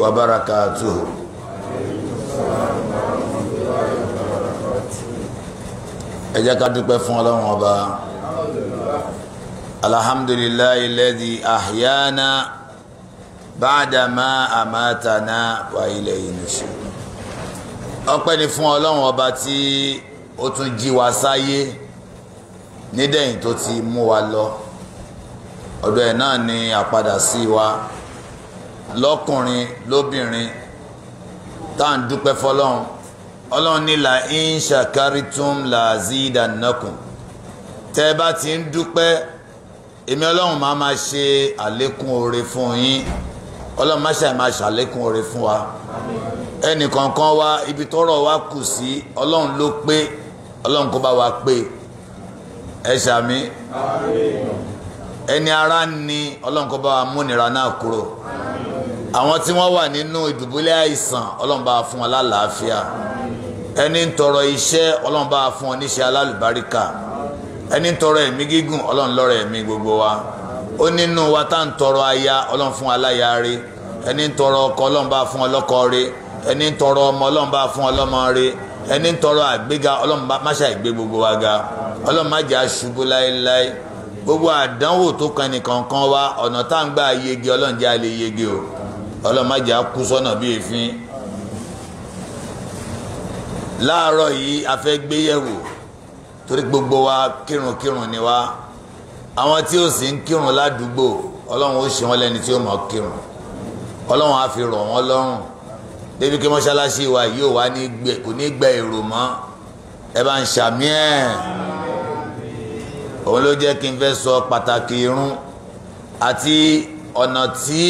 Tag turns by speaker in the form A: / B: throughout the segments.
A: وبركاته ẹ jẹ́ ká dúpẹ́ fún ọlọ́run ọba alhamdulillahi alladhi ahyana ba'da ma amatana wa ilayhi nushur ọpẹ́ ni fún ọlọ́run ọba tí ó tún jí wa sáyé nídẹ̀yìn tó ti mú wa lọ ọ̀dọ̀ ẹ̀ náà ni àpadà sí wa. Si lọ́kùnrin lóbìnrin tá à ń dúpẹ́ fọlọ́run ọlọ́run ní la in shakaritum la zidannakum tẹ́ ẹ bá ti ń dúpẹ́ èmi ọlọ́run máa ma ṣe àlékún oore fún yín ọlọ́run má ṣàì máa ṣàlékún oore fún wa ẹnìkọ̀ọ̀kan wa ibi tọ́rọ̀ wa kù sí ọlọ́run ló pé ọlọ́run kó bá wa pé ẹ ṣàmì ẹni ara ni ọlọ́run kó bá wa múnira náà kúrò àwọn tí wọ́n wà nínú ìdùbúlẹ̀ àìsàn ọlọ́run bá fún wọn lálàáfíà ẹni ń tọrọ iṣẹ́ ọlọ́run bá fún wọn níṣẹ́ alálùbáríkà ẹni ń tọrọ ẹ̀mí gígùn ọlọ́run lọ́rọ̀ ẹ̀mí gbogbo wa ó nínú wa tá ń tọrọ aya ọlọ́run fún aláya rí ẹni ń tọrọ ọkọ ọlọ́run bá fún ọlọ́kọ rí ẹni ń tọrọ ọmọ ọlọ́run fún ọlọ́mọ rí ẹni ń tọrọ àgbéga ọlọ́run má ṣàìgbé gbogbo wa ga ọlọ́run aṣubú láéláé gbogbo àdánwò tó kan nìkan kan wa ọ̀nà tá ń gbà yege ọlọ́run jẹ́ yege o ọlọ́mọdé akú sọ́nà bíi èéfín láàárọ̀ yìí a fẹ́ gbé yẹ̀wò torí gbogbo wa kírunkírun ni wa àwọn tí ó sì ń kírun ládùúgbò ọlọ́run ó ṣe wọ́n lẹ́ni tí ó mọ̀ kírun ọlọ́run á fi rọ̀ wọ́n lọ́rùn débi kí mọ́ṣáláṣí wa yìí ò wá kò ní gbẹ èrò mọ́ ẹ bá ń ṣàmì ẹ̀ òun ló jẹ́ kí n fẹ́ sọ pàtàkì irun àti ọ̀nà tí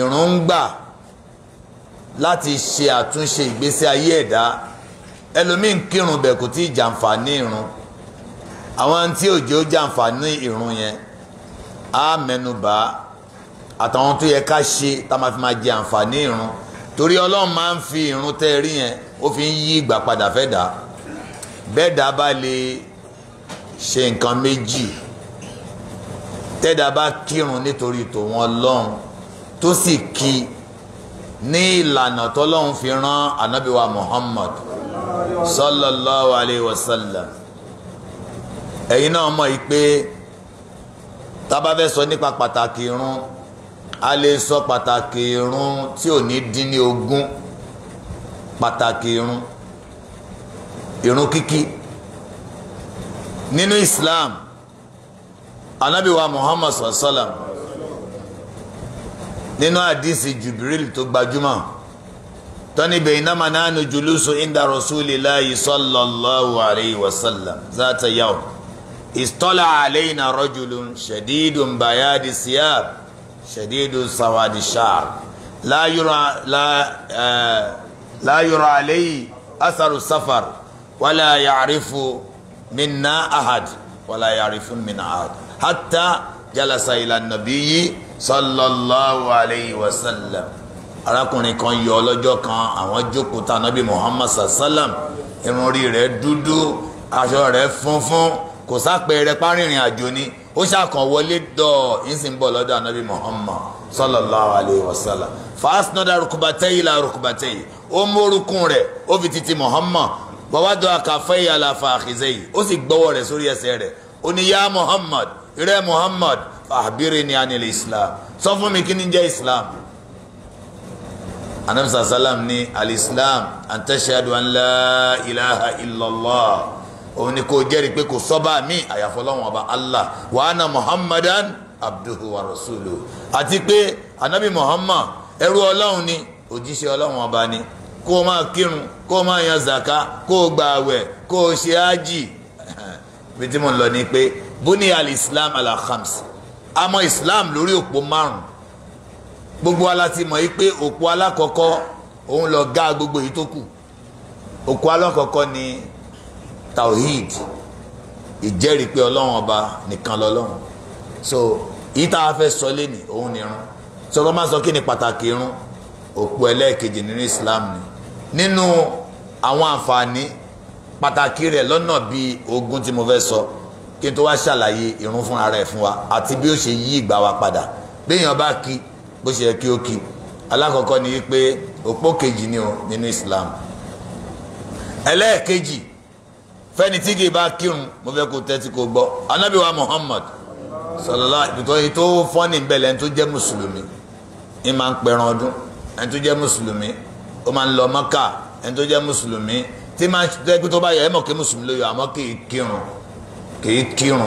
A: ìrúngbà láti ṣe àtúnṣe ìgbésí ayé ẹ̀dá ẹlòmíín kírun bẹ̀ kò tí ì jàǹfààní ìrun àwọn tí òjò jàǹfààní ìrun yẹn á mẹnubà àtàwọn tó yẹ ká ṣe tá a máa fi máa jẹ àǹfààní ìrun torí ọlọ́run máa ń fi ìrun tẹ́ rí yẹn ó fi ń yí ìgbà padà fẹ́ dà bẹ́ẹ̀ dá bá lè ṣe nǹkan méjì tẹ́dá bá kírun nítorí tòun ọlọ́run tó sì kí ní ìlànà tọ́lọ́hún fi rán anábìwá Muhammad sallallahu alayhi wa sallam ẹ̀yin náà mọ̀ yìí pé tá bá fẹ́ sọ nípa pàtàkì irun a lè sọ pàtàkì irun tí ò ní dín ní ogún pàtàkì irun irun kíkí nínú Islam anábìwá Muhammad sallallahu alayhi wa sallam nínú àdìsí Jibril tó gbajúmọ̀ tọ́ni baynama nahnu julusu inda rasulillahi sallallahu alayhi wa sallam zata yawm istala alayna rajulun shadidun bayadi siyab shadidun sawadi sha'r la yura la eh, la yura alayhi atharu safar wala ya'rifu minna ahad wala ya'rifu minna ahad hatta jalasa ila nabiyyi sallallahu alayhi wa sallam arákùnrin kan yọ ọlọ́jọ́ kan àwọn jókòó tá anábì muhammad sallam irun orí rẹ̀ dúdú aṣọ rẹ̀ funfun kò sápẹẹrẹ párìnrìn àjò ni ó ṣàkàn wọlé dọ̀ ìsìnbọ̀ lọ́dọ̀ anábì muhammad sallallahu alayhi wa sallam fàásínọ́dà rukubatẹ́yì la rukubatẹ́yì ó mórúkún rẹ̀ ó fi titi muhammad bàbá dọ̀ àkàfẹ́yì àlàfà àkìzẹ́yì ó sì gbọ́wọ́ rẹ̀ sórí ẹsẹ̀ rẹ̀ ó muhammad rẹ Muhammad àbírí ni a nílẹ̀ Islam sọ fún mi kí ni jẹ́ Islam anamsa salam ni alislam antashadu an la ilaha illallah òun ni kò jẹ́rìí pé kò sọ́ba mi àyàfọlọ́wọ́n ọba Allah wa ana Muhammadan abduhu wa rasuluhu àti pé anabi Muhammad ẹrú ọlọ́run ni òjíṣẹ́ ọlọ́run ọba ni kó o máa kírun kó o máa yan zaka kó o gbààwẹ̀ kó o ṣe ájì bí tí mo lọ ni pé bóni al-islam ala khams àmọ́ islam lórí òpó márùn gbogbo wa la ti mọ̀ yìí pé òpó alákọ̀ọ́kọ́ òun ló ga gbogbo yìí tó kù òpó alákọ̀ọ́kọ́ ni tawhid ìjẹ́rìí pé ọlọ́run ọba nìkan lọ́lọ́run so yìí tá a fẹ́ sọ lẹ́nu òun nìrun sọ kọ́ máa sọ kí ni pàtàkì irun òpó ẹlẹ́ẹ̀kejì nínú islam ni nínú àwọn àǹfààní pàtàkì rẹ̀ lọ́nà bíi ogún tí mo fẹ́ sọ. So kí n tó wá ṣàlàyé irun fúnra rẹ̀ fún wa àti bí ó ṣe yí ìgbà wa padà béèyàn bá kí bó ṣe yẹ kí ó kí alákọ̀ọ́kọ́ ni pé òpó kejì ni o nínú Islam ẹlẹ́ẹ̀kejì fẹ́ni tí kì í bá kírun mo fẹ́ kó tẹ́tí kó gbọ́ Ànábì Muhammad sọlọ́lá ìtòyí tó fọ́nì bẹ̀lẹ̀ ẹni tó jẹ́ mùsùlùmí ń máa ń pẹran ọdún ẹni tó jẹ́ mùsùlùmí ó máa ń lọ Mọ́kà ẹni tó jẹ́ mùsùlùmí tí máa ń tẹ́kí tó bá yẹ ẹ mọ̀ kí mùsùlùmí ló àmọ́ kì í kírun kìí kírun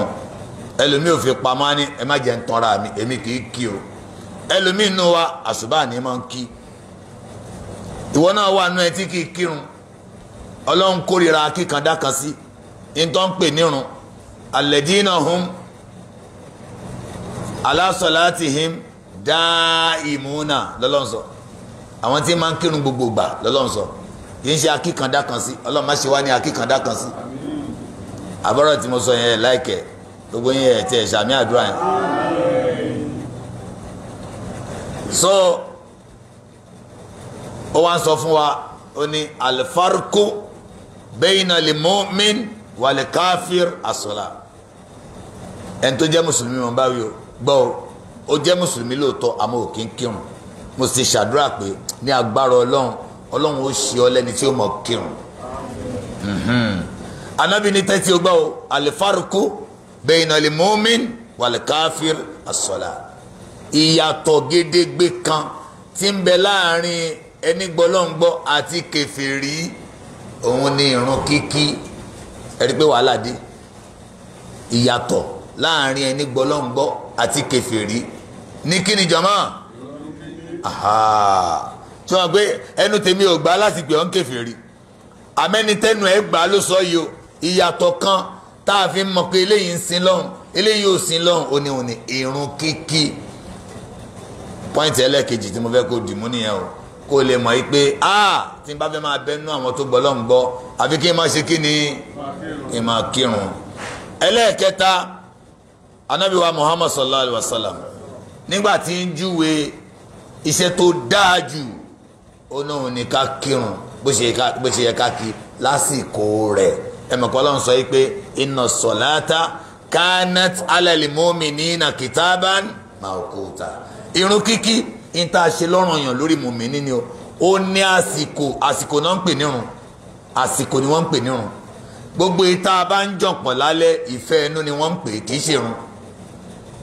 A: ẹlòmíì ò fi pamọ́ ní ẹ má jẹ́ ń tọ́ra mi èmi kìí kí o ẹlòmíì nù wa àṣùbà ni máa ń kí ìwọ náà wà nù ẹ tí kìí kírun ọlọ́run kórìíra kíkandá kan sí nítorí ń pè nírun alladina hum ala salatihim daimuna lọ́lọ́run sọ àwọn tí máa ń kírun gbogbo gbà lọ́lọ́run sọ kì í ṣe akíkandá kan sí ọlọ́run má ṣe wá ní akíkandá kan sí àbọ̀rọ̀ tí mo sọ yẹn láìkẹ̀ gbogbo yẹn ẹ̀ tiẹ̀ sàmì àdúrà yẹn. so ó wá ń sọ fún wa ó ní alifarku bẹ́yìnà lè mọ́mìn wà lè káfíìr àsọ̀là ẹni tó jẹ́ mùsùlùmí mọ̀ báwí o gbọ́ o ó jẹ́ mùsùlùmí lóòótọ́ àmọ́ ò kí ń kírun mo sì ṣàdúrà pé ní agbára ọlọ́run ọlọ́run ó ṣe ọ lẹ́ni tí ó mọ̀ kírun. Mm-hmm anabi ní tẹ́tí ọgbà o alifariku bẹ́ẹ̀nàlì mọ́mìn wàlìkáfíìr àsọ̀là ìyàtọ̀ gédégbé kan tí ń bẹ láàrin ẹni gbọ́lọ́ngbọ́ àti kẹfìrí òun ni ìrun kíkí ẹ̀rí pé wàhálà dé ìyàtọ̀ láàrin ẹni gbọ́lọ́ngbọ́ àti kẹfìrí ní kíni jọmọ tí wọn gbé ẹnu tèmi ò gbà láti gbé ọ ń kẹfìrí àmẹ́ni tẹ́nu gbà ló sọ yìí o ìyàtọ̀ kan tá a fi mọ̀ pé eléyìí ń sin lọ́hùn eléyìí ò sin lọ́hùn òní òní irun kíkí pọ́ìntì ẹlẹ́ẹ̀kejì tí mo fẹ́ kó dìmú nìyẹn o kó lè mọ̀ pé a tí bá fẹ́ máa bẹnu àwọn tó gbọ́ lọ́hùn gbọ́ àfi kí n máa ṣe kí ni kí n máa kírun ẹlẹ́ẹ̀kẹta anabiwa muhammad sallallahu alaihi wa sallam nígbà tí ń júwe iṣẹ́ tó dáa jù ó náà ní ká kírun bó ṣe yẹ ká kí lásìkò rẹ̀ ẹ̀mọ̀kọ́ lọ́n sọ yìí pé inna salata kanat alal mu'minina kitaban mawquta irun kíkí níta ṣe lọ́rùn yàn lórí mùmíní ni o ó ní àsìkò àsìkò náà ń pè nírun àsìkò ni wọ́n ń pè nírun gbogbo ìta bá ń jọ̀pọ̀ lálẹ́ ìfẹ́ inú ni wọ́n ń pè kì í ṣerun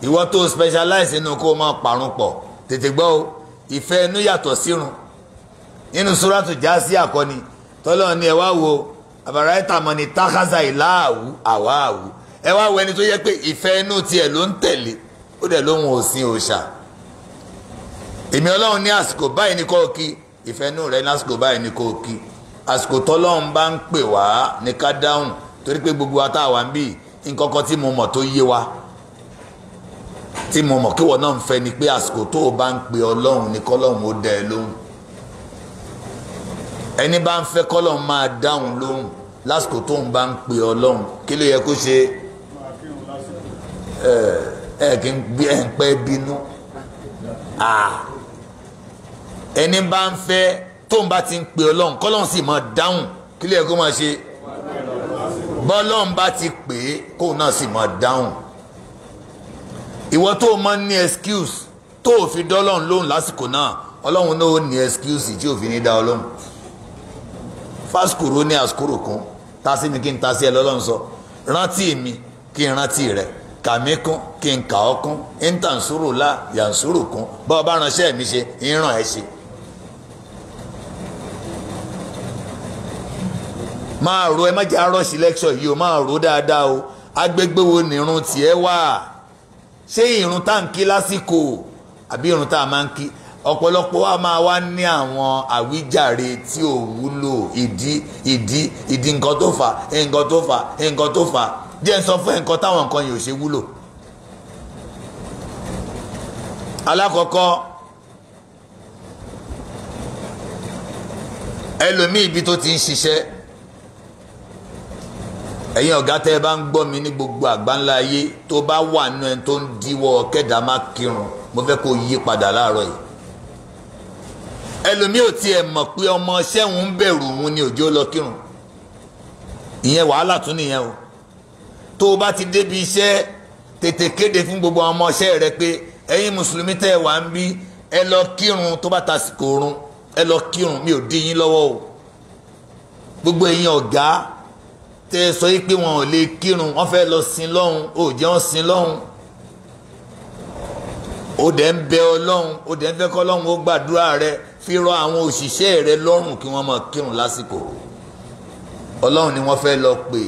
A: ìwọ tó specialize inú kó o máa parun pọ̀ tètè gbọ́ o ìfẹ́ inú yàtọ̀ sírun nínú suratu Jāsiya àkọ́ni tọ́lọ́ ni ẹ wá wo àbáráìtà mọ̀ ní tákàzà ìláàwù àwáàwù ẹ wá wo ẹni tó yẹ pé ìfẹ́ inú tiẹ̀ ló ń tẹ̀lé ó dẹ̀ lóhun òsìn òòṣà èmi ọlọ́run ní àsìkò báyìí ní kó o kí ìfẹ́ inú rẹ ní àsìkò báyìí ní kó o kí àsìkò tọ́lọ́run bá ń pè wá ní ká dáhùn torí pé gbogbo wa tá a wà ń bì nǹkan kan tí mo mọ̀ tó yé wa tí mo mọ̀ kíwọ náà ń fẹ́ ni pé àsìkò tó o bá ń pè ọlọ́run ní kọ́lọ́run ó dẹ̀ lóhùn ẹni bá ń fẹ́ kọ́lọ̀ máa dáhùn lóhùn lásìkò tó ń bá ń pè ọlọ́run kí ló yẹ kó ṣe ẹ kí n gbé ẹ ń pẹ́ bínú ẹni bá ń fẹ́ tó ń bá ti ń pè ọlọ́run kọ́lọ́run sì máa dáhùn kí ló yẹ kó máa ṣe bọ́lọ́run bá ti pè é kóun náà sì máa dáhùn ìwọ tó o máa ń ní excuse tó o fi dọ́lọ́run lóhùn lásìkò náà ọlọ́run náà ó ní excuse tí o fi ní dá ọlọ́run fásikùrú ní àsìkúrò kún tasí mi kí n tasí ẹ lọ́lọ́run sọ rántí mi kí n rántí rẹ kàmí kún kí n kà ọ́ kún intansuru la yansuru kún bá ọ bá ránṣẹ́ mi ṣe ń ràn ẹ́ ṣe. máa ro ẹ má jẹ́ arọ́ọ̀ṣì lẹ́kṣọ̀ yìí o máa ro dáadáa o agbègbè wo ni irun tiẹ̀ wà ṣé irun tá à kí lásìkò àbí irun tá a máa ń kí ọ̀pọ̀lọpọ̀ wa máa wá ní àwọn àwíjàre tí ò wúlò ìdí ìdí ìdí nǹkan tó fà nǹkan tó fà nǹkan tó fà díẹ̀ sọ fún nǹkan táwọn nǹkan yìí ò ṣe wúlò. alákọ̀ọ́kọ́ ẹlòmíì ibi tó ti ń ṣiṣẹ́ ẹ̀yin ọ̀gá tẹ́ ẹ bá ń gbọ́ mi ní gbogbo àgbáńlá ayé tó bá wà nínú ẹni tó ń díwọ́ kẹ́dàá má kírun mo fẹ́ kó yí padà láàárọ̀ yìí ẹlòmíì ò tiẹ̀ mọ̀ pé ọmọ sẹ́wọ̀n ń bẹ̀rù òun ni òjò lọ kírun ìyẹn wàhálà tún nìyẹn o tó o bá ti débi iṣẹ́ tètè kéde fún gbogbo ọmọ iṣẹ́ rẹ pé ẹ̀yin mùsùlùmí tẹ́ ẹ wà ń bí ẹ lọ kírun tó bá tasìkò oorun ẹ lọ kírun mi ò dí yín lọ́wọ́ o gbogbo ẹ̀yin ọ̀gá tẹ́ ẹ sọ pé wọn ò lè kírun wọ́n fẹ́ lọ sin lọ́hùn ò jẹ́ wọn sin lọ́hùn ó dẹ̀ ń bẹ ọlọ́hun ó dẹ̀ ń fẹ́ kọ́ lọ́hùn ó gbàdúrà rẹ̀ fi rọ àwọn òṣìṣẹ́ rẹ lọ́rùn kí wọ́n máa kírun lásìkò ọlọ́run ni wọ́n fẹ́ lọ pè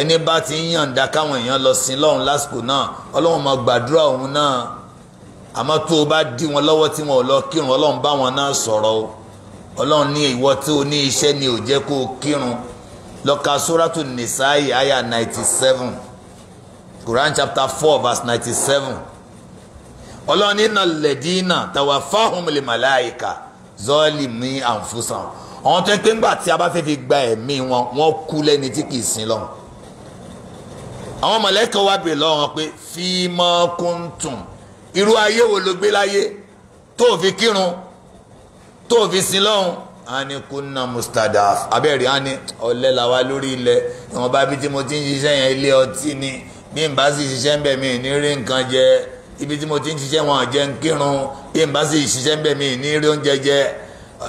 A: ẹni bá ti ń yàǹda káwọn èèyàn lọ sin lọ́run lásìkò náà ọlọ́run máa gbàdúrà òun náà àmọ́ tó o bá dí wọn lọ́wọ́ tí wọn ò lọ kírun ọlọ́run bá wọn náà sọ̀rọ̀ o ọlọ́run ní ìwọ tí o ní iṣẹ́ ni ò jẹ́ kó o kírun lọ ka suratu nisaayi ninety seven Quran chapter four verse ninety seven ọlọ́run ní nàlẹ́dínà tàwa fáwọn lè màláìka zọ́ọ̀lì mi àǹfùsàn àwọn tó ń pè ńgbà tí a bá fẹ́ fi gba ẹ̀mí wọn wọ́n kú lẹ́ni tí kì í sin lọ́hùn. àwọn mọ̀lẹ́kọ̀ wá bèrè lọ́wọ́ pé fíìmọ́ kúntùn irú ayé wo ló gbé láyé tó fi kírun tó fi sin lọ́hùn ani kunna mustadaf abẹ́rẹ́ ani ọ̀lẹ́ la wà lórí ilẹ̀ ìwọ̀nba bíi tí mo ti ń ṣiṣẹ́ yẹn ilé ọtí ni bí n bá sì ṣiṣẹ́ ń bẹ̀ mí ní rí nǹkan jẹ́ ibi tí mo ti ń ṣiṣẹ́ wọn jẹ́ ń kírun bí n bá sì ṣiṣẹ́ ń bẹ̀ mí ní rí oúnjẹ jẹ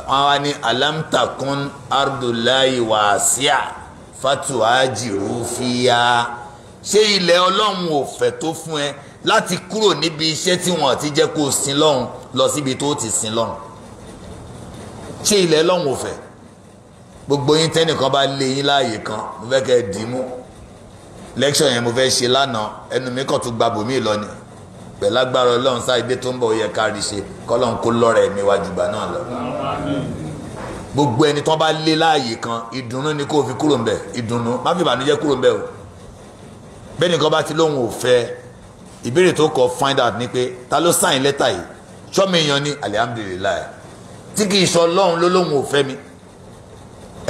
A: wọn wá ní alamtakun ardulayi wàásíà fatuhaji rufia ṣé ilẹ̀ ọlọ́run ò fẹ̀ tó fún ẹ láti kúrò níbi iṣẹ́ tí wọ́n ti jẹ́ kó o sin lọ́run lọ síbi tó ti sin lọ́run ṣé ilẹ̀ ọlọ́run ò fẹ̀ gbogbo yín tẹ́nìkan bá lé yín láàyè kan mo fẹ́ kẹ́ ẹ dì í mú lẹ́kṣọ̀ yẹn mo fẹ́ ṣe lánàá ẹnu mi kàn tún gba bòmí lọ ni pẹ̀lágbára ọlọ́run sáìdé tó ń bọ̀ yẹ kárí ṣe kọ́lọ́run kó lọ́rẹ̀ mi wá jùgbà náà lọ. gbogbo ẹni tó bá lé láàyè kan ìdùnnú ni kó fi kúrò ńbẹ̀ ìdùnnú má fi ìbànújẹ́ kúrò ńbẹ̀ o bẹ́ẹ̀ nìkan bá ti lóun ò fẹ́ ìbéèrè tó kọ find out ni pé ta ló sáìn lẹ́tà yìí sọ́mi yan ni alihamdulilayi tí kì í sọ ọlọ́run ló lóun ò fẹ́ mi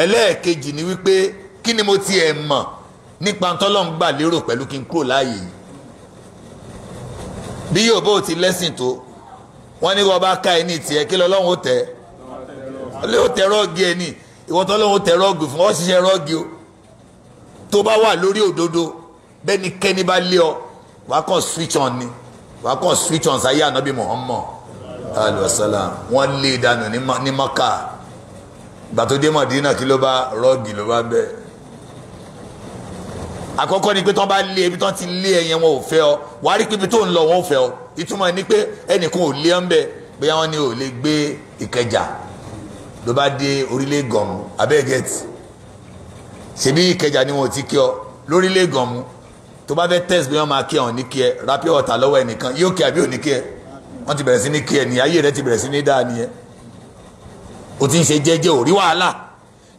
A: ẹlẹ́ẹ̀kejì ni wípé kí ni mo tiẹ̀ mọ̀ nípa tọ́lọ́run gbà lérò bí yóò bó ti lẹ́sìn tó wọ́n ní wọ́n bá ká ẹ ní tiẹ̀ kí lọ́lọ́run ó tẹ̀ ẹ́ ó tẹ̀ rọ́ọ̀gì ẹ ní ìwọ́n tó lọ́run ó tẹ̀ rọ́ọ̀gì fún ọ́ ṣiṣẹ́ rọ́ọ̀gì o tó bá wà lórí òdodo bẹ́ni kẹ́ni bá lé ọ wàá kàn switch on ni wàá kàn switch on sáyé ànábì Muhammad alayhi wa sallam wọ́n lé e dànù ní Maka gbàtó dé Madina kí ló bá rọ́ọ̀gì ló bá bẹ́ẹ̀ àkọ́kọ́ ni pé tán bá lé ibi tán ti lé ẹyẹn wọn ò fẹ́ ọ wà á rí pé ibi tó ń lọ wọn ò fẹ́ ọ ìtumọ̀ ni pé ẹnìkan ò lé ọ́n bẹ bóyá wọn ni ò lè gbé ìkẹjà ló bá dé orílẹ̀ gọ̀mù abẹ́gẹ́tì ṣebí ìkẹjà ni wọn ò ti kí ọ lórílẹ̀ gọ̀mù tó bá fẹ́ test bí wọ́n máa kí ọ ní kí ẹ rápẹ́ ọ̀tà lọ́wọ́ ẹnìkan yóò kí àbí ò ní kí ẹ wọ́n ti bẹ̀rẹ̀ sí ní kí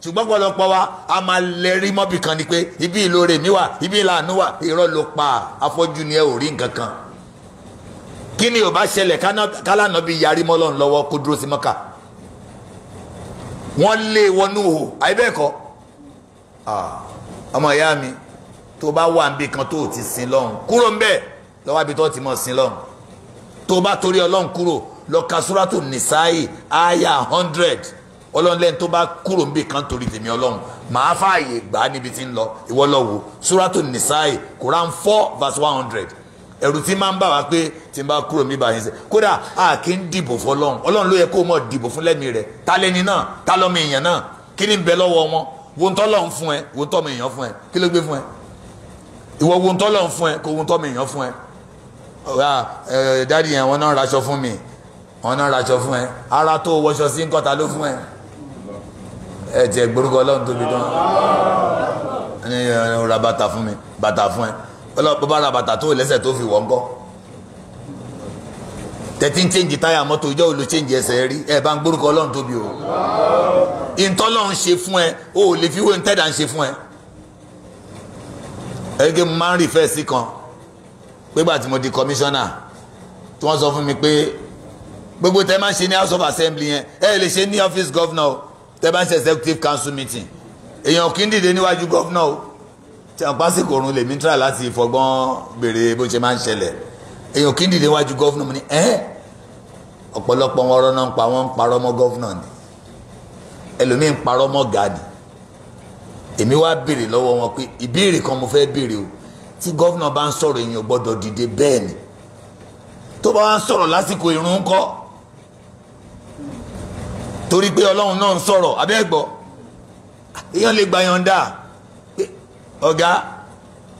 A: ṣùgbọ́n pọ̀lọpọ̀ wa a máa lẹ́rí mọ́bì kan ni pé ibi ìlóore mi wà ibi ìlànà wà irọ́ ló pa afọ́jú ni ẹ ò rí nǹkan kan kí ni ò bá ṣẹlẹ̀ kálánà bí yarí mọ́lọ́n lọ́wọ́ kó dúró sí mọ́kà wọ́n lé e wọnú o àyè bẹ́ẹ̀ kọ́ ọmọ ìyá mi tó bá wà níbi kan tó ti sin lọ́hùn kúrò ńbẹ̀ lọ́wọ́ àbí tó ti mọ̀ sin lọ́hùn tó bá torí ọlọ́hùn kúrò lọ ka Suratu Nisa'i aya hundred ọlọ́run lẹ́yìn tó bá kúrò ń bè kan torí tèmi ọlọ́run màá fààyè gbà á níbi tí ń lọ ìwọ lọ wò suratu nisai quran four verse one hundred ẹ̀rù tí máa ń bà wá pé tí n bá kúrò ń bí bàyìí sẹ́ kódà a kì í dìbò fún ọlọ́run ọlọ́run ló yẹ kó mọ̀ dìbò fún lẹ́mìí rẹ̀ ta lẹ́ni náà ta lọ́mọ èèyàn náà kí ni ń bẹ lọ́wọ́ wọn wo ń tọ́lọ́run fún ẹ wo ń tọ́mọ èèyàn fún ẹ kí ló gbé fún ẹ ìwọ ẹ tiẹ̀ gborúkọ ọlọ́run tóbi tán ẹni ra bàtà fún mi bàtà fún ẹ ọlọ́pàá bá ra bàtà tó lẹ́sẹ̀ tó fi wọ̀ ńkọ́ tẹ̀tí ń chẹ́ǹjì táyà mọ́tò ìjọ́ olú chẹ́ǹjì ẹsẹ̀ rí ẹ bá ń gbórúkọ ọlọ́run tóbi o ìtọ́lọ́run ṣe fún ẹ o ò lè fi wé ntẹ́dà ń ṣe fún ẹ. ẹgbẹ́ mo máa ń rí fẹ́ẹ̀sì kan pégbà tí mo di kọmíṣánná tí wọ́n sọ fún mi pé gbogbo tẹ́ máa ń ṣe ní house of assembly yẹn ẹ lè ṣe ní office governor tẹ́bá executive council meeting èèyàn kì í dìde níwájú gọ́fúnà o tí àwọn pásíkò òrùn lèmi ń tà láti fọgbọ́n béèrè bó ṣe máa ń ṣẹlẹ̀ èèyàn kì í dìde níwájú gọ́fúnà mo ní ẹ́ ọ̀pọ̀lọpọ̀ wọn rọ́nà ń pa wọ́n ń parọ́ mọ́ gọ́fúnà ni ẹlòmíín parọ́ mọ́ gàdì èmi wá béèrè lọ́wọ́ wọn pé ìbéèrè kan mo fẹ́ béèrè o tí gọ́fúnà bá ń sọ̀rọ̀ èèyàn gbọ́dọ̀ torí pé ọlọ́run náà ń sọ̀rọ̀ abẹ́gbọ́ èèyàn lè gba yọ̀ǹda pé ọ̀gá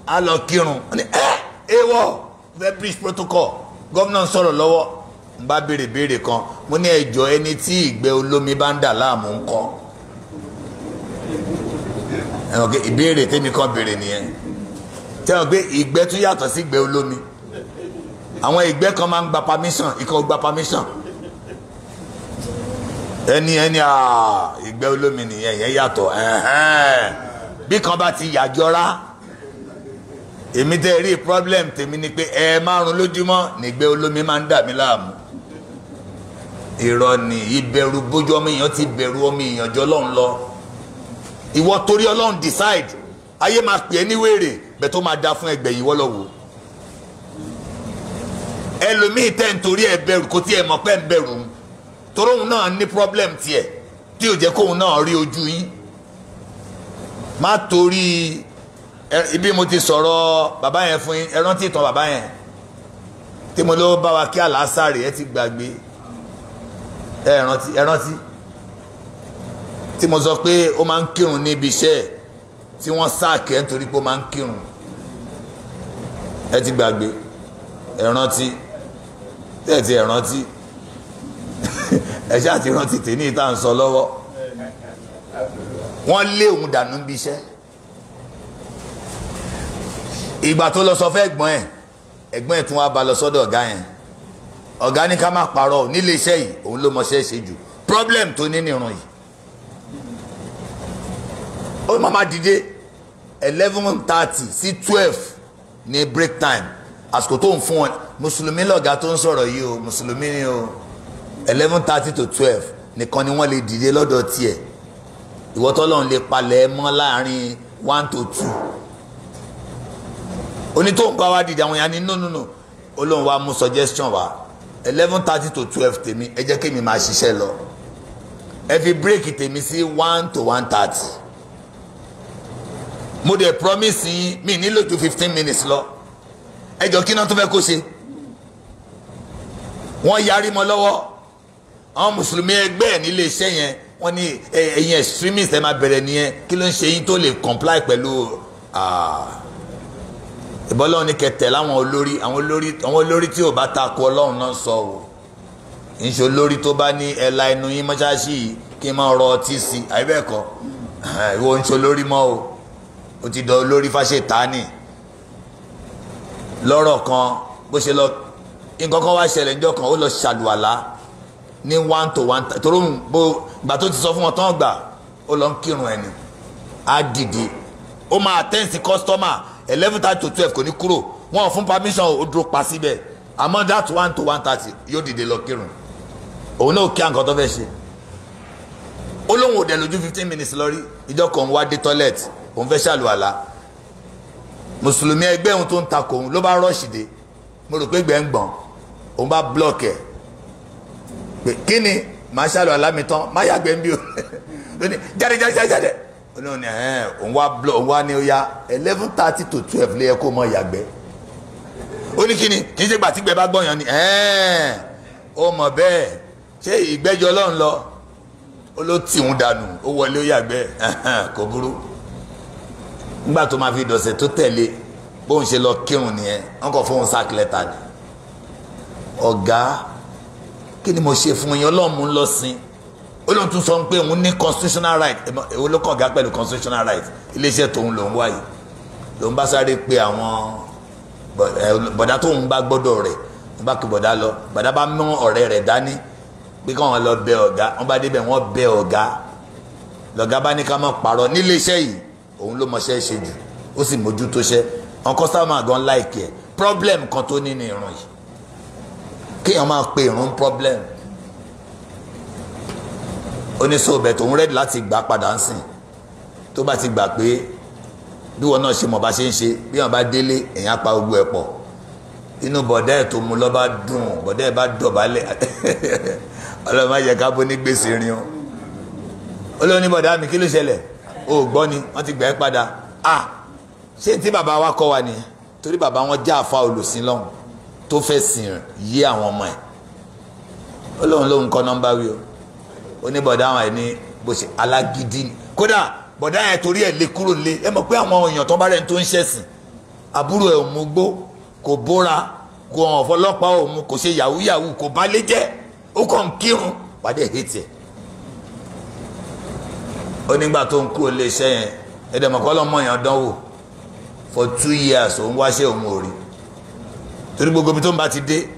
A: a lọ kírun ó ní ẹ́ ewọ́ fẹ́ bridge protocol gómìnà ń sọ̀rọ̀ lọ́wọ́ n bá béèrè béèrè kan mo ní ẹjọ́ ẹni tí ìgbẹ́ olómi bá ń dà láàmú ń kọ́ ẹ̀wọ̀n pé ìbéèrè tèmi kan béèrè nìyẹn tẹ̀wọ̀n pé ìgbẹ́ tún yàtọ̀ sí ìgbẹ́ olómi àwọn ìgbẹ́ kan máa ń gba permission ìkan gba permission ẹni ẹni ìgbẹ́ olómi nìyẹn yẹn yàtọ̀ bí kan bá ti yàjọra èmi tẹ́ rí problem tèmi ni pé ẹ márùn lójúmọ́ nígbẹ́ olómi máa ń dà mí láàmú irọ́ ni ìbẹ̀rù bójú ọmọ èèyàn ti bẹ̀rù ọmọ èèyàn jọ lọ́n lọ ìwọ torí ọlọ́run decide ayé máa pè é ní wèrè bẹ́ẹ̀ tó máa da fún ẹgbẹ̀yìn wọ́n ẹlòmíì tẹ́ ń torí ẹ bẹ̀rù kò tí ẹ mọ̀ pé ń bẹ̀rù ń toróhun náà ní problem tiẹ̀ tí ò jẹ́ kóhun náà rí ojú yín má torí ibi mo ti sọ̀rọ̀ bàbá yẹn fún yín ẹ rántí ìtàn bàbá yẹn tí mo ló bá wa kí àlàásàrè ẹ ti gbàgbé ẹ rántí ẹ rántí tí mo sọ pé ó máa ń kírun níbi iṣẹ́ ẹ̀ tí wọ́n sáàkì ẹ̀ nítorí pé ó máa ń kírun ẹ ti gbàgbé ẹ rántí ẹ ti ẹ rántí ẹ ṣáà ti rántí tèmi ìta ń sọ lọ́wọ́ wọ́n lé òun dànù bí iṣẹ́ ìgbà tó lọ sọ fẹ́ ẹ̀gbọ́n ẹ̀ ẹ̀gbọ́n ẹ̀ tún wá ba lọ sọ́dọ̀ ọ̀gá yẹn ọ̀gá ní ká má parọ́ nílé iṣẹ́ yìí òun ló mọṣẹ́ ṣe jù problem tó ní nìrun yìí ó mama dìde eleven thirty sí twelve ní break time àsìkò tó ń fún wọn mùsùlùmí lọ̀gá tó ń sọ̀rọ̀ yìí o mùsùlùmí ni o eleven thirty to twelve nìkan ni wọ́n lè dìde lọ́dọ̀ tiẹ̀ ìwọ tọ́lọ́run lè palẹ̀ mọ́ láàrin one to two onítòǹkọ́ wa dìde àwọn yẹn ni no no no olóhùn wa mú suggestion wa eleven thirty to twelve tèmi ẹ jẹ́ kémi máa ṣiṣẹ́ lọ ẹ fi bírèkì tèmi sí one to one thirty mo dẹ̀ promise yín mi nílò ju fifteen minutes lọ ẹ jọ kí náà tó fẹ́ kó ṣe wọ́n yarí mọ́ lọ́wọ́ àwọn mùsùlùmí ẹgbẹ́ ẹ̀ nílé iṣẹ́ yẹn wọ́n ní ẹ̀yin extremist ẹ̀ máa bẹ̀rẹ̀ nìyẹn kí ló ń ṣe yín tó lè comply pẹ̀lú ìbọ́lọ́run ní kẹtẹ̀ láwọn olórí àwọn olórí àwọn olórí tí ò bá takò ọlọ́run náà sọ o ìṣe olórí tó bá ní ẹ̀la ẹnu yín mọ́ṣáláṣí yìí kí n máa rọ ọtí sí i àbẹ́ẹ̀kọ́ ìwọ ń ṣe olórí mọ́ o o ti dọ̀ olórí fáṣetánì lọ́rọ̀ kan bó ṣe lọ nǹkan kan wá ṣẹlẹ̀ níjọ́ kan ó lọ ṣàlùwàlá ní one to one toro bó gbà tó ti sọ fún wọn tán gbà ó lọ ń kírun ẹni á dìde ó máa tẹ́ǹsì kọ́sítọ́mà eleven thirty to twelve kò ní kúrò wọn ò fún permission ó dúró pa síbẹ̀ àmọ́ that one to one thirty yóò dìde lọ kírun òun náà kí àǹkan tó fẹ́ ṣe ó lóun ò dẹ̀ lójú fifteen minutes lọ rí ìjọ kan ń wá dé toilet òun fẹ́ ṣàlùwàlà mùsùlùmí ẹgbẹ́ òun tó ń takò òun ló bá rọ́ọ̀ṣì dé mo rò pé gbẹ̀ ń gbọ̀n òun bá blọ́ọ̀kì ẹ̀ pé kí ni màá ṣàlù alámi tán má yàgbẹ́ ń bí o lónìí jáde jáde jáde jáde olóhùn ni ẹ̀hẹ́n òun wá blọ òun wá ní ó yá eleven thirty to twelve lé ẹ kó mọ yàgbẹ́ ó ní kí ni kì í ṣe gbà tí gbẹ bá gbọ̀yàn ni ẹ̀hẹ́n ó mọ̀ bẹ́ẹ̀ ṣé ìgbẹ́jọ́ ọlọ́run lọ ó ló tì ń dànù ó wọlé ó yàgbẹ́ kò burú nígbà tó máa fi dọ̀sẹ̀ tó tẹ̀lé bóun ṣe lọ kírun nìyẹn wọn kò fóun sáà kìlẹ̀ ta ni ọ̀gá kí ni mo ṣe fún yín ọlọ́run mú lọ sí olóhùn tún sọ pé òun ní constitutional right èwo ló kàn gá pẹ̀lú constitutional right iléeṣẹ́ tòun lòún wáyé lòún bá sáré pé àwọn bọ̀dá tóun bá gbọ́dọ̀ rẹ̀ wọ́n bá kí bọ̀dá lọ bọ̀dá bá mú ọ̀rẹ́ rẹ̀ dání pé káwọn lọ bẹ ọ̀gá wọ́n bá débẹ̀ wọ́n bẹ ọ̀gá lọ́gá bá ní ká má parọ́ níléeṣẹ́ yìí òun ló mọṣẹ́ ṣe jù ó sì mójútóṣẹ́ àwọn kọ́sítọ́mà gan láìkẹ́ problem kan tó ní ní yìí kéèyàn máa pe ìrún problem oníṣòwòbẹ̀ tó ń rẹ́dí láti gbà padà ń sìn tó bá ti gbà pé bí wọn náà ṣe mọ̀ bá ṣe ń ṣe bí wọn bá délé èèyàn pa gbogbo ẹ̀ pọ̀ inú bọ̀dẹ́ tó mu lọ́ bá dùn bọ̀dẹ́ bá dọ̀bálẹ̀ ọlọ́run má yẹ ká bó ní gbèsè rin o olóòní bọ̀dá mi kí ló ṣẹlẹ̀ o gbọ́ ni wọ́n ti gbà ẹ́ padà ah ṣé tí bàbá wa kọ́ wa nìyẹn torí bàbá wọn já àfa olùsìn lọ́hùn tó fẹ̀sìn yé àwọn ọmọ ẹ̀ ó lóun lóun kọ́ nọ́mbà wí o ó ní bọ̀dá àwọn ẹ̀ ní bó ṣe alágídí ni kódà bọ̀dá yẹn torí ẹ̀ lè kúrò lé ẹ mọ̀ pé àwọn èèyàn tó bá rẹ̀ tó ń ṣẹ̀sìn àbúrò ẹ̀ ò mú gbó kò bóra kò hàn fọlọ́pàá ò mú kò ṣe yahoo yahoo kò bá lé jẹ́ ó kàn ń kírun pàdé hẹ́tì ẹ̀ ó nígbà tó ń kúrò lé iṣẹ́ yẹn ẹ̀dẹ̀mọ̀kọ́ lọ́mọ yẹn dánwò for two years òun wáṣẹ́ òun ò rí torí gbogbo ibi tó ń bá ti dé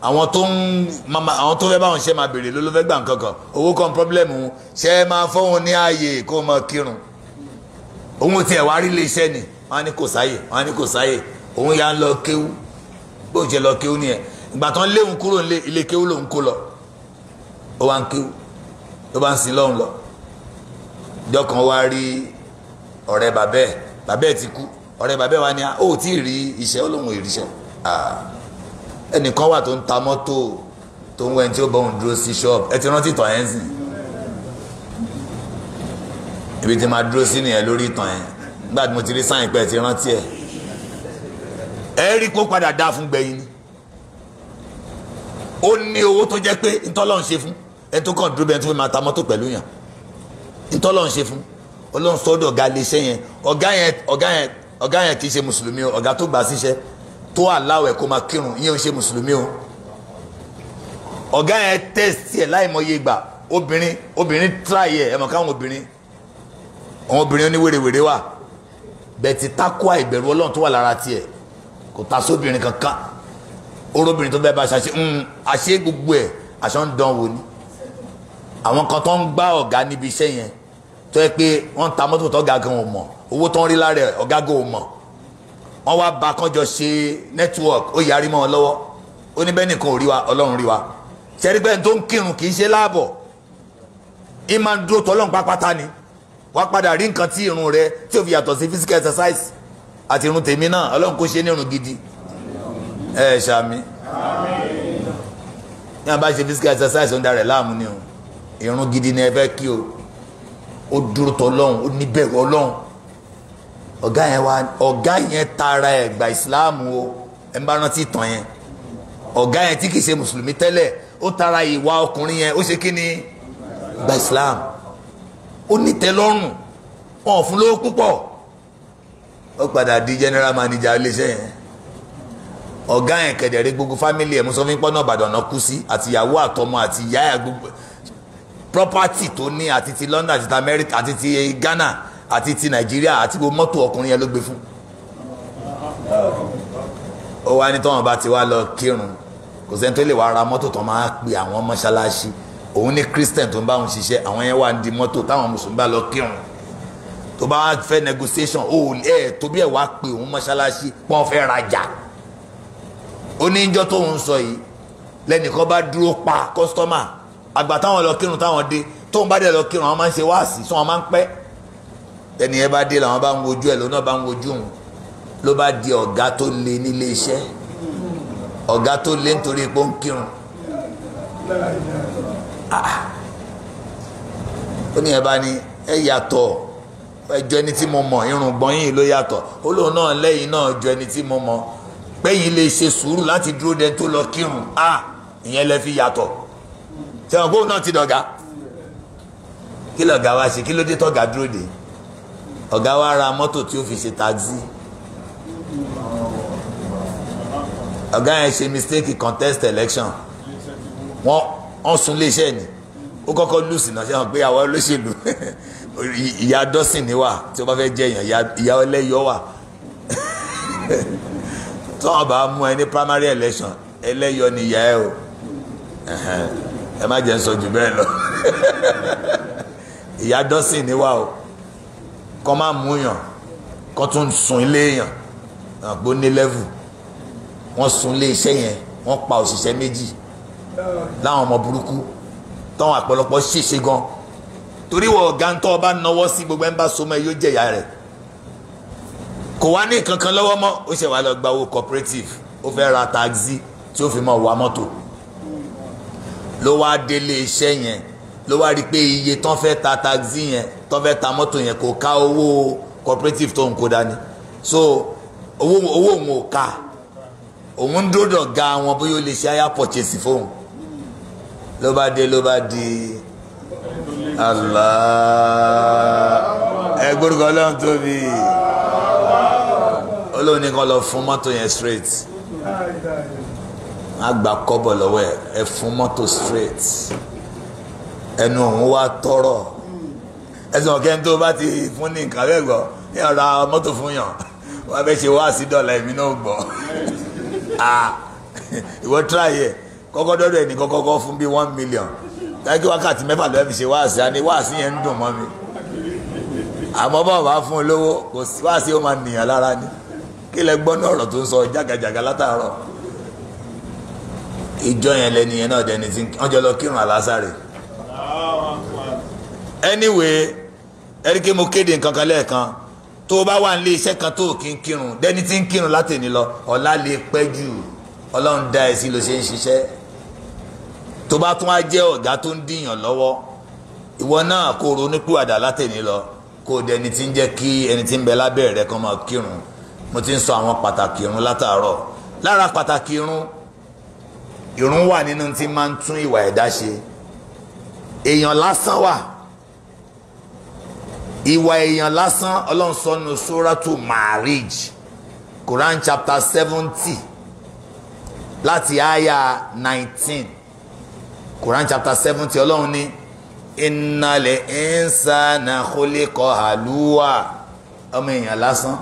A: àwọn tó ń mama àwọn tó fẹ́ báwọn ṣe máa béèrè ló ló fẹ́ gbà nǹkan kan owó kan pọ́blẹ́mù ṣe máa fọ́hún ní ààyè kó o máa kírun òun tiẹ̀ wá rí iléeṣẹ́ ni wọ́n á ní kò sáyè wọ́n á ní kò sáyè òun yà ń lọ kéwú bó ṣe lọ kéwú nìyẹn ìgbà tán léwu kúrò nílé ilé kéwú lòun kó lọ ó wá ń kéwú ló bá ń sin lọ́hùn lọ ìjọ kan wá rí ọ̀rẹ́ bàbẹ́ bàbẹ́ ti kú ọ̀rẹ́ bàbẹ́ wa ni ó tí ì rí iṣẹ́ ó lóun ì ríṣẹ́ ẹnìkan wà tó ń ta mọ́tò tó ń wẹ́n tí ó bá òun dúró sí ṣọ́ọ̀bù ẹ ti rántí tàn yẹn sìn ibi tí máa dúró sí nìyẹn lórí tàn yẹn nígbà tí mo ti rí sáyìn pé ẹ ti rántí ẹ ẹ rí kó padà dá fún gbẹ̀yìn ni ó ní owó tó jẹ́ pé ntọ́lọ́run ṣe fún ẹni tó kàn dúró bẹ́ẹ̀ tó fi máa ta mọ́tò pẹ̀lú yàn ntọ́lọ́run ṣe fún ọlọ́run sọ́dọ̀ ọ̀gá iléeṣẹ́ yẹn ọ̀gá yẹn ọ̀gá yẹn ọ̀gá yẹn kì í ṣe mùsùlùmí ọ̀gá tó gbà síṣẹ́ tó aláwẹ̀ kó máa kírun ìyẹn ò ṣe mùsùlùmí o ọ̀gá yẹn tẹ́sítì ẹ̀ láìmọye ìgbà obìnrin obìnrin tíráyì ẹ̀ ẹ̀mọ̀ káwọn obìnrin àwọn obìnrin oníwèrèwèrè wà bẹ́ẹ̀ ti tákùá ìbẹ̀rù ọlọ́run tó wà lára tiẹ̀ kò ta sóbìnrin kankan orobìnrin tó bẹ́ẹ̀ bá ṣàṣe ń hmm, àṣe gbogbo ẹ̀ àṣọ ń dán wò ni àwọn kan tó ń gbá ọ̀gá níbi iṣẹ́ yẹn tó yẹ pé wọ́n ta mọ́tò tó ga gan ò mọ̀ owó tó ń rí lára ọ̀gá gan ò mọ̀ wọ́n wá ba kánjọ ṣe network ó yarí mọ́ ọ lọ́wọ́ ó ní bẹ́ẹ̀ nìkan ò rí wa ọlọ́run rí wa sẹ́rígbẹ́ tó ń kírun kì í ṣe láàbọ̀ ìmọ̀ ń dúró tọ́lọ́run pápátá ni wàá padà rí nǹkan tí irun rẹ tí ò fi yàtọ̀ sí physical exercise àti irun tèmi náà ọlọ́run kò ṣe ní irun gidi ẹ ẹ ṣàmì ní àbá ṣe physical exercise ń darẹ̀ láàmú ni o irun gidi ni ẹ fẹ́ kí o ó dúró tọ́lọ́run ó níbẹ̀rù ọlọ́run ọ̀gá yẹn wá ọ̀gá yẹn tara ẹ̀ gba ìsìláàmù o ẹ̀ ń bá rántí tàn yẹn ọ̀gá yẹn tí kì í ṣe mùsùlùmí tẹ́lẹ̀ ó tara ìwà ọkùnrin yẹn ó ṣe kí ni gba ìsìláàmù ó nítẹ́lọ́rùn wọn ò fún lówó púpọ̀ ó padà di general manager iléeṣẹ́ yẹn ọ̀gá yẹn kẹ̀dẹ̀rẹ́ gbogbo fámìlì ẹ̀ mùsọ̀fín pọ́nà ìbàdàn náà kú sí àtìyàwó àtọmọ àti gbogbo property tó ní àti ti London àti ti America àti ti Ghana àti ti nàìjíríà àti gbogbo mọ́tò ọkùnrin yẹn ló gbé fún. ó wá ní tọ́wọ́n bá ti wá lọ kírun kò sẹ́ni tó lè wá ra mọ́tò tó máa pe àwọn mọ́ṣáláṣí òun ní christian tó ń bá òun ṣiṣẹ́ àwọn yẹn wà ń di mọ́tò táwọn mùsùlùmí bá lọ kírun tó bá fẹ́ negotiation ó ẹ̀ tóbi ẹ̀ wá pe òun mọ́ṣáláṣí pọ́n fẹ́ rajà ó ní ìjọ tó ń sọ yìí lẹ́nìkan bá dúró pa kọ́sítọ́mà àgbà táwọn lọ kírun táwọn dé tóun bá dẹ̀ lọ kírun àwọn máa ń ṣe wáàsí sọ wọn máa ń pẹ́ tẹ́ni ẹ bá dé làwọn bá ń wojú ẹ̀ lónà bá ń wojú òun ló bá di ọ̀gá tó le nílé iṣẹ́ ọ̀gá tó le nítorí pé ó ń kírun ah. ó ní ẹ bá ní ẹ yàtọ̀ ẹjọ́ ẹni tí mo mọ̀ irun gbọ́n yìí ló yàtọ̀ ó lóun náà lẹ́yìn náà jọ ẹni tí mo mọ̀ pẹ́yìn lè ṣe sùúrù láti dúró de tó lọ kírun a ah, ìyẹn lẹ fi yàtọ̀ tẹ̀wọ̀n bóun náà ti dọ̀gá kí lọ̀gá wá sí kí ló dé tọ̀gá dúró de ọ̀gá wa ra mọ́tò tí ó fi ṣe taxi ọ̀gá yẹn ṣe mistake contest election wọ́n wọ́n sun iléeṣẹ́ ni ó kọ́kọ́ lùsì náà ṣe hàn pé àwọn olóṣèlú ìyá dọ́sìn ni wà tí ó bá fẹ́ jẹ èèyàn ìyá ọlẹ́yọ wà tí wọ́n bá mú ẹ ní primary election ẹlẹ́yọ ni ìyá ẹ o ẹ má jẹ́ ń sọ jù bẹ́ẹ̀ lọ ìyá dọ́sìn ni wà o kọ́ máa mú yàn kọ́ tún sun ilé yàn àgbo ní lẹ́vù wọ́n sun ilé iṣẹ́ yẹn wọ́n pa òṣìṣẹ́ méjì láwọn ọmọ burúkú táwọn àpọ̀lọpọ̀ ṣèṣe gan torí wọ ọ̀gá ń tọ́ ọba náwó sí gbogbo ẹ̀ ń bá sọmọ ẹ yóò jẹ̀yà rẹ̀ kò wá ní kankan lọ́wọ́ mọ́ ó ṣe wà lọ gba owó cooperative ó fẹ́ ra taxi tí ó fi mọ̀ wá mọ́tò ló wá délé iṣẹ́ yẹn ló wá rí i pé iye tán fẹ́ ta taxi yẹn tó fẹ́ ta mọ́tò yẹn kò ká owó cooperative tó ń kó dání so owó owó òun ò ká òun ń dúró ga wọn bóyá ó lè ṣe aya purchase fóun ló bá dé ló bá di Allah ẹ gbórúkọ ọlọ́run tóbi olóòní kan lọ fún mọ́tò yẹn straight a gba kọ́bọ̀ lọ́wọ́ ẹ ẹ fún mọ́tò straight ẹnu òun wá tọrọ ẹsùn ọ̀kẹ́ tó bá ti fún ní nǹkan rẹ̀ gbọ́ ní ọ̀ra mọ́tò fún yàn wọ́n fẹ́ ṣe wá sí dọ́là èmi náà gbọ́ ah, ìwọ tíráyè kọ́kọ́ dọ́dọ̀ ẹni kọ́kọ́ fún bíi one million dájú wákàtí mẹ́fà lọ́wọ́ fi ṣe wáàsí á ní wáàsí yẹn ń dùn mọ́ mi àmọ́ bá wàá fún un lówó kò sí wáàsí ó máa nìyàn lára ni kí lẹ gbọ́ ní ọ̀rọ̀ tó ń sọ jágajàga látàárọ̀ ìjọ yẹn lẹni yẹn náà dẹni tí wọ́n jọ lọ kírun àlásàrè anyway ẹ̀ríkẹ́ mo kéde nǹkan kan lẹ́ẹ̀kan tó o bá wà nílé iṣẹ́ kan tó o kí n kírun dẹ́ni tí ń kírun látẹ̀ni lọ ọ̀la lè pẹ́ jù ọlọ́run dá ẹ̀ sí ló ṣe ń ṣiṣẹ́ tó bá tún á jẹ́ ọ̀gá tó ń dìyàn lọ́wọ́ ìwọ náà kó o ronúpìwàdà látẹ̀ni lọ kó dẹni tí ń jẹ́ kí ẹni tí ń bẹ lábẹ́ rẹ kan máa kírun mo ti ń sọ àwọn pàtàkì irun látàárọ̀ lára pàtàkì irun irun wà nínú tí máa ń tún ìwà ẹ̀dá ṣe èèyàn lásán wà ìwà èèyàn lásán ọlọ́run sọ nínú suratu Ma'arij Quran chapter seventy láti àyà nineteen Quran chapter seventy ọlọ́run ní innal insana khuliqa haluwa ọmọ èèyàn lásán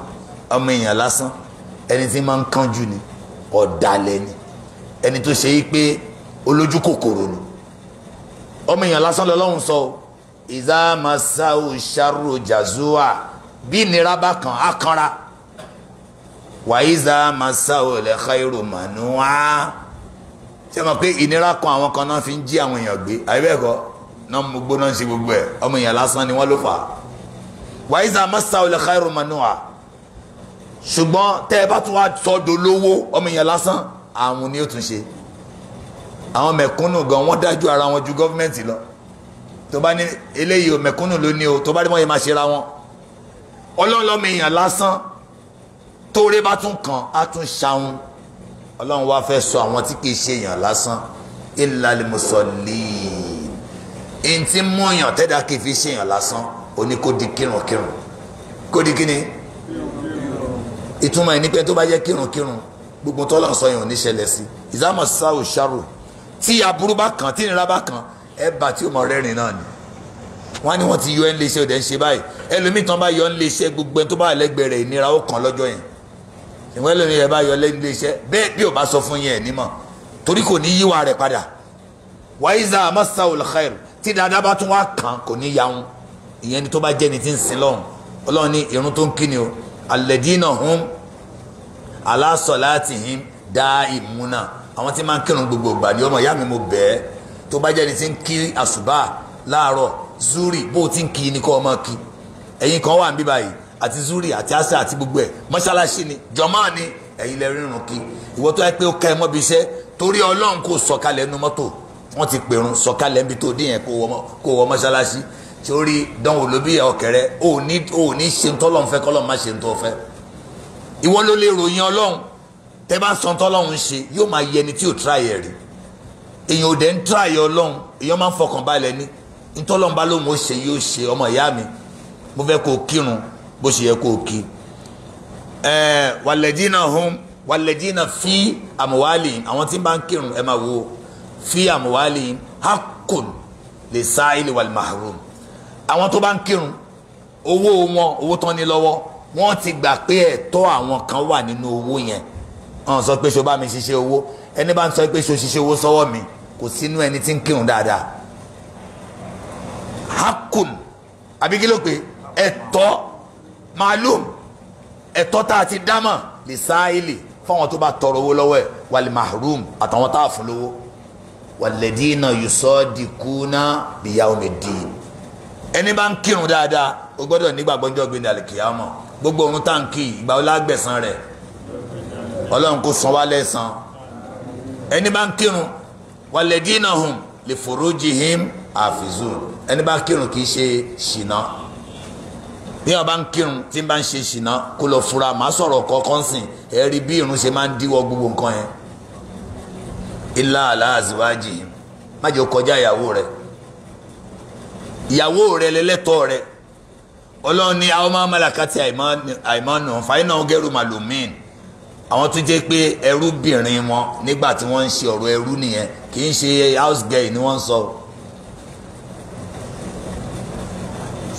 A: ọmọ èèyàn lásán ẹni tí máa ń kánjú ni ọ̀dàlẹ̀ ni ẹni tó ṣe yí pé olójú kòkòrò ni ọmọ èèyàn lásán lọ́lọ́run sọ So, ìdá masau sharu jazua bí nira bá kan á kanra wà ìdá masau lè manua ṣé mo pé ìnira kan àwọn kan náà fi ń jí àwọn èèyàn gbé àyẹ̀bẹ̀kọ náà mo gbóná ṣe gbogbo ẹ̀ ọmọ èèyàn lásán ni wọ́n ló fà á wà ìdá masau lè khairu manua ṣùgbọ́n tẹ́ ẹ bá tún wá sọ́dọ̀ lówó ọmọ èèyàn lásán àwọn ni ó tún ṣe àwọn mẹ̀kúnnù gan wọ́n dájú ara wọn ju gọ́fíńmẹ̀ntì lọ tó bá ní eléyìí ò mẹ̀kúnnù ló ní o tó bá rí mọ́ yẹn máa ṣe ra wọn ọlọ́run lọ́mọ èèyàn lásán tóore bá tún kàn á tún ṣàwọn ọlọ́run wá fẹ́ sọ àwọn tí kì í ṣe èèyàn lásán illal musallin èyí tí mú èèyàn tẹ́dá kì í fi ṣe èèyàn lásán ó ní kó di kírunkírun kó di kíni ìtumọ̀ ẹni pé tó bá jẹ́ kírunkírun gbogbo tọ́lọ̀ sọ yẹn ò ní ṣẹlẹ̀ sí ìzámọ̀ sáwò ṣàrò tí aburú bá kàn tí ìnira bá kàn ẹ̀bà tí ó mọ rẹ́rìn náà ni wọ́n á ní wọ́n ti yọ ẹ́ ń lé iṣẹ́ òde ń ṣe báyìí ẹlòmíì tán bá yọ ń lé iṣẹ́ gbogbo ẹni tó bá lẹ́gbẹ̀ẹ́ rẹ̀ ìnira ó kàn lọ́jọ́ yẹn ìwọ́n ẹlòmíì yẹn bá yọ lé iṣẹ́ bẹ́ẹ̀ bí ò bá sọ fún yẹn ẹ̀ nímọ̀ torí kò ní yíwa rẹ̀ padà wàyíza amasa olùkhair tí dáadáa bá tún wá kàn kò ní yahun ìyẹn ni tó bá jẹ́ ni ti ń sin lọ́hùn ọlọ́run ní irun tó ń kí ni o alẹ́dínà hum alásọ̀ láti him dá ìmúna àwọn tí máa ń kírun gbogbo ìgbà ni ọmọ mi mo bẹ́ẹ̀ tó bá jẹ́ni tí ń kí àṣùbà láàárọ̀ zuri bó ti ń kí ni kọ́ ọmọ kí ẹ̀yin kan wà ń bí báyìí àti zuri àti asa àti gbogbo ẹ̀ mọ́ṣáláṣí ni jọ̀mọ́ ni ẹ̀yin lẹ rírun kí ìwọ tó yẹ pé ó ká ẹ mọ́bi iṣẹ́ torí ọlọ́run kò sọ̀kalẹ̀ nu mọ́tò wọ́n ti pèrun sọ̀kalẹ̀ níbi tó dín yẹn kó wọ mọ́ṣáláṣí torí dánwò ló bí ọ̀kẹ́rẹ́ ò ní ṣe ntọ́lọ́run fẹ́ kọ́lọ́run má ṣe ntọ́ fẹ́ ìwọ ló lè ròyìn ọlọ́run tẹ́ bá sọ ntọ́lọ́run ṣe yóò máa yẹ tí ò tíráyẹ̀ rí èèyàn ò dẹ̀ ń tíra yọ ọlọ́run èèyàn máa ń fọkàn balẹ̀ ni ntọ́lọ́nba ló mọ̀ ṣe yóò ṣe ọmọ ìyá mi mo fẹ́ kó kírun bó ṣe yẹ kó kí ẹ̀ẹ́ wàlẹ́dínà hum wàlẹ́dínà fi àmúwálì àwọn tí ń bá ń kírun ẹ̀ máa wo fi àmúwálì hakun lè sá ilé wal mahrum àwọn tó bá ń kírun owó wọn owó tán ní lọ́wọ́ wọ́n ti gbà pé ẹ̀tọ́ àwọn kan wà nínú owó yẹn wọ́n sọ pé ṣo bá mi ṣiṣẹ́ owó ẹni bá ń sọ pé ṣo ṣiṣẹ́ owó sọ́wọ́ mi kò sínú ẹni tí ń kírun dáadáa hakun abikilokpe ẹ̀tọ́ maalum ẹ̀tọ́ tá a ti dámọ̀ lè sáàyèlè fáwọn tó bá tọrọ owó lọ́wọ́ ẹ̀ wàlẹ̀ mahrum àtàwọn tá a fún lówó wàlẹ̀dínà yusọ́dìkúnà bìyàwómẹ̀dín ẹni bá ń kírun dáadáa o gbọ́dọ̀ nígbàgbọ́ ọjọ́ gbé ní àlìkìyàmọ̀ gbogbo ohun tá ìgbà wo lágbẹ̀san rẹ̀ ọlọ́run kò san wá lẹ́san ẹni bá ń kírun wàlẹ́dínà hùm lè forójì him àfìzù ẹni bá kírun kì í ṣe ṣìnà bí wọn bá ń kírun tí ń bá ń ṣe ṣìnà kó lọ fura màá sọ̀rọ̀ kọ̀ọ̀kan sìn ẹ bí irun ṣe máa ń díwọ́ gbogbo nǹkan yẹn ilá aláàzíwájì má jẹ́ kọjá ìyàwó rẹ̀ ìyàwó rẹ̀ lẹ́lẹ́tọ̀ rẹ̀ ọlọ́run ní àwọn máa ń malakati àìmọ́nù fàyínà gẹ́rù màlúmíìn àwọn tó jẹ́ pé ẹrúbìnrin wọn nígbà tí wọ́n ń ṣe ọ̀rọ̀ ẹrú nìyẹn kì í ṣe house girl ni wọ́n ń sọ.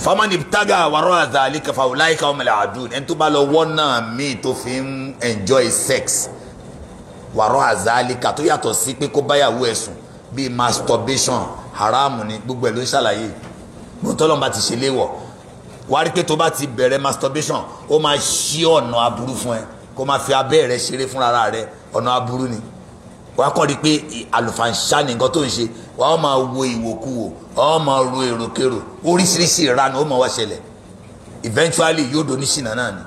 A: famani taga wàrọ̀ àdá àlíkàfà ọ̀láìka ọmọlẹ̀ àdùn ẹni tó bá lọ wọ́n náà míì tó fi ń enjoy sex wàrọ̀ àdá àlíkà tó yàtọ̀ sí pé kó báyàwó ẹ̀sùn bíi masturbation haramu ni gbogbo ẹ̀ ló ń ṣàlàyé gbọ́ntọ́lọ́mba ti ṣe léwọ̀ wárí pé tó bá ti bẹ̀rẹ̀ masturbation ó máa ṣí ọ̀nà aburú fún ẹ kó máa fi abẹ́ rẹ ṣeré fúnra rẹ ọ̀nà aburú ni wà á kàn rí pé àlùfàǹṣá ni nǹkan tó ń ṣe wà á máa wo ìwòkuwò wà á máa ro èròkèrò oríṣiríṣi ìranù ó máa wá ṣẹlẹ̀ eventually yóò do oníṣìnà náà ni.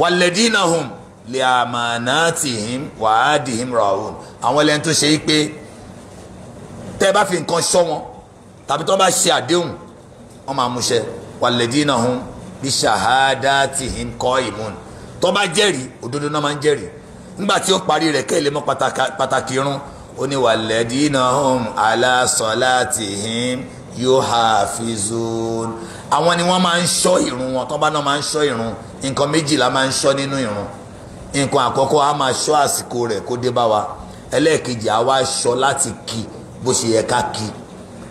A: wàlẹ́dínà hùm lè àmàna tìhín wàádìhín ràhùn àwọn ẹlẹ́ni tó ṣe é pé tẹ́ ẹ bá fi nǹkan ṣọ́ wọn tàbí tí wọ́n bá ṣe àdéhùn wọ́n máa múṣẹ wàlẹ́dínà hùm bí ṣàhádà tìhín kọ́ ìmúni tó bá jẹ́rìí òdodo náà máa ń jẹ́rìí nígbà tí ó parí rẹ̀ kẹ́lẹ́ mọ́ pàtàkì irun ó ní walladina hum ala salatihim yuhafizun àwọn ni wọ́n máa ń ṣọ́ irun wọn tó bá náà máa ń ṣọ́ irun nǹkan méjìlá máa ń ṣọ́ nínú irun nǹkan àkọ́kọ́ a máa ṣọ́ àsìkò rẹ̀ kó dé bá wa ẹlẹ́ẹ̀kejì a wá ṣọ́ láti kí bó ṣe yẹ ká kí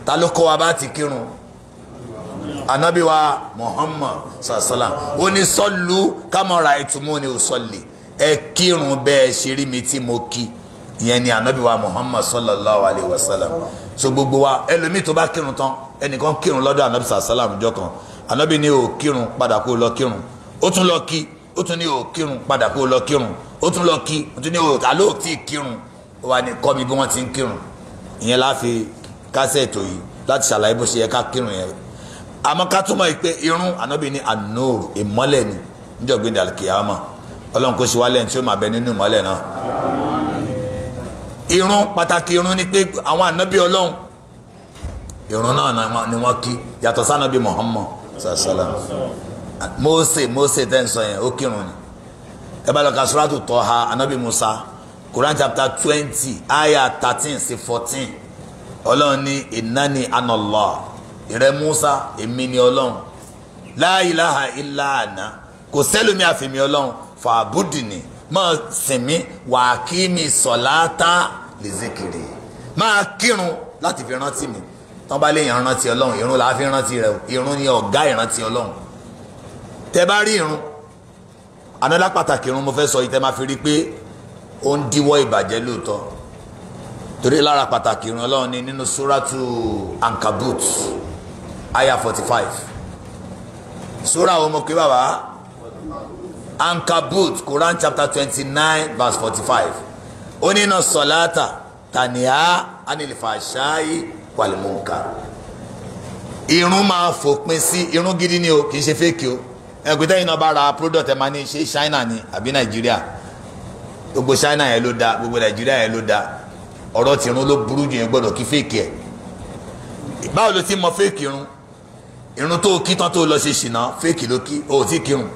A: ta ló kọ́ wa bá ti kírun anabi wa muhammad sallam ó ní sọ́lù kámọ́ra ìtumú ni ó sọ́lì ẹ kírun bẹ́ẹ̀ ṣe mi tí mo kí ìyẹn ni anabi wa muhammad sallallahu alayhi wa sallam so gbogbo wa ẹlòmíì tó bá kírun tán ẹnìkan kírun lọ́dọ̀ anabi sallam jọ kan anabi ni o kírun padà kó lọ kírun ó tún lọ kí ó tún ní ó kírun padà kó lọ kírun ó tún lọ kí ó tún ní ó kà ló ti kírun ó wà ní kọ́ mi bí wọ́n ti ń kírun ìyẹn láfi kásẹ̀tò yìí láti ṣàlàyé bó ṣe yẹ ká kírun yẹn àmọ́ ká túmọ̀ irun ànábì ni ni níjọ̀gbìn dàlùkìyàmà ọlọ́run kò sí wálẹ̀ tí ó máa bẹ nínú ìmọ́lẹ̀ náà. irun pàtàkì irun ni pé àwọn ànábì irun náà ni wọ́n kí yàtọ̀ sanabi Muhammad sàṣàlá Mósè Mósè tẹ́ yẹn ó kírun ni ẹ bá lọ ka suratu Toha ànábì Musa Quran chapter twenty ayah thirteen sí fourteen ọlọ́run ni ìnáni Anọlọ. ìrẹ Musa èmi ni Ọlọ́run la ilaha illa ana kò sẹ́lómi àfẹ̀mí Ọlọ́run fàbúdìní máa sinmi wàá kí mi sọ̀láta lè zikiri máa kírun láti fi rántí mi tán bá léèyàn rántí Ọlọ́run irun làá fi rántí rẹ o irun ni ọ̀gá ìrántí Ọlọ́run tẹ bá rí irun anọ́lá pàtàkì irun mo fẹ́ sọ yìí tẹ́ máa fi rí pé ó ń díwọ́ ìbàjẹ́ lóòótọ́ torí lára pàtàkì ìran ọlọ́run ni nínú suratu ankabut aya forty five sura àwọn ọmọ kí bàbá ankabut quran chapter twenty nine verse forty five onínà sọláàtà tàníà anilifàṣáì wàlímùnkà irun máa fòpin sí irun gidi ni o kì í ṣe fake o ẹgbẹ́tẹ́ yìí náà bá ra product ẹ̀ máa ní ṣe China ni àbí Nàìjíríà gbogbo China yẹn ló da gbogbo Nàìjíríà yẹn ló da ọ̀rọ̀ tìrun ló burú jù yẹn gbọ́dọ̀ kí fake ẹ̀ báwo ló ti mọ fake irun irun tó kí tán tó lọ ṣe ṣìnà fèkì ló kí o ò tí kírun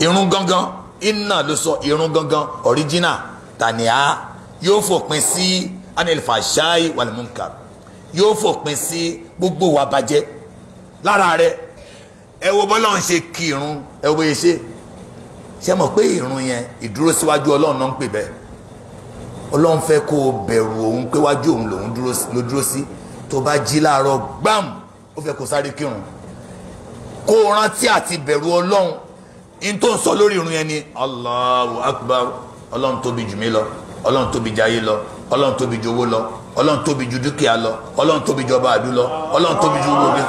A: irun gangan iná ló sọ irun gangan ọ̀ríjínà tàníà yóò fòpin sí anil fàṣáì wàlúmùkà yóò fòpin sí gbogbo wa bàjẹ́ lára rẹ̀ ẹ wo bọ́lá ń ṣe kí irun ẹ wo ṣe ṣe mọ̀ pé irun yẹn ìdúró síwájú ọlọ́run náà ń pè bẹ́ẹ̀ ọlọ́run fẹ́ kó o bẹ̀rù òun pé wájú òun lòun ló dúró sí tó bá jí láàárọ̀ gbàmù ó fẹ́ kó sáré kírun kó rántí àti bẹ̀rù ọlọ́run in tó ń sọ lórí irun yẹn ni Allahu Akbar ọlọ́run tóbi jù mí lọ ọlọ́run tóbi jayé lọ ọlọ́run tóbi jowó lọ ọlọ́run tóbi ju dúkìá lọ ọlọ́run tóbi jọba àdú lọ ọlọ́run tóbi ju owó mi.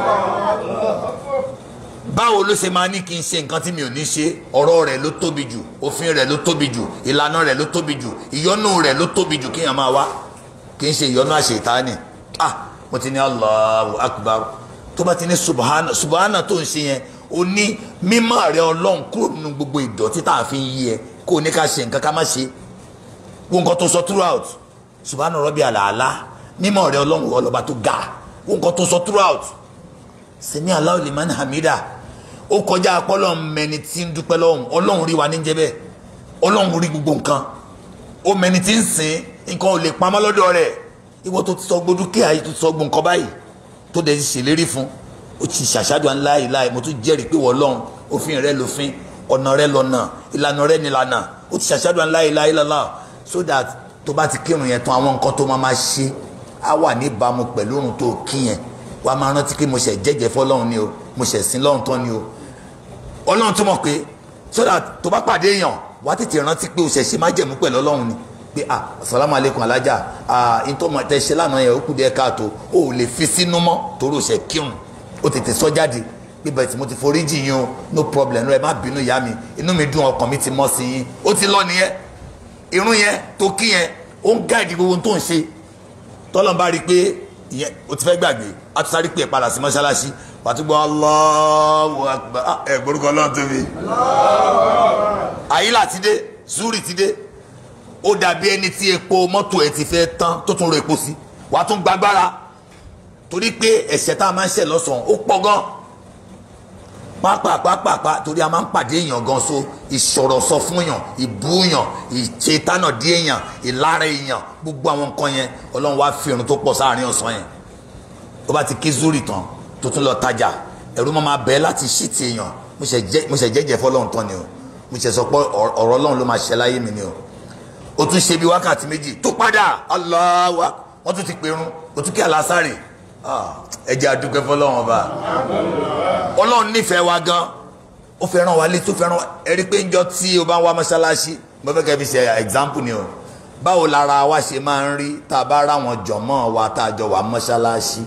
A: báwo ló ṣe máa ní kí n ṣe nǹkan tí mi ò ní ṣe ọ̀rọ̀ rẹ̀ ló tóbi jù òfin rẹ̀ ló tóbi jù ìlànà rẹ̀ ló tóbi jù ìyọ́nú rẹ̀ ló tóbi jù kéèyàn máa wá kì í ṣe ìyọ́nú àṣetánì ah mo ti ní Allahu Akbar tó bá ti ní subhana subhana tó ń ṣe yẹn o ní mímọ́ rẹ ọlọ́run kúrò nínú gbogbo ìdọ̀tí tá a fi ń yí ẹ kó o ní ká ṣe nǹkan ká má ṣe wọn nǹkan tó sọ throughout subhana rọ́bì àlàálá mímọ́ rẹ ọlọ́run ọlọ́ba tó ga wọn nǹkan tó sọ throughout sẹ́mi aláwọ̀ lè máa ń hàmídà ó kọjá apọ́lọ́ mẹni tí ń dúpẹ́ lọ́hùn ọlọ́run rí wa ní jẹ́bẹ́ ọlọ́run rí gbogbo nǹkan ó mẹni tí ń sìn nǹkan ò lè pamọ́ lọ́dọ̀ rẹ̀ ìwọ tó ti sọ gbódúkẹ́ àyè tó ti sọ gbọ̀ǹkan báyìí tó dẹ̀ ṣèlérí fún ó ti ṣàṣàdùn aláìláì mo tún jẹ́rìí pé wọ́lọ́run òfin rẹ lòfin ọ̀nà rẹ lọ́nà ìlànà rẹ nílànà ó ti ṣàṣàdùn aláìláì lọ́la so that tó bá ti kírun yẹn tán àwọn nǹkan tó máa ma ṣe á wà níbàámu pẹ̀lú òrùn tó kí yẹn wàá máa rántí pé mo ṣẹ̀ jẹ́jẹ́ fọ́lọ́run ni o mo ṣẹ̀ sin lọ́run tán ni o ọlọ́run tó mọ̀ pé so that tó bá pàdé èèyàn wàá tètè rántí pé o ṣẹ̀ ṣe má jẹ̀mú pẹ̀lú ọlọ́run ni pé ah asalaamu aleykum ah ntọ́mọ tẹ ṣe lánàá yẹn ó kù díẹ̀ káàtó ó lè fi sínú mọ́ torí ó ṣe kírun ó tètè sọ jáde ibẹ̀ tí mo ti forí jì yín o no problem rẹ má bínú ìyá mi inú mi dùn ọkàn mi ti mọ́ sí yín ó ti lọ nìyẹn irun yẹn tó kí yẹn ó ń gáàdì gbogbo tó ń ṣe tọ́lọ́n bá rí i pé ìyẹn o ti fẹ́ gbàgbé a ti sáré pè é padà sí mọ́ṣáláṣí pàtúgbọ́ Allahu Akbar ah, ẹ̀ gbórúkọ ọlọ́run tóbi àyílà ti dé zuri ti dé ó dàbí ẹni tí epo mọ́tò ẹ̀ ti fẹ́ tán tó tún ro epo sí wàá tún gbàgbára torí pé ẹ̀ṣẹ̀ tá a máa ń ṣẹ̀ lọ́sàn-án ó pọ̀ gan pápápápápá torí a máa ń pàdé èèyàn gan so ìṣòro sọ fún èèyàn ìbúyàn ìṣetánà dí èèyàn ìlara èèyàn gbogbo àwọn nǹkan yẹn ọlọ́run wá fi irun tó pọ̀ sáàrin ọ̀sán yẹn tó bá ti ké zúrì tán tó tún lọ tajà ẹ̀rú máa máa bẹ́ẹ̀ láti ṣí ti èèyàn mo ṣe jẹ́jẹ́ fọlọ́run tán ni o mo ṣe sọ pé ọ̀rọ̀ ọlọ́run ló máa ṣe mi ni o o tún ṣe bí wákàtí méjì tó padà Allahu wọ́n tún ti pèrún o tún kí alásàrè ah, ẹ jẹ́ àdúgbò fọlọ́wọ́n bá ọlọ́run nífẹ̀ẹ́ wa gan ó fẹ́ràn wa létí ó fẹ́ràn wa ẹ rí i pé njọ́ tí o bá ń wá mọ́ṣáláṣí mo fẹ́ kẹ́ fi ṣe example ni o báwo lára wa ṣe máa ń rí tá a bá ráwọn jọ̀mọ́ wa tá a jọ wà mọ́ṣáláṣí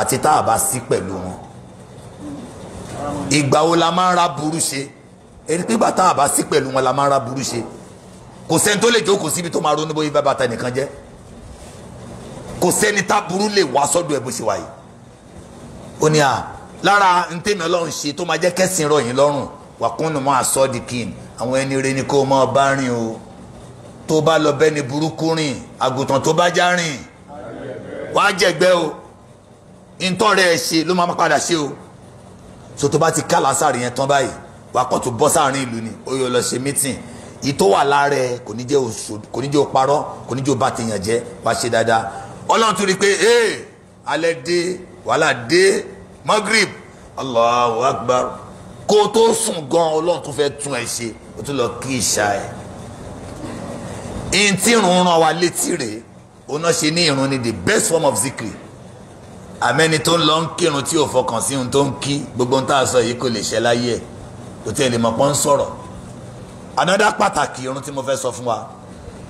A: àti tá a bá sí pẹ̀lú wọn ìgbà wo la máa ń ra burú ṣe ẹ pé ìgbà tá sí pẹ̀lú wọn la máa ń ra burú ṣe kò sẹ́ni tó lè jókòó síbi tó máa ronú bóyá bàbá ta nìkan jẹ́ kò sẹ́ni tá burú lè wá sọ́dọ̀ ẹ̀ bó ṣe wáyé ó ní à lára ntẹ́mi ọlọ́run ṣe tó máa jẹ́ kẹ́sìn rọ̀ lọ́rùn wà kúnnù mọ́ àsọ́dìkìn àwọn ẹni rẹ ni kó o máa bá rìn o tó bá lọ bẹ́ni burúkú rìn àgùntàn tó bá já rìn wàá jẹ̀gbẹ́ o ntọ́rẹ́ ẹ ṣe ló máa padà ṣe o so tó bá ti kálá sáà rìn yẹn tán báyìí wàá kọ́ tó bọ́ sáàrin ìlú ni ó yọ lọ ṣe mítìn yìí tó wà lára ẹ kò ní jẹ́ oṣù kò ní jẹ́ oparọ́ kò ní jẹ́ ọba tèèyàn jẹ́ wá ṣe dáadáa ọlọ́run tún rí i pé ee alẹ́ dé wàhálà dé magrib allahu akbar kó o tó sùn gan ọlọ́run tún fẹ́ tún ẹ ṣe o tún lọ kí ìṣá ẹ ìyìn tí ìrun ràn wá létí rèé òun náà ṣe ní ìrun ni the best form of zikri àmẹ́ni tó ń lọ ń kírun tí ò fọkàn sí ohun tó ń kí gbogbo ohun tá sọ yìí kò lè ṣẹ láyé ẹ̀ kò lè mọ̀ pọ́n sọ̀rọ̀ another pàtàkì irun tí mo fẹ́ sọ fún wa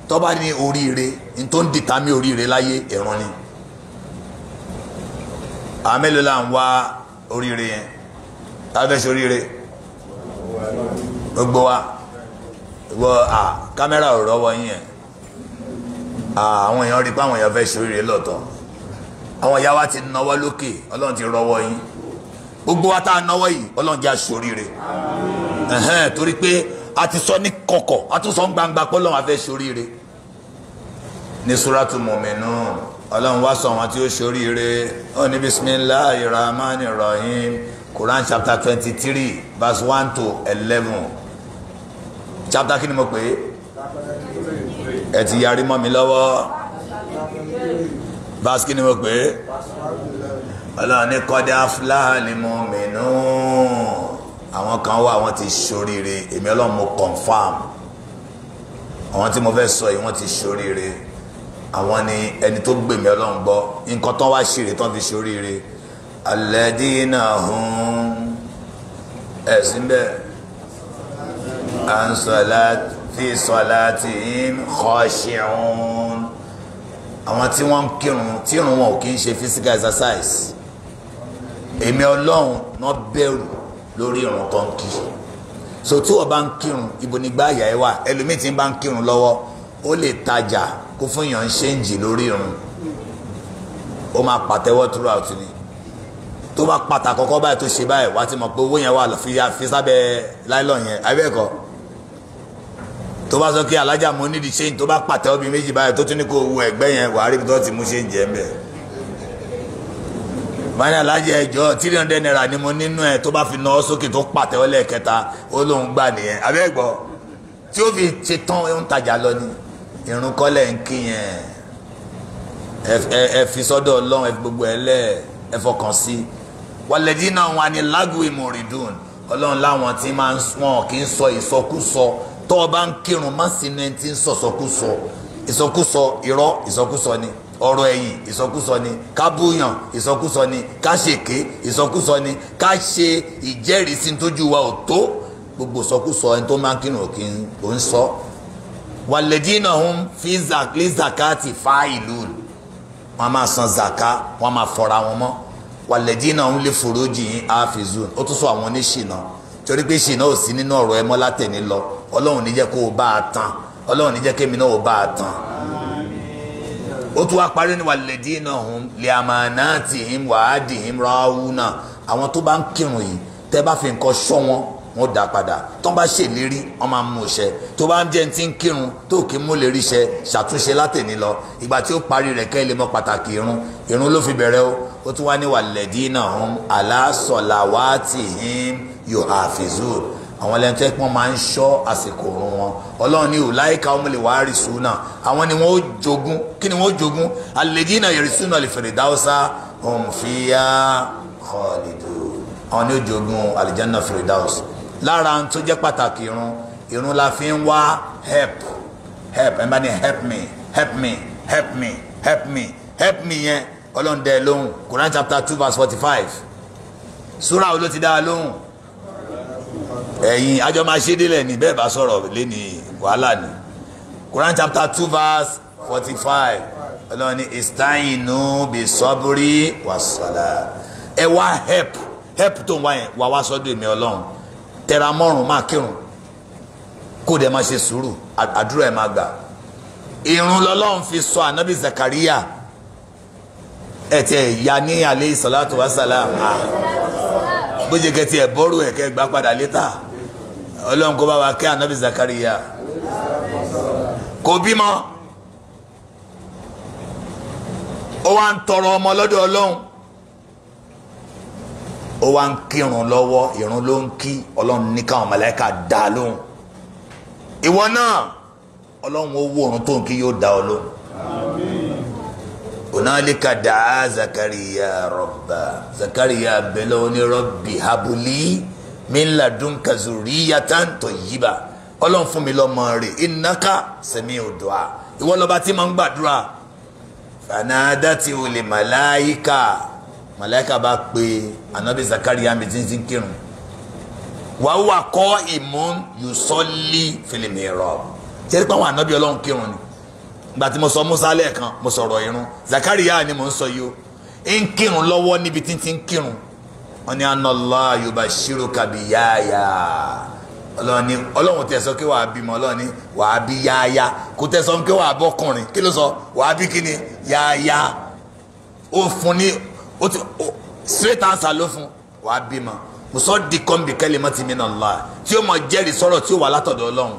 A: tó bá ní oríire n tó ń dìtà mí oríire láyé irun ni àmẹ́lò là ń wá oríire yẹn tábẹ́sì oríire gbogbo wa wọ à kámẹ́rà ò rọ́wọ́ yín yẹn àwọn èèyàn rí i pé àwọn èèyàn fẹ́ ṣe oríire lọ́tọ̀ àwọn ìyá wa ti náwó lókè ọlọ́run ti rọ́wọ́ yín gbogbo wa tá a náwó yìí ọlọ́run jẹ́ àṣoríire torí pé àti sọ ní kọ̀kọ̀ àtúnṣọ gbangba pé Ọlọ́run afẹ́ ṣoríire ní suratu Mu'minun Ọlọ́run wá sọ àwọn tí ó ṣoríire ó ní bisimilahi rahman rahim Quran chapter twenty three verse one to eleven chapter kí ni mo pè é ẹ ti yarí mọ́ mi lọ́wọ́ verse kí ni mo pè é Ọlọ́run ní kọ́dá fúláhà ni mu'minun àwọn kan wà wọ́n ti ṣoríire èmi ọlọ́run mo confam àwọn tí mo fẹ́ sọ yìí wọ́n ti ṣoríire àwọn ni ẹni tó gbèmí ọlọ́run gbọ́ nǹkan tán wá ṣèrè tán fi ṣoríire alẹ́dínà hun ẹ̀sìn bẹ́ẹ̀ ansọ́lá fi sọ́lá tí ń khashi'un àwọn tí wọ́n ń kírun tí irun wọn ò kí ń ṣe physical exercise èmi ọlọ́run náà bẹ̀rù lórí ìrun tó kí so tí wọ́n bá ń kírun ibo nígbà àyà ẹ wà ẹlòmíì tí ń bá ń kírun lọ́wọ́ ó lè tajà kó fún yàn ń ṣéǹjì lórí ìrun ó máa pàtẹ́wọ́ throughout ni tó bá pàtà kọ́kọ́ báyìí tó ṣe báyìí wá ti mọ̀ pé owó yẹn wà fi sábẹ́ láìlọ́ yẹn abẹ́ẹ̀kọ́ tó bá sọ kí alájà mo nídìí ṣéǹjì tó bá pàtẹ́wọ́ bíi méjì báyìí tó tún ní kó wu ẹ̀gbẹ́ yẹn wàá rí bí tó ti mú ṣéǹjì ẹ̀ bẹ́ẹ̀ báyìí alájẹ ẹjọ́ three hundred naira ni mo nínú ẹ tó bá fi nà ọ sókè tó pàtẹ́wọ́ lẹ́ẹ̀kẹta ó lóun gbà nìyẹn abẹ́ gbọ́ tí ó fi ṣe tán ó ń tajà lọ ni irun kọ́lẹ̀ ń kí yẹn ẹ fi sọ́dọ̀ ọlọ́run ẹ fi gbogbo ẹ lẹ̀ ẹ fọkàn sí i wàlẹ́dí náà wà ní lágùn ìmọ̀rìndùn ọlọ́run láwọn tí máa ń wọ̀n kì í sọ ìsọkúsọ tó o bá ń kírun má sínú ẹni tí ń sọ̀sọkúsọ ìsọkúsọ irọ́ ìsọkúsọ ni ọ̀rọ̀ ẹ̀yìn ìsọkúsọ ni ká búyàn ìsọkúsọ ni ká ṣèké ìsọkúsọ ni ká ṣe ìjẹ́rìísí tójú wa ò tó gbogbo ìsọkúsọ ẹni tó máa ń kírun òkè ò ń sọ. wàlẹ́dínà ń fi zakli zakati fa ìlú wọn máa san zaka wọn máa fọra wọn mọ́ wàlẹ́dínà ń lè fòrò jìyìn àfìzù ó tún sọ àwọn oníṣìnà torí pé ṣìnà ò sí nínú ọ̀rọ̀ ẹ mọ́ lọ ọlọ́run ní jẹ́ kó o bá a tán ọlọ́run ní jẹ́ kémi náà ó bá a tán ó tún wá parí ní wàlẹ́dínà hum liamanati him wàhádì him rahuna àwọn tó bá ń kírun yìí tẹ́ bá fi nǹkan ṣọ́ wọn wọn dà padà tó bá ṣèlérí wọn máa mú ṣẹ tó bá ń jẹ́ ti ń kírun tó kì í mú lè rí ṣẹ ṣàtúnṣe látẹ̀ní lọ ìgbà tí ó parí rẹ̀ kẹ́ lè pàtàkì irun irun ló fi bẹ̀rẹ̀ o ó tún wá ní wàlẹ́dínà hum aláṣọ̀làwátì him yòhàfìzùn àwọn ẹlẹ́ni tó yẹ kí wọ́n máa ń ṣọ́ àsìkò òrùn wọn ọlọ́run ní ulaika humul warithuna àwọn ni wọ́n jogún kí ni wọ́n jogún alladhina yarisuna al-firdausa hum fiha khalidun àwọn ni ó jogún aljanna firdaus lára tó jẹ́ pàtàkì irun irun la fi ń wá help help ẹ bá ní help me help me help me help me help me yẹn ọlọ́run dẹ̀ lóhùn Quran chapter two verse forty five sura olótìdá lóhùn ẹ̀yin àjọ máa ṣe délẹ̀ ní bẹ́ẹ̀ bá sọ̀rọ̀ lẹ́ni wàhálà ni Quran chapter two verse forty five ọlọ́run ní istainu bi sọ́búrí wàsálà ẹ wá help help tó ń wá yẹn wà wá sọ́dọ̀ èmi ọlọ́run tẹra mọ́rùn máa kírun kó dẹ̀ máa ṣe sùúrù àdúrà ẹ̀ máa gbà irun lọ́lọ́run fi sọ ànábì Zakaria ẹ̀ tiẹ̀ ya ní alẹ́ ìsọ̀látò wàsálà bó jẹ́ kẹ́ tiẹ̀ bọ́rù ẹ̀ kẹ́ gbà padà létà ọlọ́run kó bá wa kẹ́ anabi zakariya kò bímọ ó wá ń tọrọ ọmọ lọ́dọ̀ ọlọ́run ó wá ń kírun lọ́wọ́ ìrun ló ń kí ọlọ́run ní káwọn mọ̀lẹ́kà dá lóhùn ìwọ náà ọlọ́run ó wò òrun tó ń kí yóò dá ọ lóhùn. hunalika dàá zakariya rọba zakariya bẹlẹ oní habuli min ladunka zuriyatan tayyiba ọlọ́run fún mi lọ́mọ rẹ̀ innaka sami'ud du'a ìwọ lọ́ba tí máa ń gbàdúrà fanadati olè màláyíkà màláyíkà bá pe anabi Zakariya mi títí kírun wàá wà kọ́ ìmún yusọ́lí fìlìmì rọ̀ jẹ́rìí pé àwọn anabi ọlọ́run kírun ni gbà tí mo sọ Musa lẹ́ẹ̀kan mo sọ̀rọ̀ irun Zakariya ni mo ń sọ yìí o ń kírun lọ́wọ́ níbi títí kírun wọ́n ní anna Allah yubashiruka bi yáyà ọlọ́run ní ọlọ́run tẹ̀sán kí wàá bímọ ọlọ́run ní wàá bí yáyà kò tẹ̀sán kí wàá bọ́kùnrin kí ló sọ wàá bí kíni yáyà ó fún ní ó ti ó straight answer ló fún wàá bímọ muso di kọ́mbi kẹ́lẹ́ mọ́ ti mi nà Allah tí ó mọ jẹ́rìí sọ̀rọ̀ tí ó wà látọ̀dọ̀ ọlọ́run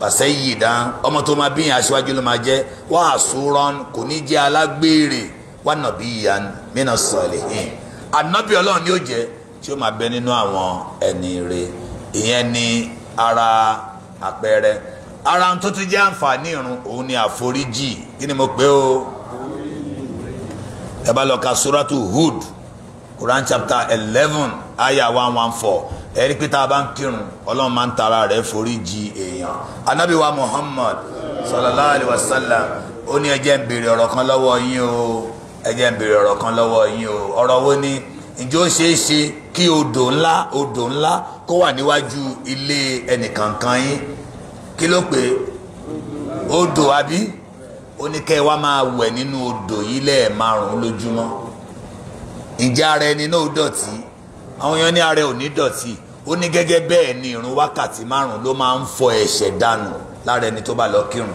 A: pàṣẹ yìí dán ọmọ tó máa bíyàn aṣíwájú ló máa jẹ wàá sùúrọ̀ kò ní jẹ́ alágbèrè wà nàbí yàn mí nà sọ̀lẹ̀ hìn ànábì ọlọ́run ni ó jẹ́ tí ó máa bẹ nínú àwọn ẹni ire ìyẹn ni ara àpẹẹrẹ ara tó tún jẹ́ àǹfààní irun òun ni àforíjì kí ni mo pè ó ẹ bá lọ ka suratu Hud Quran chapter eleven aya one one four ẹ̀rí pé tá a bá ń kírun ọlọ́run máa ń tara rẹ̀ foríjì èèyàn ànábì wa Muhammad sallallahu alaihi wa sallam ó ní ẹ jẹ́ béèrè ọ̀rọ̀ kan lọ́wọ́ yín o ẹ jẹ́ n béèrè ọ̀rọ̀ kan lọ́wọ́ yín o ọ̀rọ̀ wo ni ǹjẹ́ ó ṣeé ṣe kí odò ńlá odò ńlá kó wà níwájú ilé ẹnìkankan yín kí ló pé odò àbí ó ní máa wẹ̀ nínú odò yìí lẹ́ẹ̀márùn-ún lójúmọ́ ǹjẹ́ ara ẹni náà dọ̀tí àwọn èèyàn ní ara ò ní dọ̀tí ó ní gẹ́gẹ́ bẹ́ẹ̀ ni ìrun wákàtí márùn-ún ló máa ń fọ ẹ̀ṣẹ̀ dànù lára ẹni tó bá lọ kírun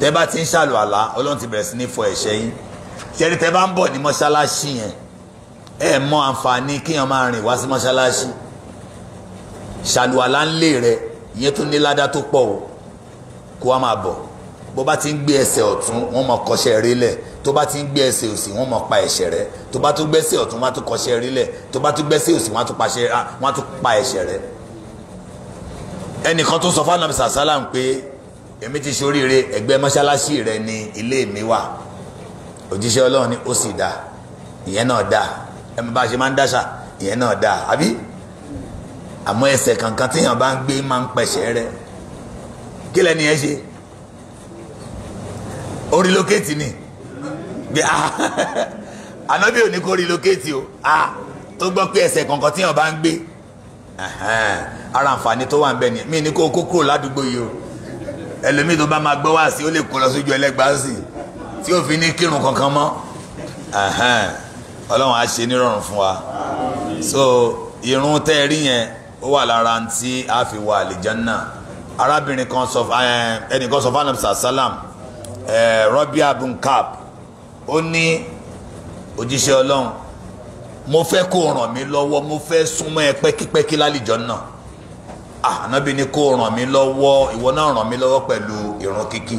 A: tẹ́ bá ti ń ṣàlùwàlá ọlọ́run ti bẹ̀rẹ̀ sí ní fọ ẹ̀ṣẹ̀ yín ṣẹ́rí tẹ́ bá ń bọ̀ ní mọ́ṣáláṣí yẹn ẹ mọ àǹfààní kéèyàn máa rìn wá sí mọ́ṣáláṣí ṣàlùwàlá ńlé rẹ ìyẹn tó ní ládá tó pọ̀ o kó wá máa bọ̀ bó bá ti ń gbé ẹsẹ̀ ọ̀tún wọ́n mọ̀ kọ́ṣẹ́ rí lẹ̀ tó bá ti ń gbé ẹsẹ̀ òsì wọ́n mọ̀ pa ẹ̀ṣẹ̀ rẹ̀ tó bá tún gbẹ́sẹ̀ ọ̀tún wọ́n tún kọ́ṣẹ́ rí lẹ̀ tó bá tún gbẹ́sẹ̀ òsì wọ́n ah, tún pa ẹ̀ṣẹ̀ rẹ̀ ẹnìkan tó sọ fún anamisa salam pé èmi ti ṣoríire ẹgbẹ́ mọ́ṣáláṣí rẹ ni ilé mi wà òjíṣẹ́ ọlọ́run ni ó sì dá ìyẹn náà dá ẹ bá a ṣe máa ń dáṣà ìyẹn náà dá àbí àmọ́ ẹsẹ̀ kankan téèyàn bá ń gbé máa ń pẹ̀ṣẹ̀ rẹ kí lẹ́ni ẹ ṣe ó relocate ni bí a ànábì ò ní kó relocate o a tó gbọ́ pé ẹsẹ̀ kankan téèyàn bá ń gbé ara àǹfààní tó wà ń bẹ ni mí ni kó kó kúrò ládùúgbò yìí o ẹlòmíì tó bá máa gbọ́ wá sí ó lè kó lọ sójú ẹlẹ́gbàá sí i tí ó fi ní kírun kankan mọ́ ọlọ́run á ṣe nírọ̀rùn fún wa so irun tẹ́ ẹ rí yẹn ó wà lára tí a fi wà àlìjánná arábìnrin kan sọ ẹnìkan sọ fún salam rọ́bì abunkab ó ní òjíṣẹ́ ọlọ́run mo fẹ́ kó ràn mí lọ́wọ́ mo fẹ́ súnmọ́ ẹ pẹ́kípẹ́kí lálìjọ náà ah, ànábì ni kó ràn mí lọ́wọ́ ìwọ náà ràn mí lọ́wọ́ pẹ̀lú ìrun kíkí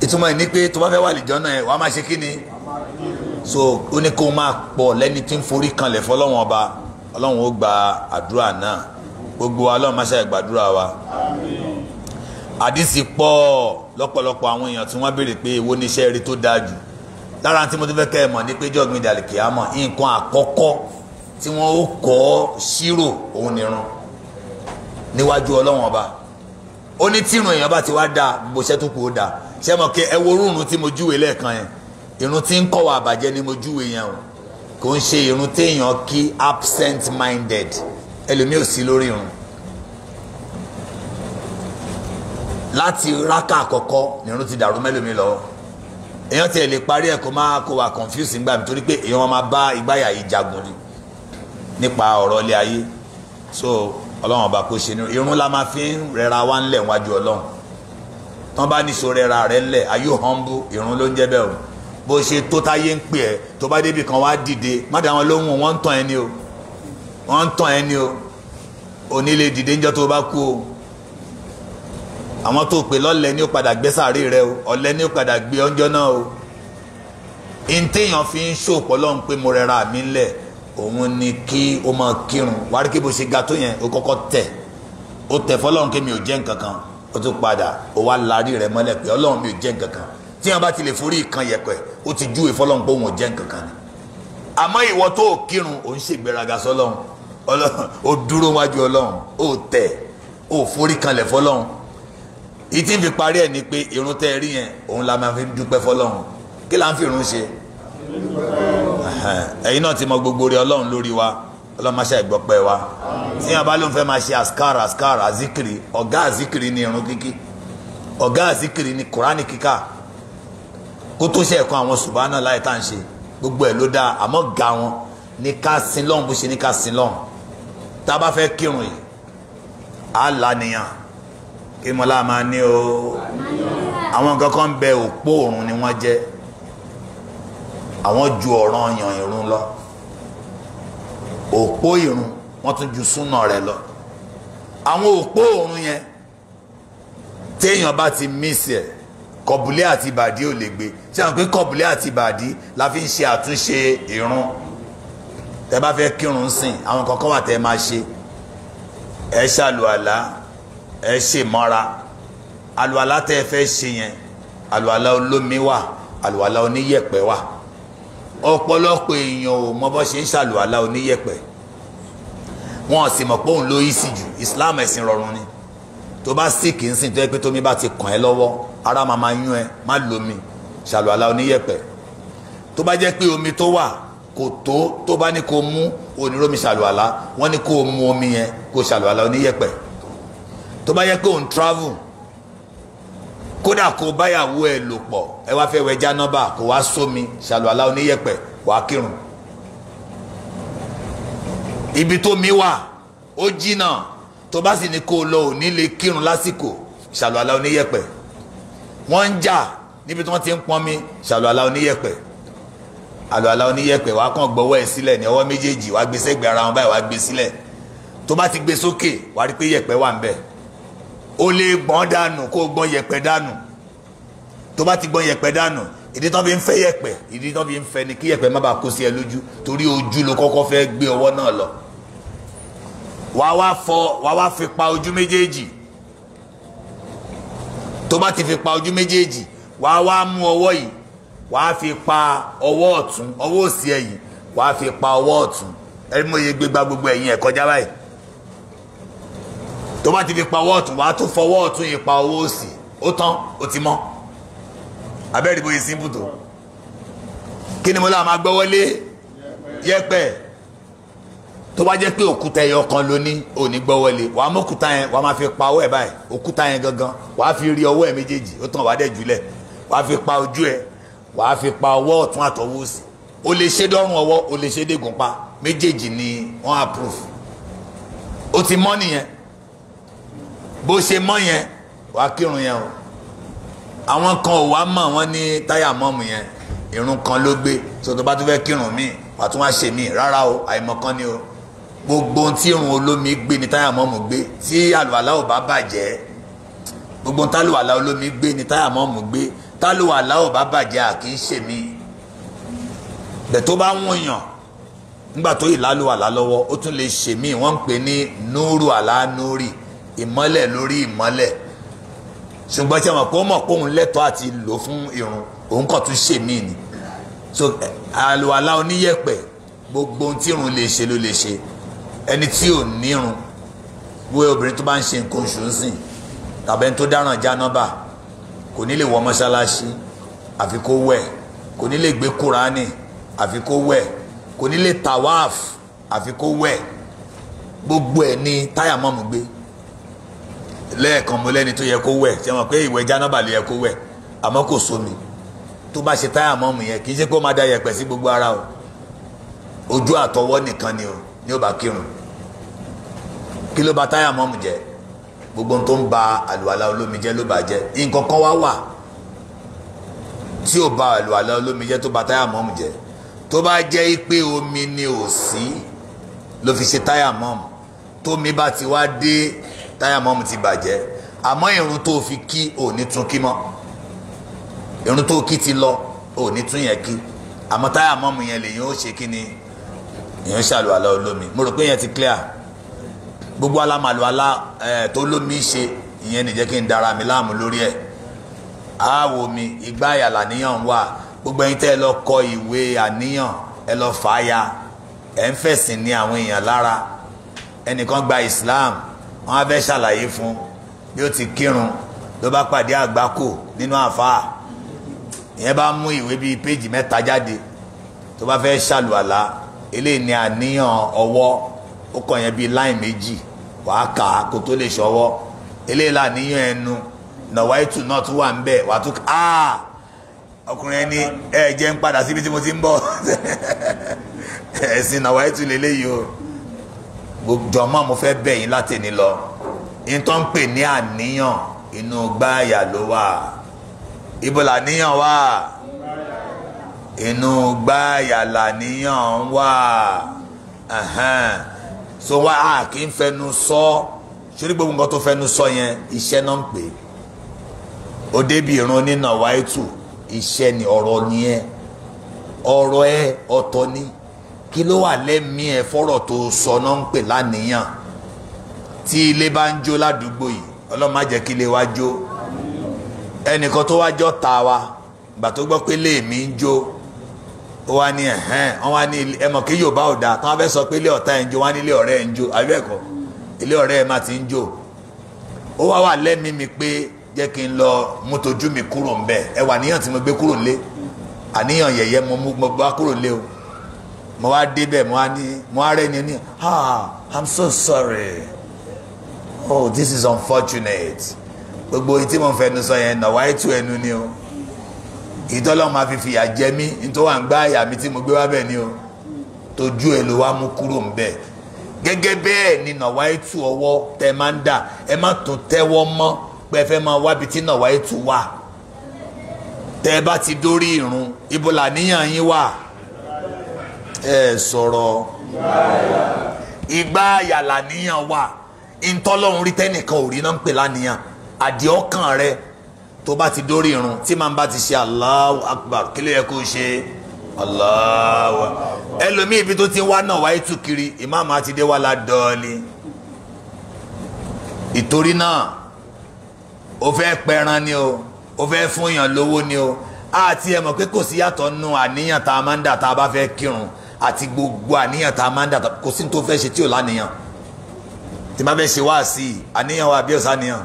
A: ìtumọ̀ yìí ni pé tó bá fẹ́ wà lìjọ́ náà ẹ̀ wàá máa ṣe kí so ó ní kó máa pọ̀ lẹ́ni tí ń forí kanlẹ̀ fọlọ́wọ́n ọba ọlọ́run ó gba àdúrà náà gbogbo wa ọlọ́run máa ṣe àgbàdúrà wa àdìsí pọ̀ lọ́pọ̀lọpọ̀ àwọn èèyàn tí wọ́n béèrè pé èwo ni iṣẹ́ eré tó dáa jù lára tí mo tún fẹ́ kẹ́ ẹ mọ̀ ní pé jọ́gbìn ìdàlùkì àmọ́ nǹkan àkọ́kọ́ tí wọ́n ó kọ́ ṣírò òun nìran níwájú ọlọ́run ọba ó ní tírun èèyàn bá ti wá dáa gbogbo iṣẹ́ tó kù ó dáa ṣé mo kẹ ẹ wo irun tí mo júwe lẹ́ẹ̀kan yẹn irun tí ń kọ́ wa àbàjẹ́ ni mo júwe yẹn o kò ń ṣe irun téèyàn kí absent minded ẹlòmíì ò sí lórí irun láti rákà àkọ́kọ́ ni irun ti dàrú mẹ́lòmíì lọ́wọ́ èèyàn tiẹ̀ lè parí ẹ̀ kó máa kó wa confuse nígbà mi torí pé èèyàn máa bá ìgbáyà yìí jagun ni nípa ọ̀rọ̀ ilé ayé so ọlọ́run ọba kò ṣe irun la máa fi ń rẹra wá ńlẹ̀ wájú ọlọ́run tán bá ní ra rẹ lẹ̀ are you humble ìrún ló ń jẹ́ bẹ́ẹ̀ o bó ṣe tó táyé ń pè ẹ́ tó bá débi kan wá dìde má dá wọn lóhùn wọ́n ń tàn ẹni o wọ́n ń tàn ẹni o onílé dìde ń jọ́ tó bá kú o àwọn tó pè lọ́lẹ̀ ní ó padà gbé sàárè rẹ o ọ̀lẹ ní ó padà gbé ọjọ́ náà o ìntèèyàn fi ń ṣòpọ̀ lọ́hùn pé mo rẹra mi ńlẹ̀ òun ni kí o máa kírun wárí kí bó ṣe ga tó yẹn o kọ́kọ́ tẹ̀ o tẹ̀ fọlọ́hùn kí mi ò jẹ́ nǹkan kan o tún padà o wá larí rẹ mọ́lẹ̀ pé ọlọ́run mi ò jẹ́ nǹkan kan tí wọn bá ti lè forí ìkan yẹ̀pẹ̀ o ti júwe fọlọ́run pé òun ò jẹ́ nǹkan kan ni àmọ́ ìwọ tó kírun ò ń ṣègbéraga sọ́lọ́run ọlọ́run o dúró wájú ọlọ́run o tẹ̀ o forí kanlẹ̀ fọlọ́run ìtì fi parí ẹ̀ ni pé irun tẹ́ ẹ rí yẹn òun la máa fi dúpẹ́ fọlọ́run kí là ń fi irun ṣe ẹ̀yin náà ti mọ gbogbo rẹ ọlọ́run lórí wa ọlọ́mọṣẹ́ ìgbọ́pẹ́ wa tí yàrá bá ló ń fẹ́ máa ṣe askar askar azikiri ọ̀gá azikiri ni irun kíkí ọ̀gá azikiri ni kurani kíkà kó tó ṣe ẹ̀kọ́ àwọn subahana láì tá à ń ṣe gbogbo ẹ̀ ló dáa àmọ́ ga wọn ní ká sin lọ́hùn bó ṣe ní ká sin lọ́hùn tá a bá fẹ́ kírun yìí á là nìyàn kí mọ́lá máa ní o àwọn kankan bẹ òpó òrùn ni wọ́n jẹ́ àwọn ju ọ̀ràn yàn ìrun lọ òpó ìrun wọ́n tún ju súnà rẹ̀ lọ àwọn òpó òrun yẹn téèyàn bá ti mísì ẹ̀ kọ̀bùlẹ̀ àti ìbàdí ò lè gbé ṣé àwọn pé kọ̀bùlẹ̀ àti ìbàdí la fi ń ṣe àtúnṣe ìrun tẹ bá fẹ́ kírun sìn àwọn kọ̀ọ̀kan wà tẹ máa ṣe ẹ ṣàlùwàlá ẹ ṣèmọ́ra àlùwàlá tẹ fẹ́ ṣe yẹn àlùwàlá olómi wà àlùwàlá oníyẹ̀pẹ̀ wà ọ̀pọ̀lọpọ̀ èèyàn ò mọ bó ṣe ń ṣàlùwàlá oníyẹ̀pẹ̀ wọn sì mọ̀ pé òun ló easy jù islam ẹ̀sìn rọrùn ni tó bá sì kì í sìn tó yẹ pé tómi bá ti kàn ẹ́ lọ́wọ́ ara máa ma yún ẹ má lomi ṣàlùwàlá oníyẹ̀pẹ̀ tó bá jẹ́ pé omi tó wà kò tó tó bá ní kó mú onírómi ṣàlùwàlá wọ́n ní kó mu omi yẹn kó ṣàlùwàlá oníyẹ̀pẹ̀ tó bá yẹ pé òun travel kódà kó báyàwó ẹ lò pọ̀ ẹ wá fẹ́ wẹ jánábà kó wá sómi ṣàlùwàlá oníyẹ̀pẹ̀ wàá kírun ibi tó mi wà ó jìnnà tó bá sì ní kó lọ òní lè kírun lásìkò ṣàlùwàlá oníyẹ̀pẹ̀ wọ́n ń jà níbi tí wọ́n ti ń pọnmi ṣàlùwàlá oníyẹ̀pẹ̀ àlùwàlá oníyẹ̀pẹ̀ wàá kàn gbọ́wọ́ ẹ̀ sílẹ̀ ní ọwọ́ méjèèjì wàá gbé sẹ́gbẹ̀ẹ́ ara wọn báyìí wàá gbé sílẹ̀ tó bá ti gbé sókè wàá rí pé yẹ̀pẹ̀ wà ń bẹ̀ o lè gbọ́n dànù kó o gbọ́n yẹ̀pẹ̀ dànù tó bá ti gbọ́n yẹ̀pẹ̀ dànù ìdí tó fi ń fẹ́ yẹ̀pẹ̀ ìdí tó fi ń fẹ́ ni kí yẹ̀pẹ̀ má bàa kó sí ẹ lójú torí ojú ló kọ́kọ́ fẹ́ gbé ọwọ́ náà lọ wàá wá fọ wàá wá fi pa ojú méjèèjì tó bá ti fi pa ojú méjèèjì wàá wá mú ọwọ́ yìí wàá fi pa ọwọ́ ọ̀tún ọwọ́ òsì ẹ̀yìn wàá fi pa ọwọ́ ọ̀tún ẹ mọ̀ iye gbégbá gbogbo ẹ̀yìn ẹ̀ báyìí tó bá ti fi pa ọwọ́ ọ̀tún wàá tún fọwọ́ ọ̀tún yìí pa ọwọ́ òsì ó tán ó ti mọ́ abẹ́rẹ́ ìbòye simple tó kí ni mo lá máa gbọ́wọ́lé yẹ̀pẹ̀ tó bá jẹ́ pé òkúta ẹyọ kan ló ní òní gbọ́wọ́lé wàá mú òkúta yẹn wàá máa fi pa ọwọ́ ẹ̀ báyìí òkúta yẹn gangan wàá fi rí ọwọ́ ẹ̀ méjèèjì ó tàn wàá dẹ̀ jùlẹ̀ wàá fi pa ojú ẹ̀ wàá fi pa ọwọ́ ọ̀tún àtọwọ́ òsì o lè ṣe dọ́rùn ọwọ́ o lè ṣe dégùn pa méjèèjì ni wọ́n approve o ti mọ́ nìyẹn bó ṣe mọ́ yẹn wà á kírun yẹn o àwọn kan ò wá mọ̀ wọ́n ní táyà mọ́mù yẹn irun kan ló gbé tó tó bá tún fẹ́ kírun míì wà á tún wá ṣe míì rárá o àìmọ̀kan ni o gbogbo tí irun olómi gbé ni táyà mọ́mù gbé tí àlùwàlá ò bá bàjẹ́ gbogbo tálùwàlá olómi gbé ni táyà mọ́mù gbé tálùwàlá ò bá bàjẹ́ à í ṣe míì bẹ̀ tó bá wọ̀n yàn nígbà tó ìlálùwàlá lọ́wọ́ ó tún lè ṣe míì wọ́n ń pè ní núrù àlá núrì ìmọ́lẹ̀ lórí ìmọ́lẹ̀ ṣùgbọ́n tí a mọ̀ pé ó mọ̀ pé òun lẹ́tọ́ àti lò fún irun òun kàn tún ṣe míì ni so àlùwàlá oníyẹ̀pẹ̀ gbogbo ohun tí irun lè ṣe ló lè ṣe ẹni tí ò ní irun wé obìnrin tó bá ń ṣe nǹkan oṣù ń sìn tàbí ẹni tó dáràn jánábà kò ní lè wọ mọ́ṣáláṣí àfi kó wẹ̀ kò ní lè gbé kúránì àfi kó wẹ̀ kò ní lè tàwáàf àfi kó wẹ̀ gbogbo ẹ̀ ní táyà mọ́mù gbé lẹ́ẹ̀kan mo lẹ́ni tó yẹ kó wẹ̀ ṣe mọ̀ pé ìwẹ̀ jánábà ló yẹ kó wẹ̀ àmọ́ kò sómi tó bá ṣe táyà mọ́mù yẹn kì í ṣe pé ó máa da yẹ̀pẹ̀ sí gbogbo ara o ojú àtọwọ́ nìkan ni o ní ó bá kírun kí ló ba táyà mọ́mù jẹ́ gbogbo tó ń ba àlùwàlà olómi jẹ́ ló bà jẹ́ nǹkan kan wá wà tí ò ba àlùwàlà olómi jẹ́ tó ba táyà mọ́mù jẹ́ tó bá jẹ́ pé omi ni ò sí ló fi ṣe táyà mọ́mù tómi bá ti wá dé táyà mọ́mù ti bàjẹ́ àmọ́ irun tó fi kí ò ní tún kí mọ́ irun tó kí ti lọ ò ní tún yẹn kí àmọ́ táyà mọ́mù yẹn lè yóò ṣe kí ni èèyàn ṣàlùwàlá olómi mo rò pé yẹn ti clear gbogbo alámàlùwàlá ẹ̀ tó lómi ṣe ìyẹn nìjẹ́ kí n dara mi láàmú lórí ẹ̀ àáwò mi ìgbà àyàlà níyàn wà gbogbo ẹ̀yin tẹ́ ẹ lọ kọ ìwé àníyàn ẹ lọ fàáya ẹ ń fẹ̀sìn ní àwọn èèyàn lára ẹnìkan gba Islam wọ́n á fẹ́ ṣàlàyé fún yóò ti kírun ló bá pàdé àgbákò nínú àfáà ìyẹn bá mú ìwé bíi péjì mẹ́ta jáde tó bá fẹ́ ṣàlùwàlá eléyìí ni àníyàn ọwọ́ ó kàn yẹn bíi láì méjì wàá kà á kó tó lè ṣọwọ́ eléyìí làníyàn ẹnu nàwáìtù náà tún wà ń bẹ̀ wàá tún á ah! ọkùnrin ẹni ẹ jẹ́ ń padà síbi tí mo ti ń bọ̀ ẹ̀sìn nàwáìtù lélẹ́yìí o jọmọ mo fẹ́ bẹ̀ yín láti ní lọ nítorí ń pè ní àníyàn inú gbáàyà ló wà ibo làníyàn wà inú gbáàyà làníyàn wà so wá a kì í fẹnu sọ sórí gbogbo nǹkan tó fẹnu sọ yẹn iṣẹ́ náà ń pè ó débi ìrun nínà wáyé tù iṣẹ́ ni ọ̀rọ̀ ni ẹ ọ̀rọ̀ ẹ ọ̀tọ̀ ni kí ló wà lẹ́mìí ẹ fọ́rọ̀ tó sọ náà ń pè lánìyàn tí ilé bá ń jó ládùúgbò yìí ọlọ́run má kí ilé wa jó ẹnìkan tó wá jọ ta wa gbà tó gbọ́ pé ilé mi ń jó ó wá ní ẹ̀hẹ́n wọ́n wá ní ẹmọ̀ kí Yorùbá ò dáa táwọn fẹ́ sọ pé ilé ọ̀tá ẹ̀ ń jó wá ní ilé ọ̀rẹ́ ẹ̀ ń jó àbí ẹ̀kọ́ ilé ọ̀rẹ́ ẹ̀ má ti ń jó ó wá wà lẹ́mìí mi pé jẹ́ kí n lọ mú mi kúrò ń bẹ̀ ẹ wà níyàn tí mo gbé kúrò lé àníyàn yẹ̀yẹ́ mo gbá kúrò lé o mo wá débẹ̀ mo wá ní mo wá rẹ́ni ní ah i'm so sorry oh this is unfortunate gbogbo etí mo fẹnu sọ yẹn náà wáyé tu ẹnu ni o ìtọ́lọ́ máa fi fìyà jẹ mí nítorí wà ń gbá àyà mi tí mo gbé wá bẹ̀ ni o tójú ẹ̀ ló wá mú kúrò ń bẹ̀ gẹ́gẹ́ bẹ́ẹ̀ ni nàwáyé tu ọwọ́ tẹ máa ń dà ẹ má tún tẹ́wọ́ mọ́ pé ẹ fẹ́ máa wábi tí nàwáyé tu wà tẹ bá ti dórí ìrun ibo làníyàn yín wà ẹ sọ̀rọ̀ ìgbà àyàlà níyàn wà ntọ́lọ́run rí tẹ́nìkan ò rí náà ń pè lánìyàn àdìẹ ọkàn rẹ tó bá ti dórí irun tí màá bá ti ṣe Allahu Akbar kí ló yẹ kó ṣe Allahu ẹlòmíì ibi tó ti wá náà wáyé tù kiri ìmáàmù àti wà ládọ́ọ̀lì ìtorí náà o fẹ́ pẹran ni o o fẹ́ fún yàn lówó ni o àti ẹ pé kò sí yàtọ̀ nù àníyàn tá a máa ń dà tá a bá fẹ́ kírun àti gbogbo àníyàn tá a máa ń dà kò sí tó fẹ́ ṣe tí ò láníyàn tí má fẹ́ ṣe wá sí i àníyàn wa abíọ́sà níyàn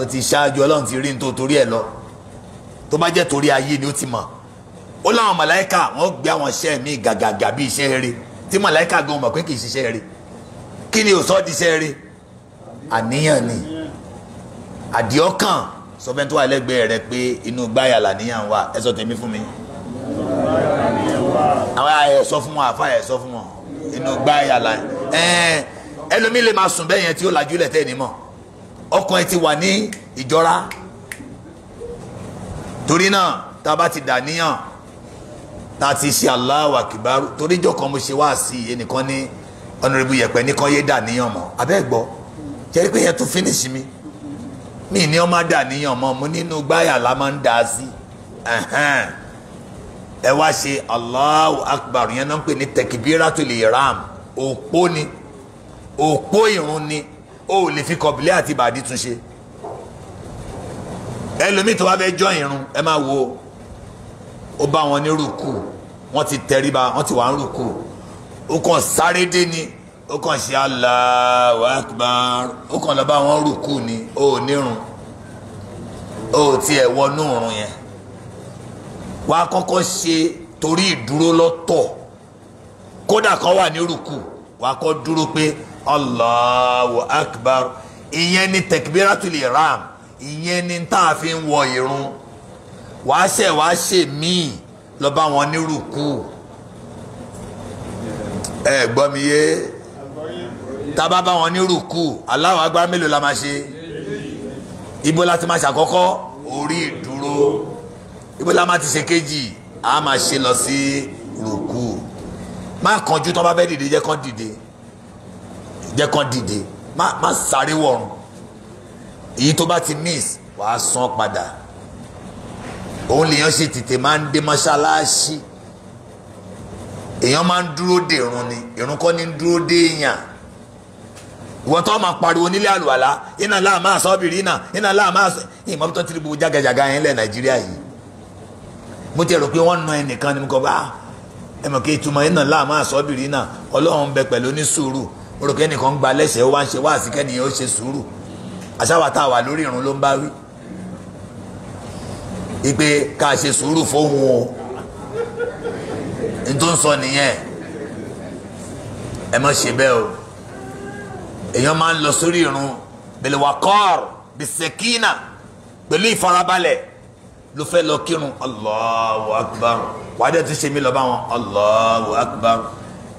A: ó ti ṣáájú ọlọ́run ti rí ní tó torí ẹ̀ lọ tó bá jẹ́ torí ayé ni ó ti mọ̀ ó láwọn màláìka wọ́n gbé àwọn iṣẹ́ mi gàgàgà bí iṣẹ́ eré tí màláìka gan mọ̀ pé kì í ṣiṣẹ́ eré kí ni òsọ́ di iṣẹ́ eré àníyàn ni àdìọ́kàn sọ fẹ́ tó wà lẹ́gbẹ̀ẹ́ rẹ pé inú gbáyà làníyàn wà ẹ sọ tèmi fún mi àwọn àyẹ̀ sọ fún wọn àfa àyẹ̀ sọ fún wọn inú gbá yàrá ẹ̀ẹ́n ẹlòmíì lè máa sùn bẹ́ẹ̀ yẹn tí ó lajú lẹ̀ tẹ́ ẹ̀ ní mọ̀ ọkàn ẹ ti wà ní ìjọra torí náà tá a bá ti dà níyàn tá a ti ṣe Allahu Akbar torí jọ kan mo ṣe wá sí ẹnìkan ní ọ̀nàrẹ́bù yẹ̀pẹ̀ nìkan yé dà níyàn mọ́ abẹ́ gbọ́ jẹ́rí pé yẹn tún fínísì mi mi ní ọmọ dà níyàn mọ́ mo nínú gbáyà la máa ń dà á sí ẹ wá ṣe Allahu Akbar yẹn náà ń pè ní tekbiratul ihram òpó ni òpó ìrun ni o ò lè fi kọ̀bílẹ̀ àti bàdí tún ṣe ẹlòmíì tó bá fẹ́ jọ ìrun ẹ máa wo ó bá wọn ní rúkú wọn ti tẹríba wọn ti wà ń rúkú ó kàn sáré dé ni ó kàn ṣe Allahu Akbar ó kàn lọ bá wọn rúkú ni o nírun o tiẹ̀ wọnú ìrun yẹn wàá kọ́kọ́ ṣe torí ìdúró lọ́tọ̀ kódà kan wà ní rúkú wàá kọ́ dúró pé Allahu Akbar ìyẹn ni tẹkibiratul ram ìyẹn ni tá a fi ń wọ irun wàá ṣe wàá ṣe míì lọ bá wọn ní rúkú ẹ gbọ́ mi yé tábà bá wọn ní rúkú Allahu Akbar mélòó la máa ṣe ibo láti máa ṣàkọ́kọ́ orí ìdúró ibo la máa ti ṣe kejì a máa ṣe lọ sí rùkú má kánjú tó bá fẹ́ dìde jẹ́ kán dìde jẹ́ kán dìde má má sáré wọ̀run èyí tó bá ti miss wàá san padà òun lèèyàn ṣe tètè máa ń dé mọ́ṣáláṣí èèyàn máa ń dúró de irun ni irun kọ́ ni ń dúró de èèyàn ìwọ́n tó máa pariwo nílé àlùwàlá iná láà máa sọ́bìrì iná iná máa sọ́ ìmọ̀ tó ti rí gbogbo jágajàga yẹn lẹ̀ Nàìjíríà yìí mo ti rò pé wọ́n na ẹnìkan ni mo kọ́ bá ẹ mọ̀ kí ìtumọ̀ iná láàmú àsọ́bìrì náà ọlọ́run bẹ pẹ̀lú ní sùúrù mo rò pé ẹnìkan gba lẹ́sẹ̀ ó wá ń ṣe wá àsìkẹ́ nìyẹn ó ṣe sùúrù àṣàwà tá a wà lórí ìrun ló ń bá wí ìpè ká ṣe sùúrù fóun o n tó ń sọ nìyẹn ẹ má ṣe bẹ́ẹ̀ o èèyàn máa ń lọ sórí ìrun bẹ̀lẹ̀ wà kọ́ọ̀rù bìsẹ̀kínà pẹ̀lú ìfarabalẹ̀ ló fẹ́ lọ kírun Allahu akbar wàá dẹ́ ti ṣe mí lọ bá wọn Allahu akbar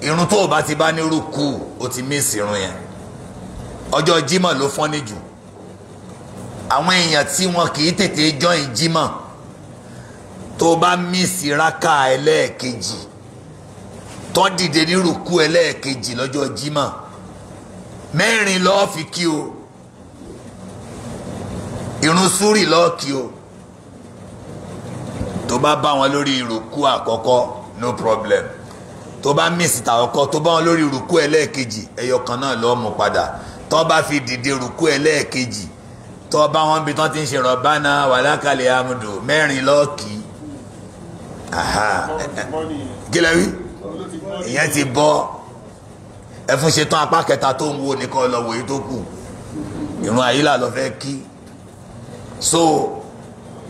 A: irun tó o bá ti bá nírú kù o ti miss irun yẹn ọjọ́ Jímọ̀ ló fọ́n ní jù àwọn èèyàn tí wọn kì í tètè join Jímọ̀ tó bá miss raka ẹlẹ́ẹ̀kejì tó dìde nírú kù ẹlẹ́ẹ̀kejì lọ́jọ́ Jímọ̀ mẹ́rin lọ́ọ́ fi kí o irun súrì lọ́ọ́ kí o tó bá bá wọn lórí ìrùkú àkọ́kọ́ no problem tó bá mísì tàkọ́kọ́ tó bá wọn lórí ìrùkú ẹlẹ́ẹ̀kejì ẹyọ kan náà lọ́ọ́ mú padà tó bá fi dìde ìrùkú ẹlẹ́ẹ̀kejì tó bá wọn bí tán ti ń ṣe rọ̀bánà wàlákàlẹ̀ amúdù mẹ́rin lọ́ọ̀kì kí lẹ́ wí ìyẹn ti bọ́ ẹfun ṣetán apá kẹta tó ń wo nìkan lọ wòye tó kù ìrun àyílà lọ fẹ́ kí so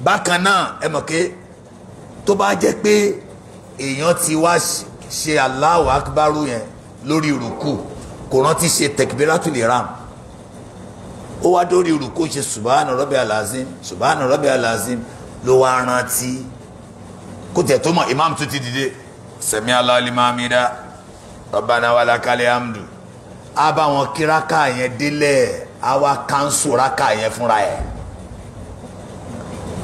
A: bákan náà ẹ mọ̀ pé tó bá jẹ́ pé èèyàn ti wá ṣe Allahu akbaru yẹn lórí rùkù kò rántí ṣe tẹkibiratu lè ram ó wá dórí rùkù ṣe subahana rọbì alazim subahana rọbì alazim ló wá rántí kó tẹ̀ tó mọ̀ imam tó ti dìde sẹ̀mí aláàlímáàmídá rabbana walakal hamdu á bá wọn kí rákà yẹn délẹ̀ á wá kánṣu rákà yẹn fúnra ẹ̀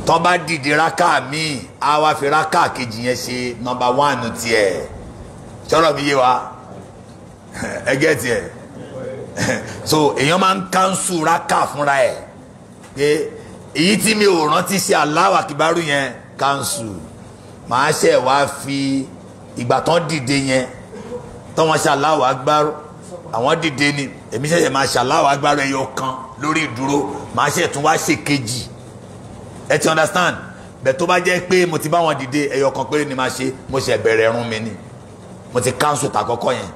A: tó bá dìde rákà míì á wá fi rákà kejì yẹn ṣe nọ́mbà wánù tiẹ̀ sọ̀rọ̀ mi yé wa ẹ gẹ́ tiẹ̀ so èèyàn máa ń kánṣu rákà fúnra ẹ̀ pé èyí tí mi ò rántí ṣe aláwà kíbarú yẹn kánṣu màá ṣe wá fi ìgbà tán dìde yẹn tọ́wọ́n ṣe aláwà gbárù àwọn dìde ni èmi ṣẹ̀ṣẹ̀ máa ṣe aláwà gbárù ẹyọ kan lórí ìdúró màá ṣe tún wá ṣe kejì ẹ ti understand bẹ́ẹ̀ tó bá jẹ́ pé mo ti bá wọn dìde ẹyọ kan péré ni máa ṣe mo ṣe bẹ̀rẹ̀ ẹ̀rún mi ni mo ti cancel tàkọ́kọ́ yẹn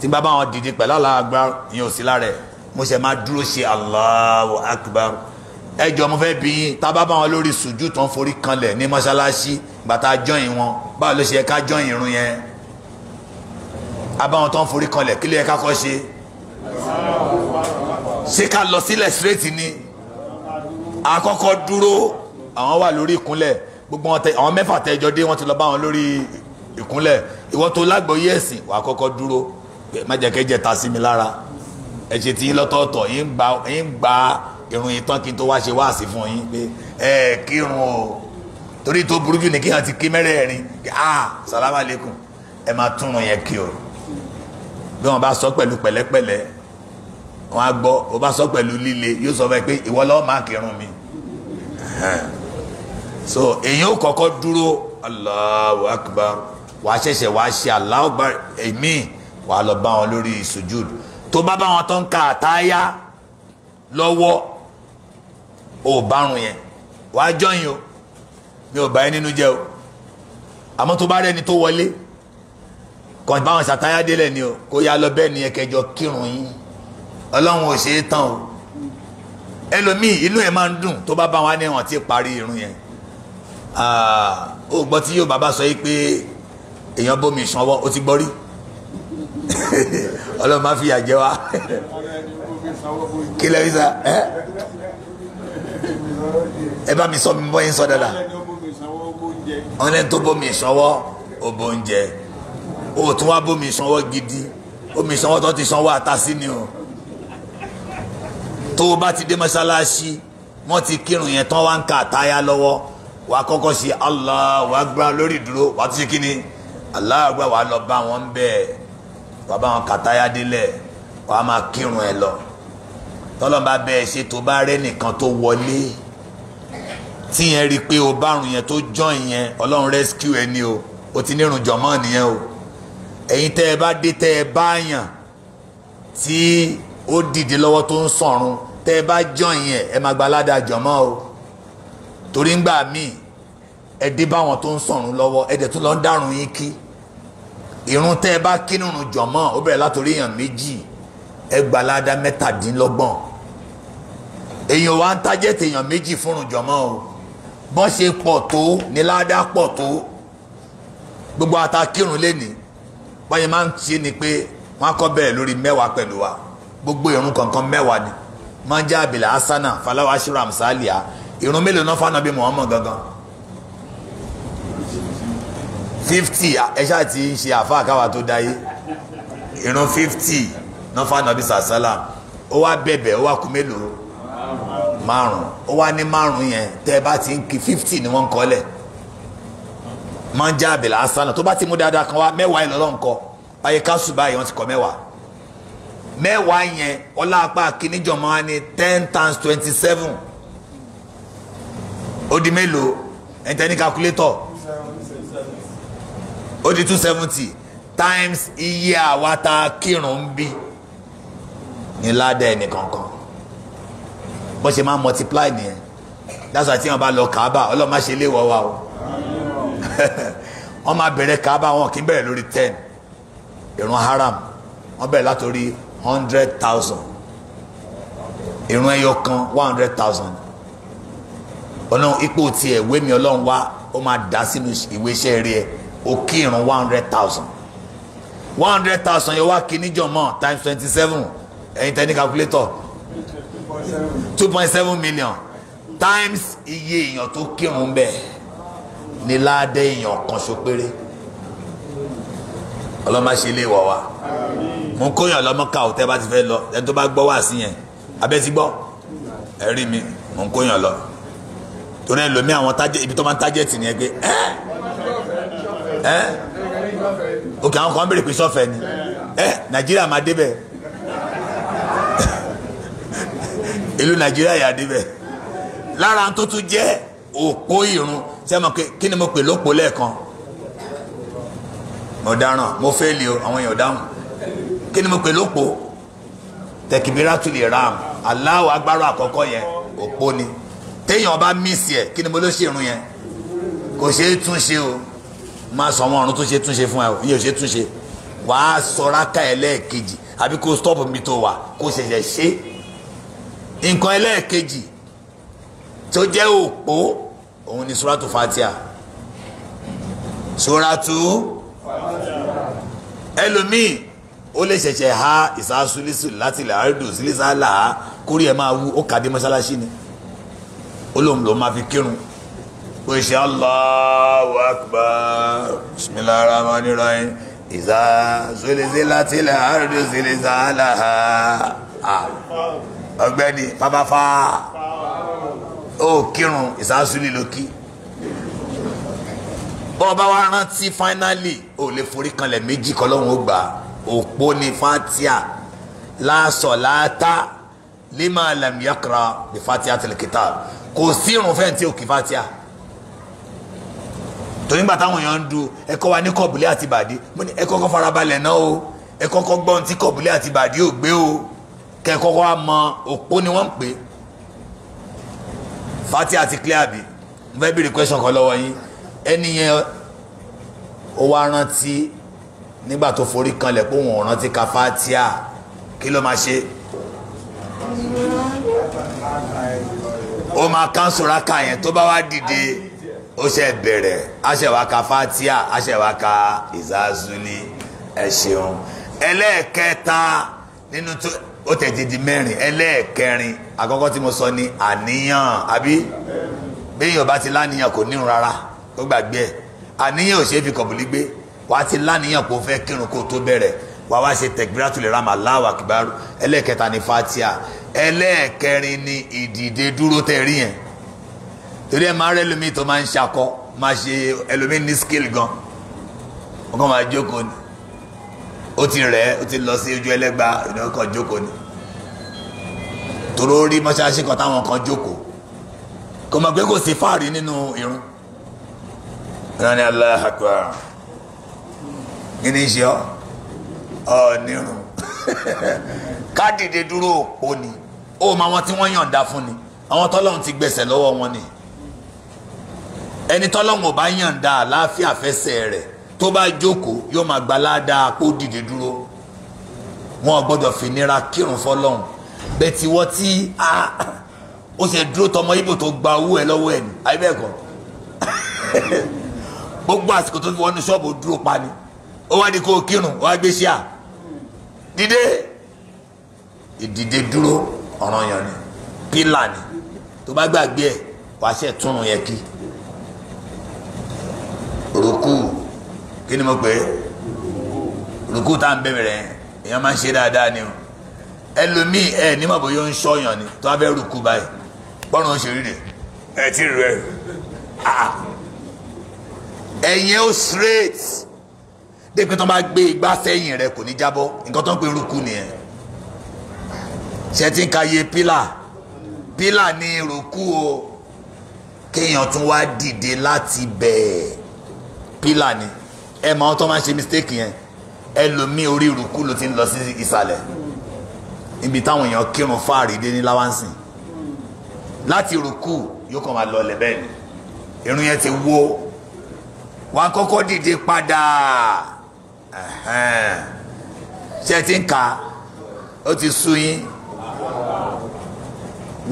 A: tí bá bá wọn dìde pẹ̀lú aláàgbá yẹn ò sí lára ẹ̀ mo ṣe máa dúró ṣe Allahu Akbar ẹ jọ mo fẹ́ bí yín tá a bá bá wọn lórí sùjú tán forí kanlẹ̀ ní mọ́ṣáláṣí bàtà jọyìn wọn báwo ló ṣe yẹ ká jọyìn irun yẹn abáwọn tán forí kanlẹ̀ kí ló yẹ ká kọ́ ṣe ṣé ká lọ sílẹ̀ straight ni àkọ́kọ́ dúró àwọn wà lórí ìkúnlẹ̀ gbogbo àwọn mẹ́fà tẹ́jọ dé wọ́n ti lọ bá wọn lórí ìkúnlẹ̀ ìwọ tó lágbóyè ẹ̀sìn wà kọ́kọ́ dúró má jẹ́ kẹ́jẹ́ ta sí mi lára ẹ ṣe tí lọ́tọ̀ọ̀tọ̀ yín gba yín gba irun yìí tán kí n tó wá ṣe wáàsí fún yín pé ẹ kírun o torí tó burú jù ní kí hàn ti kí mẹ́rẹ̀ẹ̀rin ah salamu aleykum ẹ máa túnrun yẹn kí o bí wọ́n bá sọ pẹ̀lú pẹ̀lẹ́pẹ̀lẹ́ wọn á gbọ́ o bá sọ pẹ̀lú líle yóò sọ fún pé ìwọ lọ́ọ́ máa kírun mi so èyí ó kọ́kọ́ dúró Allahu Akbar wàá ṣẹ̀ṣẹ̀ wàá ṣe Allahu Akbar èmi wàá lọ bá wọn lórí sujud tó bá bá wọn tó ń ka àtáyá lọ́wọ́ ò bárun yẹn wàá jọyìn o mi ò bá yín nínú jẹ́ o àmọ́ tó bá rẹ́ni tó wọlé kàn báwọn ṣàtáyá délẹ̀ ni o kó yá lọ bẹ́ẹ̀ ni ẹ̀kẹjọ kírun yín ọlọ́run ò ṣeé tán o ẹlòmíì ìlú ẹ̀ máa ń dùn tó bá bá wọn ní wọn ti parí irun yẹn ó gbọ́ tí yóò bàbá sọ yìí pé èèyàn bómi sanwó ó ti gbọ́ rí ọlọ́run máa fi yà jẹ wá kí lẹ́yìn sá ẹ́ ẹ bá mi sọ mi bọ́ yín sọ dáadáa wọn lẹ́nu tó bómi sanwó ó bó ń jẹ ó tún wá bómi sanwó gidi bómi sanwó tó ti sanwó àtàsí ni o tó o bá ti dé mọ́ṣáláṣí wọ́n ti kírun yẹn tán wá ń ka àtáyà lọ́wọ́ wà á kọ́kọ́ ṣe Allahu Akbar lórí ìdúró wà á tún ṣe kí ni Allahu Akbar wà á lọ bá wọn bẹ́ẹ̀ wà á bá wọn kàtáyà délẹ̀ wà á máa kírun ẹ lọ tọ́lọ́mọba bẹ́ẹ̀ ṣe tó bá rẹ́ nìkan tó wọlé tí yẹn rí i pé o bárùn yẹn tó join yẹn ọlọ́run rescue ẹni o o ti nírun jọ̀mọ́ nìyẹn o ẹ̀yin tẹ́ ẹ bá dé tẹ́ ẹ bá yàn tí ó dìde lọ́wọ́ tó ń sọ̀run tẹ́ ẹ bá jọ̀n yẹn ẹ máa gba aládàá jọ̀mọ́ o torí ńgbà míì ẹ dé báwọn tó ń sọ̀run lọ́wọ́ ẹ dẹ̀ tún lọ ń dárun yín kí irun tẹ́ ẹ bá kí nínú jọ̀mọ́ ó bẹ̀rẹ̀ látòrí èèyàn méjì ẹ gba aládàá mẹ́tàdínlọ́gbọ̀n èèyàn wa ń tajẹ́ tèèyàn méjì fúnrun jọ̀mọ́ o bọ́n ṣe pọ̀ tó ní ládàá pọ̀ tó gbogbo àtàkírun lẹ́nìí báyìí máa ń ṣe ni pé wọ́n á kọ́ bẹ̀rẹ̀ lórí mẹ́wàá pẹ̀lú wa gbogbo irun kankan mẹ́wàá ni manja abila asana falawa ashiram salia irun mélòó náà fanabi muhammad gangan fifty ẹ ṣáà ti ń ṣe àfa àkàwà tó dáyé irun fifty náà fanabi sàṣálà ó wá bẹ̀bẹ̀ ó wá kú mélòó márùn ó wá ní márùn yẹn tẹ́ bá ti ń kí fifty ni wọ́n ń kọ́lẹ̀ manja abila asana tó bá ti mú dáadáa kan wá mẹ́wàá ìlọ́lọ́ nǹkan ayé káṣù báyìí wọ́n ti kọ́ mẹ́wàá mẹ́wàá yẹn ọlá apá kìíní jọmọ́ wa ní ten times twenty seven ó di mélòó ẹ̀ńtẹ́ ní calculator ó di two seventy times iye àwa ta kírun ń bí ní ládẹ́ ẹnìkankan bó ṣe máa multiply nìyẹn dáṣà tí wọn bá lọ Kaaba Ọlọ́run má ṣe léwọ́ wa o wọn máa bẹ̀rẹ̀ Kaaba wọn kì í bẹ̀rẹ̀ lórí ten ìrun haram wọn bẹ̀rẹ̀ látòrí hundred thousand ìrun ẹyọ kan one hundred thousand ọlọ́run ipò tiẹ̀ ìwé mi ọlọ́run wá ó máa dá sínú ìwé iṣẹ́ rẹ̀ ó kí one hundred thousand one hundred thousand yóò wá kí níjọ times twenty seven ẹ̀yin tẹ́ calculator two point seven million times iye èèyàn tó kírun bẹ́ẹ̀ ní ládé èèyàn kan ṣo péré ọlọ́run ṣe lè wà wá mo kóyàn lọ́mọ́ká ò tẹ́ bá ti fẹ́ lọ ẹni tó bá gbọ́ wá sí yẹn abẹ́ ti gbọ́ ẹ rí mi mo kóyàn lọ torí ẹ lómi àwọn tájẹ ibi tó máa ń tájẹ tì ní ẹ pé ẹ ẹ òkè àwọn kan béèrè pé sọfẹ ni ẹ nàìjíríà máa débẹ̀ ìlú nàìjíríà yà débẹ̀ lára tó tún jẹ òpó ìrun sẹ́mi kí ni mo pè lópò lẹ́ẹ̀kan mo dáràn mo fẹ́ẹ́lì o àwọn èèyàn dáhùn kí ni mo pè lópo tẹkibiratu lè ram Allahu agbára àkọ́kọ́ yẹn òpó ni téèyàn bá mísì ẹ̀ kí ni mo ló ṣe irun yẹn kò ṣe é túnṣe o máa sọ àwọn ọ̀run tó ṣe túnṣe fún ẹ o ìyẹn ò ṣe túnṣe wàá sọra ká ẹlẹ́ẹ̀kejì àbí kó stop mi tó wà kó ṣẹ̀ṣẹ̀ ṣe nǹkan ẹlẹ́ẹ̀kejì tó jẹ́ òpó òun ni suratu fatia suratu ẹlòmíì ó lè ṣẹ̀ṣẹ̀ ha ìsásúlísù láti ilẹ̀ àrídù sílísàlà kórìí ẹ̀ máa wú ó kàdé mọ́ṣáláṣí ni ó lòun lòun máa fi kírun ó ṣe Allahu akbar bismillahir rahmanir rahim ìsásúlísù láti ilẹ̀ àrídù sílísàlà ọgbẹ́ni pápáfá ó kírun ìsásúlí lókì bọ́ọ̀ bá wa rántí fáínálì ó lè forí kanlẹ̀ méjì kọ́ ó gbà á òpó ni fatia láàsọ̀ láàtà lima lam yakra bi fatia tẹ̀lé kitab kò sí irun fẹ́ẹ̀ tí ò kí fatia torí gbàtà àwọn èèyàn ń du ẹ̀kọ́ wa ní kọ̀bùlé àti bàdí mo ní ẹ̀kọ́ kọ́ farabalẹ̀ náà o ẹ̀kọ́ kọ́ gbọ́n tí kọ̀bùlé àti bàdí ò gbé o kẹ́kọ́ kọ́ wa mọ òpó ni wọ́n pè fati àti clear bi mo fẹ́ béèrè question kan lọ́wọ́ yín ẹni yẹn ó wá rántí nígbà tó forí kanlẹ̀ pé òun ò rántí ka fatia kí ló máa ṣe ó máa kánṣu raka yẹn tó bá wá dìde ó ṣe bẹ̀rẹ̀ á ṣe wá ka fatia á ṣe wá ka ìzázúlì ẹ ṣeun ẹlẹ́ẹ̀kẹta nínú tó ó tẹ̀ ti di mẹ́rin ẹlẹ́ẹ̀kẹrin àkọ́kọ́ tí mo sọ ni àníyàn àbí béèyàn bá ti láníyàn kò nírun rárá ó gbàgbé ẹ̀ àníyàn ò ṣeé fi kọ̀bùlí gbé wà á ti láníyàn kó fẹ́ kírun kó tó bẹ̀rẹ̀ wà á wá ṣe tẹ̀gbìrátùlẹ̀ ram Allahu akbar ẹlẹ́ẹ̀kẹta ni fatia ẹlẹ́ẹ̀kẹrin ni ìdìde dúró tẹ̀ rí yẹn torí ẹ máa rẹ ẹlòmíì tó máa ń ṣakọ máa ṣe ẹlòmíì ní skill gan wọn kàn máa jókòó ni ó ti rẹ̀ ó ti lọ sí ojú ẹlẹ́gba ìnáwó kan jókòó ni tòró rí mọ́ṣáláṣí kan táwọn kan jókòó kò mọ̀ pé kò sí fáàrí nínú irun ìrànlẹ́ Allahu akbar yìí ní ṣe ọ ọ̀nìrùn kádìde dúró òpó ni ó mọ àwọn tí wọ́n yànda fún ni àwọn tọ́lọ́hún ti gbẹ̀sẹ̀ lọ́wọ́ wọn ni ẹni tọ́lọ́hún ò bá yànda àlàáfíà fẹsẹ̀ rẹ̀ tó bá jókòó yóò máa gba ládàá kó dìde dúró wọn ò fìnira kírun fọlọ́hún bẹ́ẹ̀ tí wọ́n ti ó ṣe dúró tọmọ ibo tó gba owó ẹ lọ́wọ́ ẹ̀ ní àyè bẹ́ẹ̀ kọ́ gbogbo àsìkò tó fi wọnú ṣọ́ọ̀bù dúró pa ni ó wá di kó kírun ó wá gbé sí à dìde ìdìde dúró ọ̀ràn yàn ni pílà ni tó bá gbàgbé ẹ̀ wàá ṣe túnrun yẹn kí rúkú kí ni mo pè é rúkú tá à ń bẹ̀rẹ̀ rẹ̀ èèyàn máa ń ṣe dáadáa ni o ẹlòmíì ẹ ní mọ̀ bóyá ó ń ṣọ́yàn ni tó bá fẹ́ rúkú báyìí bọ́ọ̀rùn ó ṣe rí rè ẹ ti rẹ̀ ah. ẹ̀yìn ó straight dépẹ́ tó bá gbé igbá sẹ́yìn rẹ kò ní jábọ́ nǹkan tó ń pè rúkú nìyẹn ṣe ti ń ka iye pílà pílà ní rúkú o kéèyàn tún wá dìde láti bẹ̀ẹ̀ pílà ni ẹ mọ àwọn tó máa ń ṣe mistake yẹn ẹlòmíì orí rúkú ló ti ń lọ sí ìsàlẹ̀ níbi táwọn èèyàn kírun fáàrí dé ní láwáǹsì láti rúkú yóò kàn máa lọ ọlẹ̀ bẹ́ẹ̀ ni irun yẹn ti wó wàá kọ́kọ́ dìde padà ṣe ti ń ka ó ti sú yín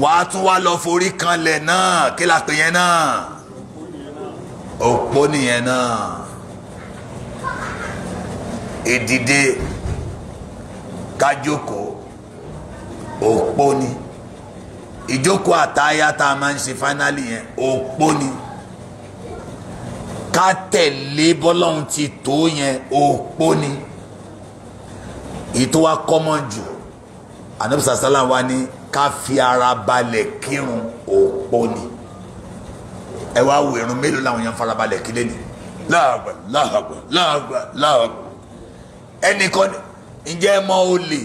A: wàá tún wá lọ forí kanlẹ̀ náà kí la pè yẹn náà òpó nìyẹn náà ìdìde kájókòó òpó ni ìjókòó àtayá tá a máa ń ṣe fáínálì yẹn òpó ni. Oponi ká tẹ̀lé bọ́lọ́hún ti tó yẹn òpó ni ètò wa kọ́mọ̀ jù anabi sàlám wa ni ká fi ara balẹ̀ kírun òpó ni ẹ wá wo irun mélòó làwọn yẹn farabalẹ̀ kílé ni láàgbà láàgbà láàgbà láàgbà ẹnìkan ǹjẹ́ ẹ mọ olè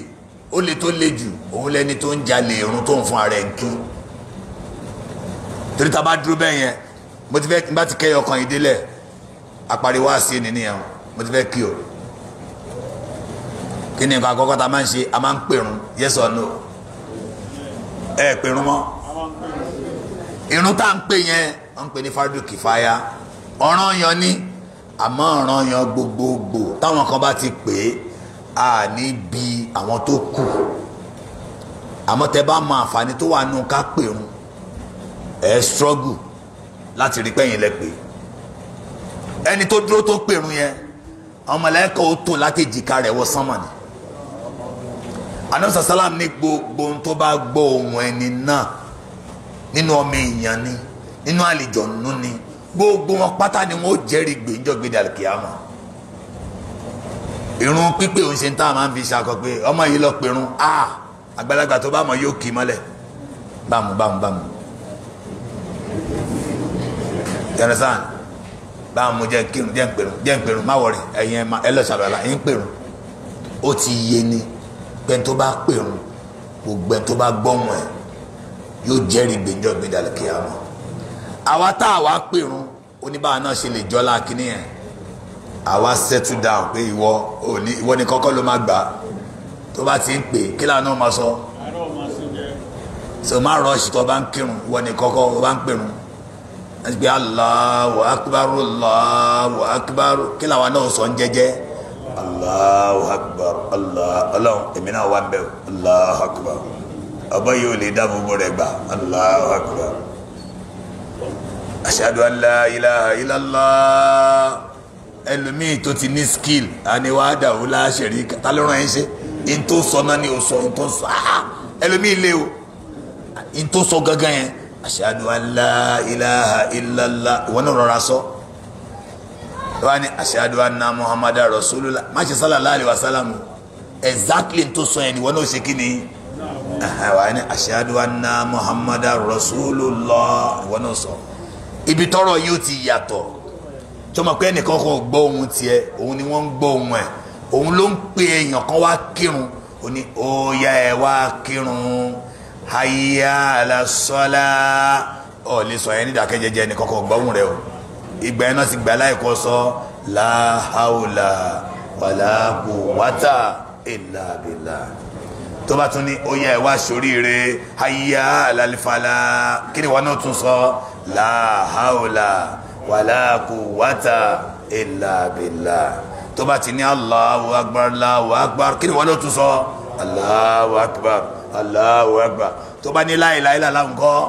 A: olè tó le jù òun lẹni tó ń jalè irun tó ń fún ara ẹ̀ ń kí torí tá bá dúró bẹ́ẹ̀ yẹn mo ti fẹ́ bá ti kẹ́yọ̀ kan ìdílẹ̀ apariwo àṣì ẹni nìyẹn mo ti fẹ́ kí o kí ni nǹkan àkọ́kọ́ ta máa ń ṣe a máa ń pèrún yes or no ẹ pèrún mọ́ irun tá à ń yẹn wọ́n ń pè ní fardu kìfáyà ọ̀ràn yan ni àmọ́ ọ̀ràn yan gbogbogbò táwọn kan bá ti pè é a ní bi àwọn tó kù àmọ́ tẹ bá mọ àǹfààní tó wà nù ká pèrún ẹ struggle láti rí pẹ́yìn lẹ́pẹ̀ẹ́. ẹni tó dúró tó pèrún yẹn àwọn mọ̀lẹ́kà ó tó láti jìkà rẹ̀ wọ sánmà ni anamsa salam ní gbogbo ohun tó bá gbọ́ ohun ẹni náà nínú ọmọ èèyàn ni nínú àlìjọ̀nù ni gbogbo wọn pátá ni wọn ó jẹ́rìí gbèǹjọ́ gbèdé àlùkìyàmọ̀ irun pípé òun ṣe ń tá a máa ń fi ṣakọ pé ọmọ yìí lọ pèrún a àgbàlagbà tó bá mọ yóò kì í mọ́lẹ̀ bámu bámu bámu yẹn ní sáà. báwọn mo jẹ́ kírun jẹ́ ń pèrún jẹ́ ń pèrún má wọ̀rẹ̀ ẹ̀yin ẹlẹ́sàlọ́lá ń pèrún ó ti yé ni gbẹ́ni tó bá pèrún gbogbo ẹni tó bá gbọ́mọ̀ ẹ̀ yóò jẹ́rìí gbẹ́njọ́ gbẹ́dàlẹ̀ kíámà àwa tá àwa pèrún oníbàá náà ṣe lè jọ́lá kínní yẹn àwa settle down pé ìwọ òní ìwọ ni kọ́kọ́ ló máa gbà tó bá ti ń pè kí lànà máa sọ so má rọ̀ṣì tó bá ń kírun ìwọ ni kọ́kọ́ ó bá ń pèrún àti Allahu akbar Allahu akbar kí làwọn náà sọ ń jẹ́jẹ́ Allahu akbar Ọlọ́run èmi náà wà bẹ́ẹ̀ Allahu akbar ọbọ yìí ò lè dá gbogbo rẹ̀ gbà Allahu akbar ashhadu an la ilaha illallah ẹlòmíì ti ní skill àníwáàdà ò láṣẹrí kàtà ló ràn yín ṣe in tó sọ náà ni ò sọ in tó sọ ah, ẹlòmíì lé o in tó sọ gángan yẹn ashadu an la ilaha illallah ìwọ náà rọra sọ wá ní ashadu anna muhammadu rasulullah má ṣe sallallahu alaihi wasallam exactly tó sọ yẹn ìwọ náà ṣe kí ni wá ní ashadu anna muhammadu rasulullah ìwọ náà sọ ibi tọrọ yóò ti yàtọ̀ tọmọ pé ẹnìkan kò gbọ́ ohun tiẹ̀ òun ni wọ́n ń gbọ́ ohun ẹ̀ òun ló ń pe èèyàn kan wá kírun òní ó yẹ ẹ wá kírun hayya ala sọ́lá ọ̀ lè sọ yẹn ní ìdákẹ́jẹ́jẹ́ ní kọ́kọ́ gbọ́hùn rẹ o ìgbà yẹn náà sì gbà láìkọ́ sọ la hawla wala quwwata illa billah tó bá tún ní ó yẹ ẹ wá sóríire hayya ala alfala kí ni wọn náà tún sọ la hawla wala quwwata tó bá ti ní Allahu akbar Allahu akbar kí ni wọn náà tún sọ Allahu akbar. Allahu Akbar tó bá ní láìláì làlá nǹkan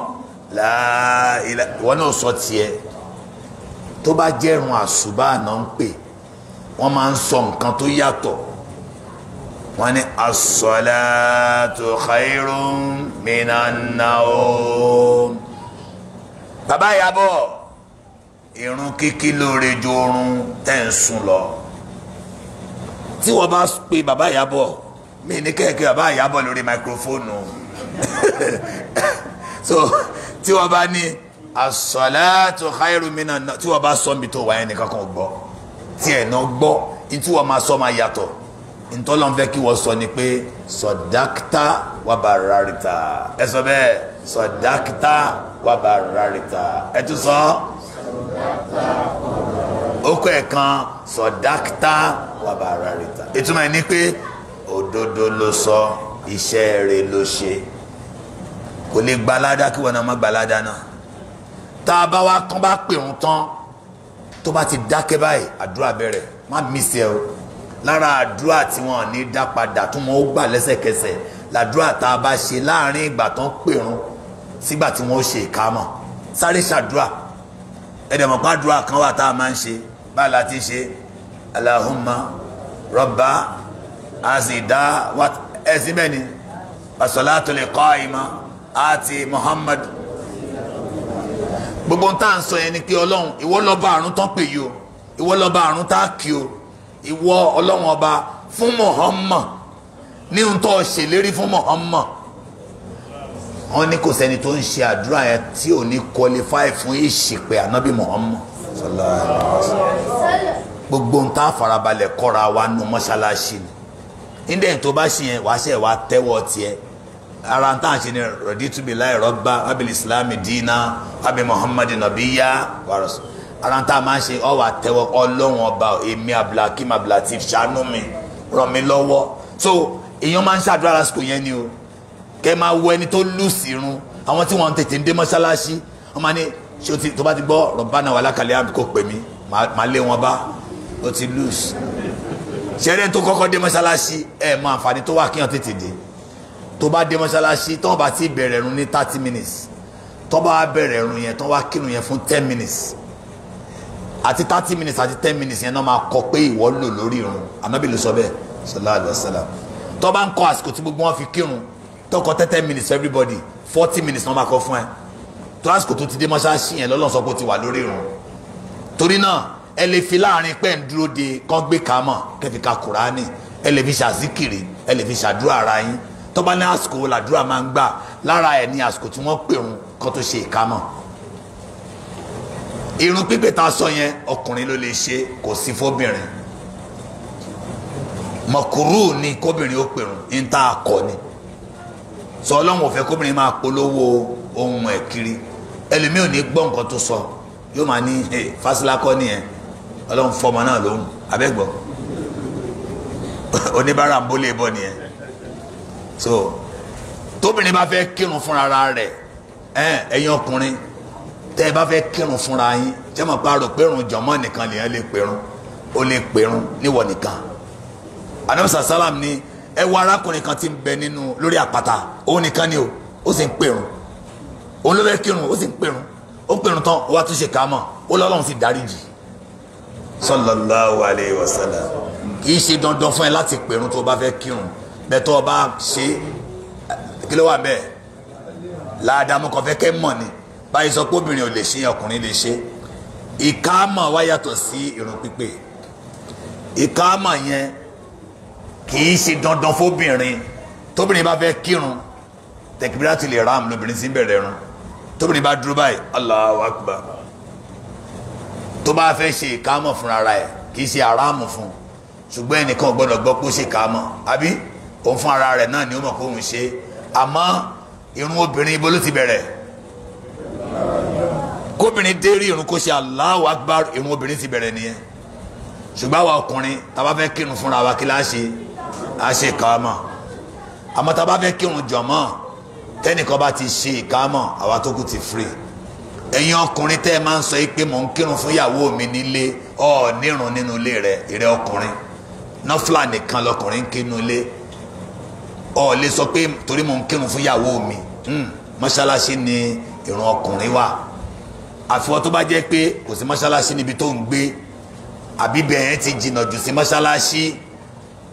A: láìláì wọn náà sọ tiẹ̀ tó bá jẹ́rùn àṣùbà náà ń pè wọ́n máa ń sọ nǹkan tó yàtọ̀ wọ́n ní as-salatu khairun minan naum bàbá ìyàbọ̀ irun kíkí lóore ju oorun tẹ́ ń sùn lọ tí wọ́n bá pe bàbá ìyàbọ̀ mi ní kẹ̀kẹ́ bàbá Ìyábọ̀ lórí máikrófóònù so tí wọ́n bá ní as-salatu khairu minan tí wọ́n bá sọ mi tó wáyé nìkan kan gbọ́ tí ẹ̀ náà gbọ́ tí wọ́n máa sọ máa yàtọ̀ ntọ́lọ́n fẹ́ kí wọ́n sọ ni pé sọ̀dákítà wà bá rárítà ẹ sọ bẹ́ẹ̀ sọ̀dákítà wà bá rárítà ẹ tún sọ. ó kọ́ ẹ̀ kan sọ̀dákítà wà bá rárítà ìtumọ̀ ẹ̀ ni pé òdodo ló sọ iṣẹ́ rẹ̀ ló ṣe kò lè gbalada kí wọn náà má gbalada náà tá a bá wa kán bá pè ń tán tó bá ti dákẹ́ báyìí àdúrà bẹ̀rẹ̀ má mísẹ̀ o lára àdúrà tí wọn ní dá padà tó wọn ó gbà lẹ́sẹ̀kẹsẹ̀ làdúrà tá a bá ṣe láàrin ìgbà tán pèrún sígbà tí wọn ó ṣe ìkámọ̀ sáré ṣàdúrà ẹ̀dẹ̀mọ̀pá àdúrà kan wà tá a máa ń ṣe báyìí láti ṣe Allahumma Rabba azida ẹ̀sìn bẹ́ẹ̀ ni as-salatu al-qa'ima àti Muhammad gbogbo tá à ń sọ yẹn ni pé ọlọ́run ìwọ lọ́ba àrùn tán pè yìí o ìwọ lọ́ba àrùn tá a kì o ìwọ ọlọ́run ọba fún Muhammad ní n tó ṣèlérí fún Muhammad wọn ní kò sẹ́ni tó ń ṣe àdúrà yẹn tí ò ní qualify fún ìṣìpẹ̀ ànábì Muhammad gbogbo ń tá a wa nu mọ́ṣáláṣí ni nídẹ̀ tó bá ṣe yẹn wàá ṣe wàá tẹ́wọ́ tiẹ̀ ara tá à ń ṣe ni rọ̀dí túbi láì rọ́bà abil islam dina abi muhammad nabiya wàrọ̀sọ ara tá a máa ń ṣe ọ wàá tẹ́wọ́ ọlọ́run ọba èmi abdulhakeem abdulhateef ṣàánú mi ràn mí lọ́wọ́ so èèyàn máa ń ṣàdúrà lásìkò yẹn ni o kẹ́ máa wo ẹni tó lùsì irun àwọn tí wọ́n tètè ń dé mọ́ṣáláṣí wọ́n máa ní ṣé tó bá ti gbọ́ rọ̀bánà wàlákàlẹ́ àbíkó pè mí màá lé wọn bá ó ti lùsì ṣẹ́rẹ́ tó kọ́kọ́ dé mọ́ṣáláṣí ẹ̀ mọ àǹfààní tó wà kíyàn tètè dé tó bá dé mọ́ṣáláṣí tó bá ti bẹ̀rẹ̀ ẹ̀rùn ní thirty minutes tó bá bẹ̀rẹ̀ ẹ̀rùn yẹn tó wá kírun yẹn fún ten minutes àti thirty minutes àti ten minutes yẹn náà máa kọ pé ìwọ lò lórí irun ànábì ló sọ bẹ́ẹ̀ sallallahu alayhi wa sallam tó bá ń kọ àsìkò tí gbogbo wọn fi kírun tó kọ ten minutes everybody forty minutes náà máa kọ fún ẹ tó àsìkò tó ti dé mọ́ṣáláṣí yẹn lọ́lọ́sọ pé ó ẹ lè fi láàrin pẹ́ ń dúró de kán gbé ká mọ̀ kẹ́ fi ka kùránì ẹ lè fi ṣàzíkiri ẹ lè fi ṣàdúrà ara yín tó bá ní àsìkò làdúrà máa ń gbà lára ẹ̀ ní àsìkò tí wọ́n pèrún kán tó ṣe ìkámọ̀ irun pípé tá sọ yẹn ọkùnrin ló lè ṣe kò sí fóbìnrin mọ̀kúrú ni kóbìnrin ó pèrún ní tá a kọ ni sọ ọlọ́run ò fẹ́ kóbìnrin máa polówó ohun ẹ̀ kiri ẹlòmíì ò ní gbọ́ nǹkan tó sọ yóò máa ní fasilakọ nìyẹn ọlọ́run fọmọ náà lóhùn abẹ́gbọ́ oníbàárà ń bó bọ́ nìyẹn so tóbìnrin bá fẹ́ kírun fúnra rẹ̀ ẹ̀yin ọkùnrin tẹ́ ẹ bá fẹ́ kírun fúnra yín tẹ́ mọ̀ pa rò pérun jọ̀mọ́ nìkan lèèyàn lè pérun ó lè pérun níwọ̀ nìkan anamisa salam ni ẹ wo arákùnrin kan tí ń bẹ nínú lórí àpáta òun nìkan ni o ó sì ń pérun òun ló fẹ́ kírun ó sì ń pérun ó pérun tán ó túnṣe kàá mọ̀ ó lọ́lọ́run sì dáríjì sallallahu alayhi wa sallam kì í ṣe dandan fún ẹ láti pèrún tó o bá fẹ́ kírun bẹ́ẹ̀ tó o bá ṣe kí ló wà bẹ́ẹ̀ láàdámú kan fẹ́ kẹ́ mọ̀ ni báyìí sọ pé obìnrin ò lè ṣe ọkùnrin lè ṣe ìkáàmọ̀ wá yàtọ̀ sí irun pípé ìkáàmọ̀ yẹn kì ṣe dandan fóbìnrin tóbìnrin bá fẹ́ kírun tẹkibirati lè ram lóbìnrin sí bẹ̀rẹ̀ rún tóbìnrin bá dúró báyìí Allahu akbar tó bá fẹ́ ṣe ìkámọ̀ fúnra rẹ̀ kì í ṣe aráàmù fún ṣùgbọ́n ẹnìkan gbọ́dọ̀ gbọ́ pé ó ṣe ìkámọ̀ àbí òun fún ara rẹ̀ náà ni ó mọ̀ pé òun ṣe àmọ́ irun obìnrin ibo ló ti bẹ̀rẹ̀ kóbìnrin dé rí irun kó ṣe Allahu Akbar irun obìnrin ti bẹ̀rẹ̀ nìyẹn ṣùgbọ́n àwa ọkùnrin tá a bá fẹ́ kírun fúnra wa kí la ṣe a ṣe ìkámọ̀ àmọ́ tá a bá fẹ́ kírun jọ̀mọ́ tẹ́nìkan bá ti ṣe ìkámọ̀ àwa tó kù ti free ẹ̀yin ọkùnrin tẹ́ ẹ máa ń sọ pé mò ń kírun fún ìyàwó mi nílé ọ nírun nínú ilé rẹ ìrẹ ọkùnrin nọ́fìlà nìkan lọkùnrin ń kírun ilé ọ lè sọ pé torí mò ń kírun fún ìyàwó mi hmm, mọ́ṣáláṣí ni ìrun ọkùnrin wà àfiwọ́ tó bá jẹ́ pé kò sí mọ́ṣáláṣí níbi tó ń gbé àbí bẹ́ẹ̀ ti jìnnà jù sí mọ́ṣáláṣí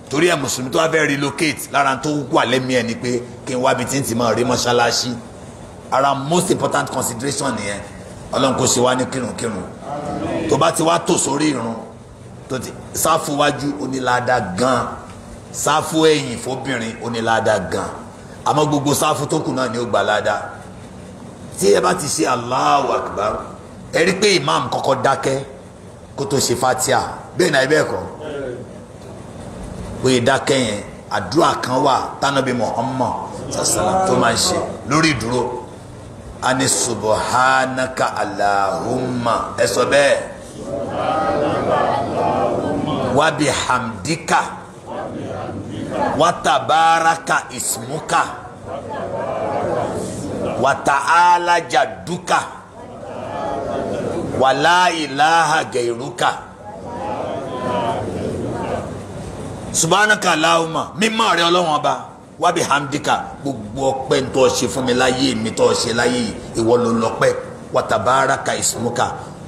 A: torí ẹ̀ mùsùlùmí tó wá fẹ́ relocate lára tó wà lẹ́mìí ẹ̀ ni pé kí n wá ibi tí ń ti máa rí mọ́ṣáláṣí ara most important consideration nìyẹn ọlọ́run kò ṣe wá ní kírunkírun tó bá ti wá tò sórí irun tó ti sáfù wájú onílàádá gan sáfù ẹ̀yìn fóbìnrin onílàádá gan àmọ́ gbogbo sáfù tó kù náà ni ó gbà ládàá tí ẹ bá ti ṣe Allahu Akbar ẹ rí pé imam kọ́kọ́ dákẹ́ kó tó ṣe fatia bẹ́ẹ̀ náà ibẹ̀ kọ́ pé dákẹ́ yẹn àdúrà kan wà tánàbí Muhammad sàṣàlám tó máa ń ṣe lórí ìdúró ani subuhanaka alahuma ẹ sọ bẹ́ẹ̀ wabi hamdika watabaraka ismuka wataala jaduka wala ilaha gairuka subhanaka alahuma mímọ́ rẹ Ọlọ́run ọba wábí hamdika gbogbo ọpẹ́ tó o ṣe fún mi láyé mi tó o ṣe láyé yìí ìwọ ló lọ́pẹ́ wàtàbáraka ìsúnmùkà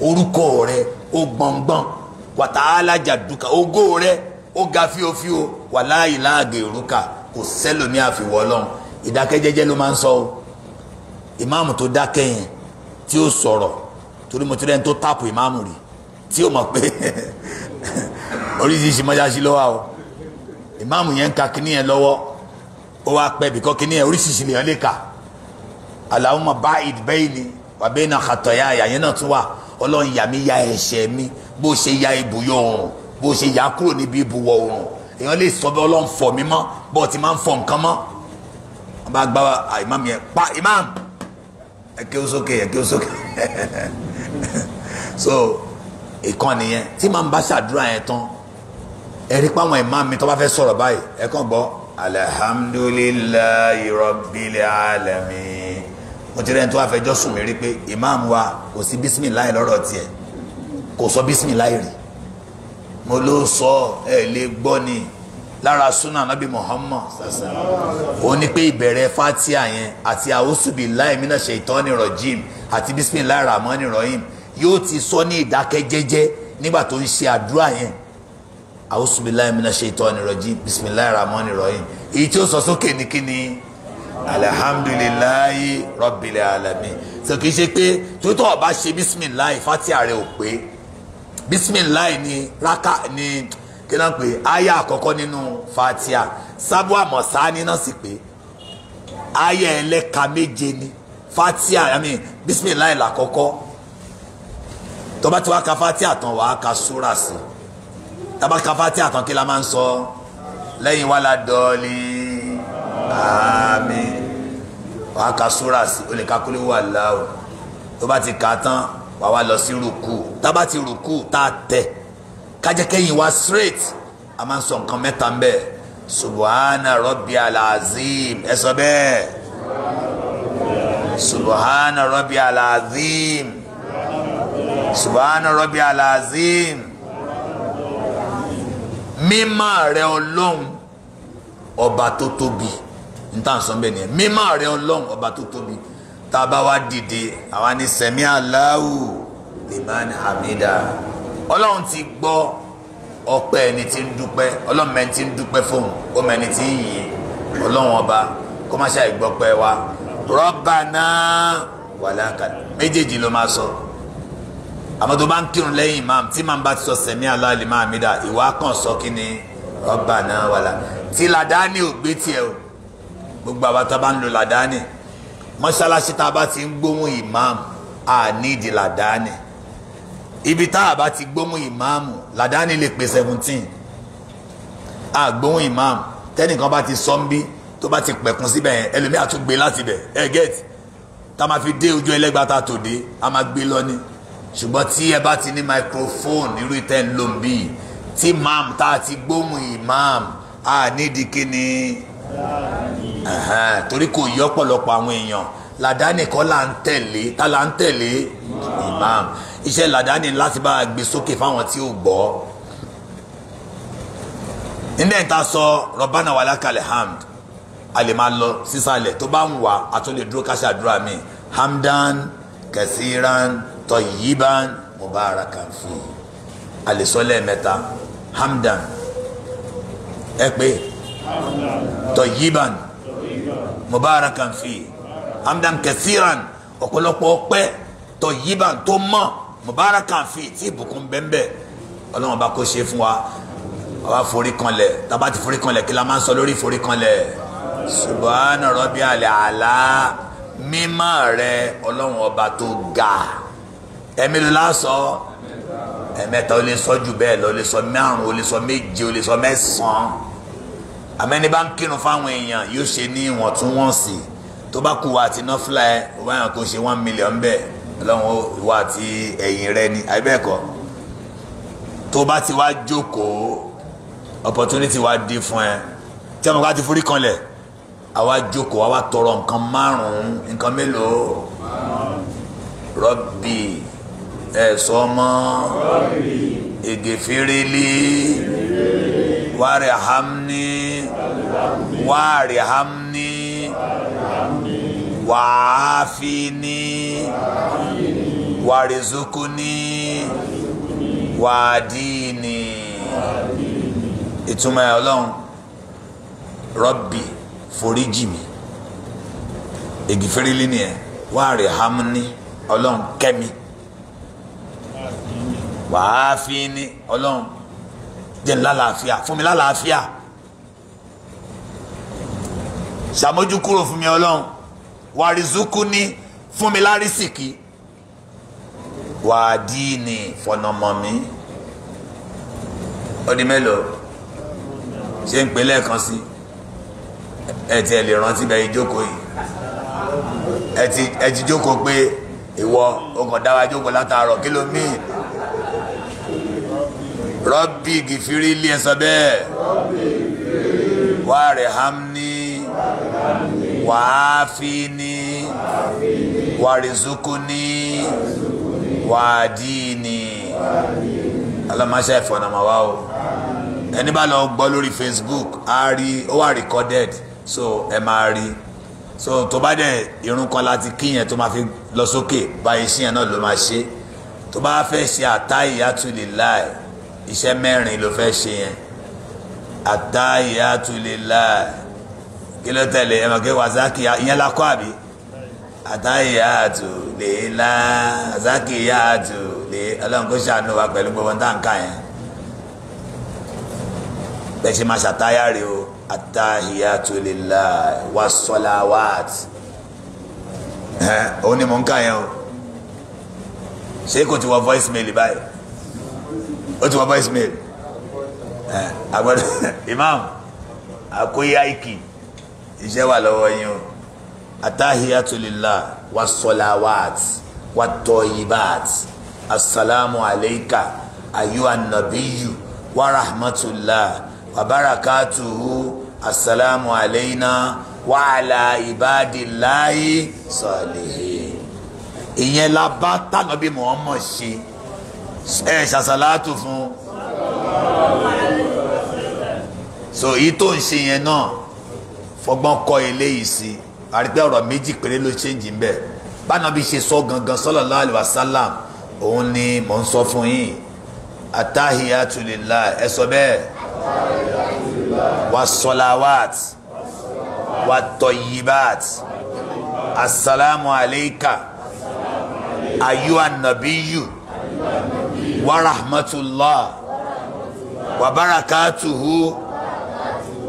A: orúkọ rẹ ó gbọ̀ngbọ̀n wàtàálàjà dùkà rẹ ó ga fíofío wàláyìí láàgè òrùkà kò sẹ́lòmí àfiwọ́ ọlọ́run ló máa ń sọ o ìmáàmù tó dákẹ́ yẹn tí ó sọ̀rọ̀ torí mo ti rẹ́ni tó tàpù ìmáàmù rí tí ó mọ̀ pé oríṣiríṣi mọ́ṣáṣí lọ́wọ́ o ìmáàmù yẹn ń ka kíní yẹn lọ́wọ́ ó wá pẹ́ bìkọ́ kí ni ẹ̀ oríṣiríṣi lèèyàn lè kà Allahumma ba'id bayni wa bayna khataaya yẹn náà tún wà ọlọ́run yà mí ya ẹ̀ṣẹ̀ mi bó ṣe ya ibùyọ oòrùn bó ṣe yà kúrò níbi ibùwọ̀ oòrùn èèyàn lè sọ bí ọlọ́run fọ̀ mí mọ́ bó ti máa ń fọ̀ nǹkan mọ́ wọn bá gbá imam yẹn pa imam ẹ kí ó sókè ẹ kí ó sókè so ìkànnì yẹn tí màá bá ṣàdúrà yẹn tán ẹ rí pé imam mi tó bá fẹ́ sọ̀rọ̀ báyìí ẹ gbọ́ alhamdulillahi rabbil alamin mo ti rẹ́ni tó wá fẹjọ́ sùn mí rí pé imam wa kò sí bisimilayi lọ́rọ̀ tiẹ̀ kò sọ bisimilayi rí mo ló sọ ẹ lè gbọ́ ni lára sunna nabi muhammad ó ní pé ìbẹ̀rẹ̀ fatia yẹn àti auzubillahi minash shaitani rajim àti bisimilayi rahmani rahim yóò ti sọ ní ìdákẹ́jẹ́jẹ́ nígbà tó ń ṣe àdúrà yẹn àwùsùnmíláì mi náà ṣe ìtọ́ ni rọ̀jí bisimiláì ramọ́ ni rọ̀yìn èyí tí ó sọ sókè ní kíni alihamdulilayi rọ̀bìlẹ̀ alami sọ kìí ṣe pé tótó ọba ṣe bisimiláì fatia rẹ ò pé bisimiláì ni raka ni kí náà pé aya àkọ́kọ́ nínú fatia sábú àmọ̀sá ni sì pé aya ẹlẹ́ka méje ni fatia i mean bisimiláì làkọ́kọ́ tó bá ti ka fatia tán wàá ka súrà sí i tabaka fati àtànkí la máa ń sọ lẹ́yìn wàhálà dọ́ọ̀lì àmín wàá ka súra sí o lè ka kúlẹ̀ wà láwù tó bá ti kà á tán wàá wá lọ sí rúkú tábà ti rúkú tá a tẹ̀ kájẹ́kẹ́yìn wá straight a máa ń sọ nǹkan mẹ́ta ń bẹ subhana rabbi alazim ẹ sọ bẹ́ẹ̀ subhana rabbi alazim subhana rabbi alazim mímọ́ rẹ ọlọ́run ọba tó tóbi níta sọ bẹ́ẹ̀ nìyẹn mímọ́ rẹ ọlọ́run ọba tó tóbi tá a bá wá dìde àwa ní sẹ̀mí aláwù liman hamida ọlọ́run ti gbọ́ ọpẹ́ ẹni tí ń dúpẹ́ ọlọ́run mẹ́ni tí ń dúpẹ́ fóun ó mẹ́ni tí ń yìn ọlọ́run ọba kó má ṣàì gbọ́pẹ́ wa rabbana wàlàkàlà méjèèjì ló máa sọ. So àmọ́ tó bá ń kírun lẹ́yìn imam tí màá bá ti sọ sẹ̀mí Allahu liman hamida ìwà kan sọ kí ni rabbana wala tí làdáni ò gbé tiẹ̀ o gbogbo àwa tá bá ń lo làdáni mọ́ṣáláṣí tá a bá ti ń gbóhùn imam a nídìí làdáni ibi tá a bá ti gbóhùn imam làdáni lè pé seventeen a gbóhùn imam tẹ́nìkan bá ti sọ ń bí tó bá ti pẹ̀kun síbẹ̀ yẹn ẹlòmíà tún gbé láti bẹ̀ ẹ̀ gẹ́ẹ̀tì tá a máa fi dé ojú ẹlẹ́gbàá tá a tò dé a máa gbé lọ ṣùgbọ́n tí ẹ bá ti ní microphone irú ìtẹ́ ń lò ń tí imam tá a ti gbóhùn imam a nídìí kíni torí kò yọ ọ̀pọ̀lọpọ̀ àwọn èèyàn làdáni kọ́ là ń tẹ̀lé tá là ń tẹ̀lé imam iṣẹ́ làdáni láti bá a gbé sókè fáwọn tí ò gbọ́ nílẹ̀ níta sọ rọ̀bánà wà lákàlẹ̀ hamd a lè máa lọ sísàlẹ̀ tó bá ń wà a tún lè dúró ká ṣàdúrà mi hamdan kẹsíran tayyiban mubarakan fi alẹ́sọ́lẹ̀ mẹ́ta hamdan ẹ pé tayyiban mubarakan fi hamdan kathiran ọ̀pọ̀lọpọ̀ ọpẹ́ tayyiban tó mọ́ mubarakan fi tí ìbùkún bẹ́ẹ̀ ọlọ́run bá kó ṣe fún wa àwa forí kanlẹ̀ tábà ti forí kanlẹ̀ kí sọ lórí forí kanlẹ̀ subhana rabbiyal ala mímọ́ rẹ ọlọ́run ọba tó ga ẹ̀mélòó la sọ ẹ̀mẹ́ta ó lè sọ jù bẹ́ẹ̀ lọ ó lè sọ márùn ó lè sọ méje ó lè sọ mẹ́sàn-án àmẹ́ni bá ń kírun fáwọn èèyàn yóò ṣe ní ìwọ̀ntúnwọ̀nsì tó bá kú wa àti nọ́fìlà ẹ̀ wáyà kó ṣe one million bẹ́ẹ̀ ọlọ́run wa àti ẹ̀yìn rẹ ni àbẹ́ẹ̀kọ́ tó bá ti wá jókòó opportunity wa di fún ẹ tí a mọ̀ ká ti forí kanlẹ̀ àwa jókòó àwa tọrọ nǹkan márùn-ún nǹkan mélòó rọ́bì ẹ̀sọ́ mọ́ ègèfèrèlé wàrí hamni wàrí hamni wàáfíní wàrí zukuni wàdíní ìtumọ̀ ẹ̀ ọlọ́run rọ́bì foríjì mi ègèfèrèlé ni ẹ̀ wàrí hamni ọlọ́run kẹ́mi wàá fi ní ọlọ́run jẹ́ ń lálàáfíà fún mi lálàáfíà ṣàmójúkúrò fún mi ọlọ́run wàrìzúkú ní fún mi lárísìkí wàá dí ní fọ̀nàmọ́ mi ọdún mélòó ṣe ń pè lẹ́ẹ̀kan sí ẹ ti ẹ lè rántí bẹ́ẹ̀ ìjókòó yìí ẹ ti jókòó pé ìwọ o kàn jókòó látàárọ̀ kí ló míì rọ́bì gìfìrí ilé ẹ̀sán bẹ́ẹ̀ wà rẹ̀ hamni wà á fi ni wà rẹ̀ zoko ni wà á dì ni alamasa ìfọ̀nàmọ́ wa o ẹni bá lọ gbọ́ lórí Facebook a rí ó wà recorded so ẹ máa rí so tó bá dẹ̀ irun kan láti kíyàn tó máa fi lọ sókè báyìí síyàn náà ló máa ṣe tó bá fẹ́ ṣe àtàyè àtúlè láì iṣẹ́ mẹ́rin ló fẹ́ ṣe yẹn attahiyatu lillah kí ló tẹ̀lé ẹ̀ kí wàzákì ìyẹn la kọ́ àbí attahiyatu lillah wàzákìyatu lè ọlọ́run kó ṣàánú wa pẹ̀lú gbogbo ń tàǹkà yẹn bẹ́ẹ̀ ṣe máa ṣàtáyà rè o attahiyatu lillah wassalawat ẹ̀ òun ni mò ń kà yẹn o ṣé kò ti wọ voice mail báyìí ó ti wọ bá Ismail agbọ́dọ̀ imam akoyaiki iṣẹ́ wà lọ́wọ́ yín o atahiyatulila wasolawat watoyibat asalaamu aleika ayu anabiyu warahmatulah wabarakatuhu asalaamu aleina wàhálà ibadilayi sọlẹ ìyẹn la bá tànàbí Muhammad ṣe ẹ ṣàṣàlátù fún so èyí tó ń ṣe yẹn náà fọgbọ́n kọ́ eléyìí sí àrígbẹ́ ọ̀rọ̀ méjì péré ló ṣe ń jì ń bẹ̀ bánabi ṣe sọ gangan sallallahu alaihi wasallam òun ni mò ń sọ fún yín atahiyatu lillah ẹ sọ bẹ́ẹ̀ wasolawat watoyibat asalaamualeyka ayu anabiyu. As warahmatulah wabarakatuhu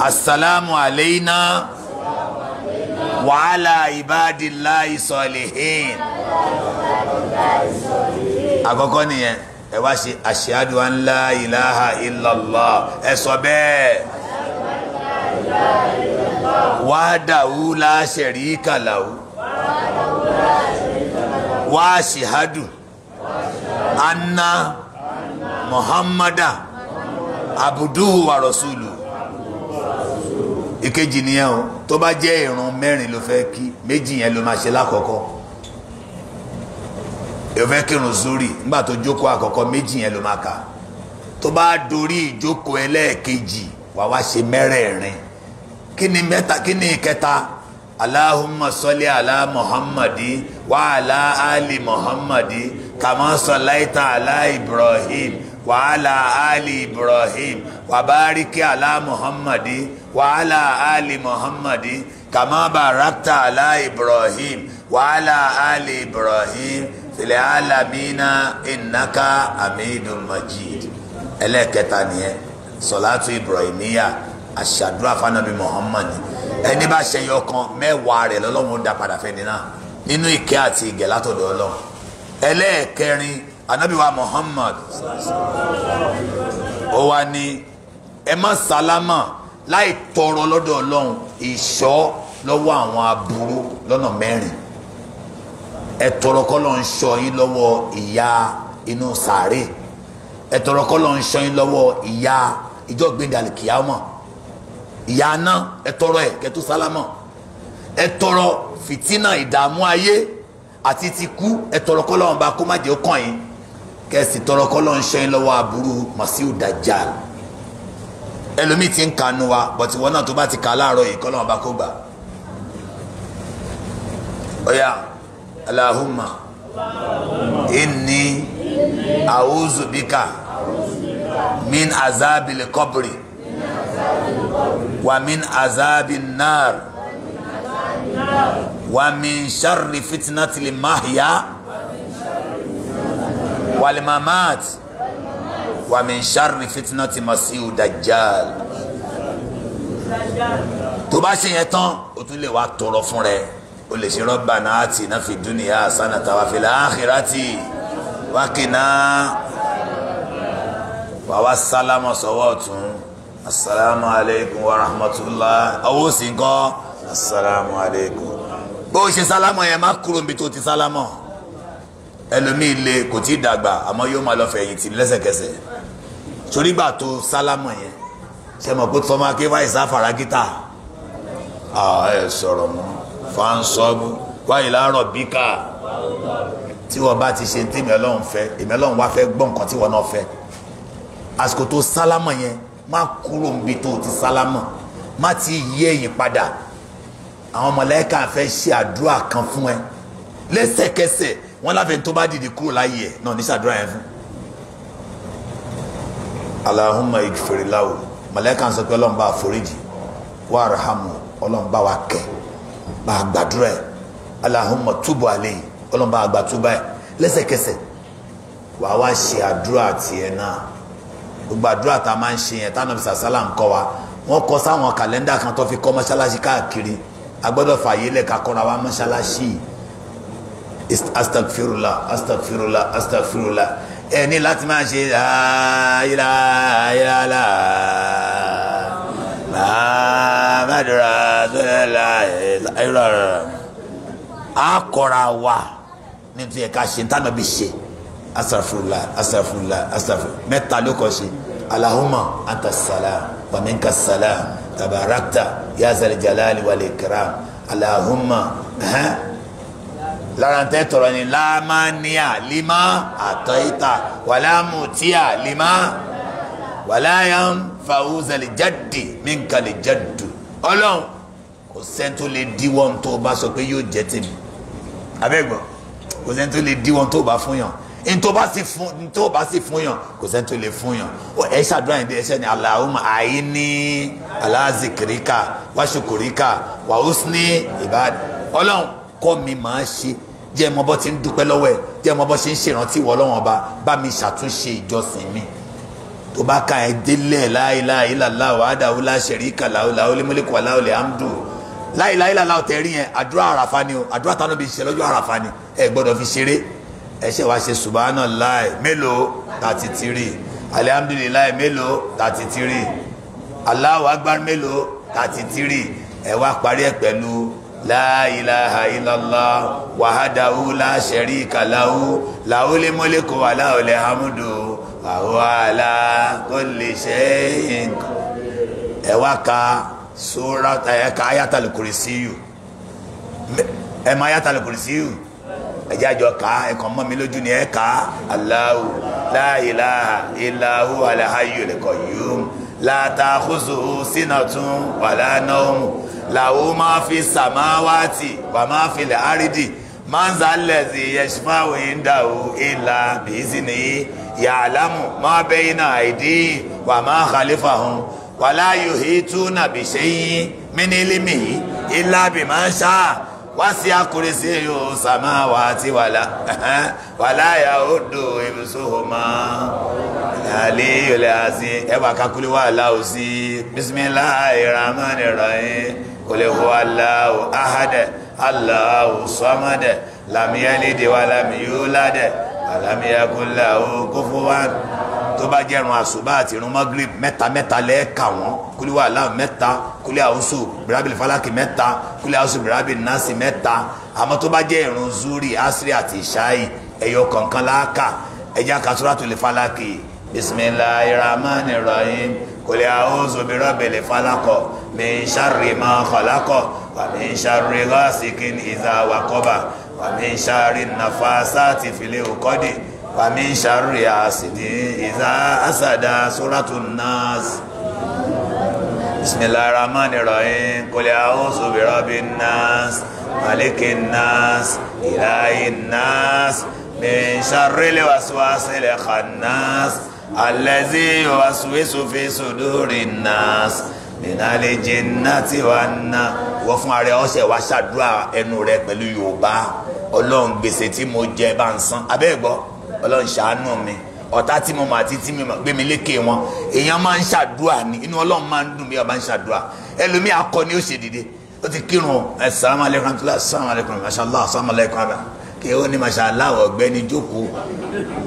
A: asalaamu aleyna wa ala ibadillahi salihin àkọ́kọ́ nìyẹn ẹ wá ṣe ashhadu an la ilaha illallah ẹ sọ bẹ́ẹ̀ wahdahu la sharika lahu wa ashhadu. anna muhammada abuduhu wa rasulu ìkejì ni o tó bá jẹ́ ìrun mẹ́rin ló fẹ́ kí méjì yẹn ló máa ṣe lákọ̀ọ́kọ́ èyí fẹ́ kírun zuri nígbà tó jókòó àkọ́kọ́ méjì yẹn ló máa kà tó bá dorí ìjókòó ẹlẹ́ẹ̀kejì wà wá ṣe mẹ́rẹ̀ẹ̀rin kí ni mẹ́ta kí ni ìkẹta Allahumma ala muhammadi wa ala ali muhammadi. كما صليت على إبراهيم وعلى آل إبراهيم وبارك على محمد وعلى آل محمد كما باركت على إبراهيم وعلى آل إبراهيم في العالمين إنك حميد مجيد ẹlẹ́ẹ̀kẹtàníyẹ sọ̀látù ibrahimiya àṣàdúrà fanabi muhammad ẹni bá ṣe yọkan mẹ́wàá rẹ̀ lọ́lọ́run ó dá padà fẹ́ni náà nínú ìkẹ́ àti ìgẹ̀ látọ̀dọ̀ ọlọ́run ẹlẹ́ẹ̀kẹrin anabiwa muhammad ó wá ní ẹ má sálámà láì tọrọ lọ́dọ̀ ọlọ́run ìṣọ́ lọ́wọ́ àwọn aburú lọ́nà mẹ́rin ẹ tọrọ kọ́lọ́ ń ṣọ́ yín lọ́wọ́ ìyà inú sàárè ẹ tọrọ kọ́lọ́ ń ṣọ́ yín lọ́wọ́ ìyà ìjọ gbẹdàlì kìámọ̀ ìyà náà ẹ tọrọ ẹ kẹtù sálámà ẹ tọrọ fìtínà ìdààmú ayé àti ti kú ẹ tọrọ kọ́lọ́run bá kó má jẹ́ kàn yín kẹsì tọrọ kọ́lọ́run ṣe yín lọ́wọ́ aburú masiu dajjal ẹlòmíì ti ń kanu wa bọ̀tí wọn náà tó bá ti kà láàárọ̀ yìí kọ́lọ́run bá kó gbà. ọ̀ya alahuma inni auzubika min azabil kọ́bìrì wa min azabil nar. ومن شر فتنة المحيا والممات ومن شر فتنة مسيح الدجال tó bá ṣe yẹn tán o tún lè wá tọrọ fún rẹ o lè ṣe rọba náà àti iná fi dúnìyà sanata wà fìlà áhìrátì wákìnà wà wá sálámà sọ́wọ́ ọ̀tún asalaamualeykum wa rahmatulah ọwọ́ sí nǹkan asalaamualeykum bó ṣe sálámọ̀ yẹn má kúrò níbi tó ti sálámọ̀ ẹlòmíì le kò tí ì dàgbà àmọ́ yóò máa lọ fẹ̀yìntì lẹ́sẹ̀kẹsẹ̀ torí gbà tó sálámọ̀ yẹn ṣe mọ̀ pé tọ́mọ akéwà ìsá faragítà ẹ sọ̀rọ̀ mọ́ fáńsọ́bù wáyé láàárọ̀ bíkà tí wọ́n bá ti ṣe tí èmi ọlọ́run fẹ́ èmi ọlọ́run wá fẹ́ gbọ́ nǹkan tí wọ́n náà fẹ́ àsìkò tó sálámọ̀ yẹn má kúrò níbi tó ti sálámọ̀ má ti yí ẹ̀yìn padà àwọn mọ̀lẹ́kà fẹ́ ṣe àdúrà kan fún ẹ lẹ́sẹ̀kẹsẹ̀ wọ́n láfẹ́ tó bá dìde kúrò láyé ẹ̀ náà ní sàdúrà yẹn fún. Allahumma igfirilawo mọ̀lẹ́kà ń sọ pé ọlọ́run bá a foríjì wà rahamu ọlọ́run wa kẹ́ bá a gbàdúrà ẹ̀ Allahumma túbù àlẹ́ ọlọ́run bá a gbà túbà ẹ̀ lẹ́sẹ̀kẹsẹ̀ wàá wá ṣe àdúrà tiẹ̀ náà gbogbo àdúrà tá a máa ń ṣe yẹn tánàbí sàsálà ń kọ́ wa wọ́n kọ sáwọn kàlẹ́ndà kan tó fi kọ́ mọ́ṣáláṣí káàkiri agbọ́dọ̀ fààyè lẹ̀ kakọ́ra wa mọ́ṣáláṣí astagfirula astagfirula astagfirula ẹ ní láti máa ṣe ayira ayira la mahamadura sọlá ayira akọ́ra wa nítorí ẹ̀ka ṣe ntànà bí ṣe astagfirula astagfirula astagfirula mẹ́ta ló kọ́ ṣe alahuma anta salam wa minka salam tabarakta ya zal jalali wal ikram alahuma hẹn lára tẹ tọrọ ni lamaniya lima atayita walamutia lima walayan fawuzali jadi minkali jadu Ọlọ́run kò sẹ́ńtò lè díwọ́n tó o bá sọ pé yóò jẹ́ tèmi abẹ́gbọ́n kò sẹ́ńtò lè díwọ́n tó o bá fún yàn ntọ́ bá sì fún ntọ́ bá sì kò sẹ́ni tó lè fún yàn ẹ ṣàdúrà yẹn ẹṣẹ́ ni Allahumma aini ala zikrika wa shukurika wa husni ibadi ọlọ́run kọ́ mi máa ṣe jẹ́ mọ bọ́ ti ń dúpẹ́ lọ́wọ́ ẹ̀ jẹ́ mọ bọ́ ṣe ń ṣèrántí wọ́ lọ́wọ́n ọba bá mi ṣàtúnṣe ìjọsìn mi tó bá ka ẹ délẹ̀ la ilaha illallah wahdahu la sharika lahu lahul mulku wa lahul hamdu la ilaha illallah tẹ̀rí yẹn àdúrà àràfà ni o àdúrà tánú bí ṣe lọ́jọ́ àràfà ni ẹ gbọ́dọ̀ fi ṣeré ẹ ṣe wá ṣe subhanallah mélòó thirty three alhamdulillah mélòó thirty three Allahu akbar mélòó thirty three ẹ wá parí ẹ pẹ̀lú la ilaha illallah wahadahu la sharika lahu lahuli mulku wa lahuli hamdu wa huwa ala kulli shay'in ẹ wá ka sura ẹ ka ayatal kurisiyu ẹ ma ayatal kurisiyu ẹjẹ́ àjọ ká ẹ̀kan mọ́ mi lójú ni ẹ̀ ká Allahu la ilaha illa huwa al-hayyul qayyum la ta'khuzuhu sinatun wala nawm lahu ma fi samawati wa ma fil ardi man zalladhi yashfa'u indahu illa bi'iznihi ya'lamu ma bayna aydihim wa ma khalfahum wala yuhituna bi shay'in min ilmihi illa bima sha'a wasi akurisi yu samawati wala wala ya udu ibsuhuma ali yule asi ewa kakuli wala usi bismillahirrahmanirrahim kule huwa allahu ahad allahu samad lam yalid wa lam yulad wa lam lahu kufuwan tó bá jẹ́ irun àṣùbá àti irun magrib mẹ́ta mẹ́ta lẹ́ẹ̀ka wọn kúlẹ̀ wà mẹ́ta kúlẹ̀ àwùsù birabil falaki mẹ́ta kúlẹ̀ àwùsù birabil nasi mẹ́ta àmọ́ tó bá jẹ́ irun zuri asiri àti ìṣáì ẹ̀yọ kọ̀ọ̀kan láàkà ẹ̀já kasuratul falaki bisimilayi rahman rahim kúlẹ̀ àwùsù birabil falakọ min sharri ma khalakọ wa min sharri ghasikin iza waqaba wa min sharri nafasati fil uqadi. ومن شر حاسد إذا حسد سورة الناس بسم الله الرحمن الرحيم قل أعوذ برب الناس ملك الناس إله الناس من شر الوسواس الخناس الذي يوسوس في صدور الناس من الجنة والناس wọ́n fún ara ọ̀sẹ̀ wá ṣàdúrà ẹnu rẹ pẹ̀lú Yorùbá Ọlọ́run gbèsè tí mo jẹ bá ń san abẹ́ gbọ́ ọlọ́run ṣàánú mi ọ̀tá tí mo mọ̀ àti tí mi mọ̀ gbé mi lékè wọn èèyàn máa ń ṣàdúrà ni inú ọlọ́run máa ń dùn bí ọba ń ṣàdúrà ẹlòmíì akọ ni ó ṣe dìde ó ti kírun assalamu alaikum assalamu alaikum mashallah assalamu alaikum abẹ kí ó ní mashallah ọ̀gbẹ́ni jókòó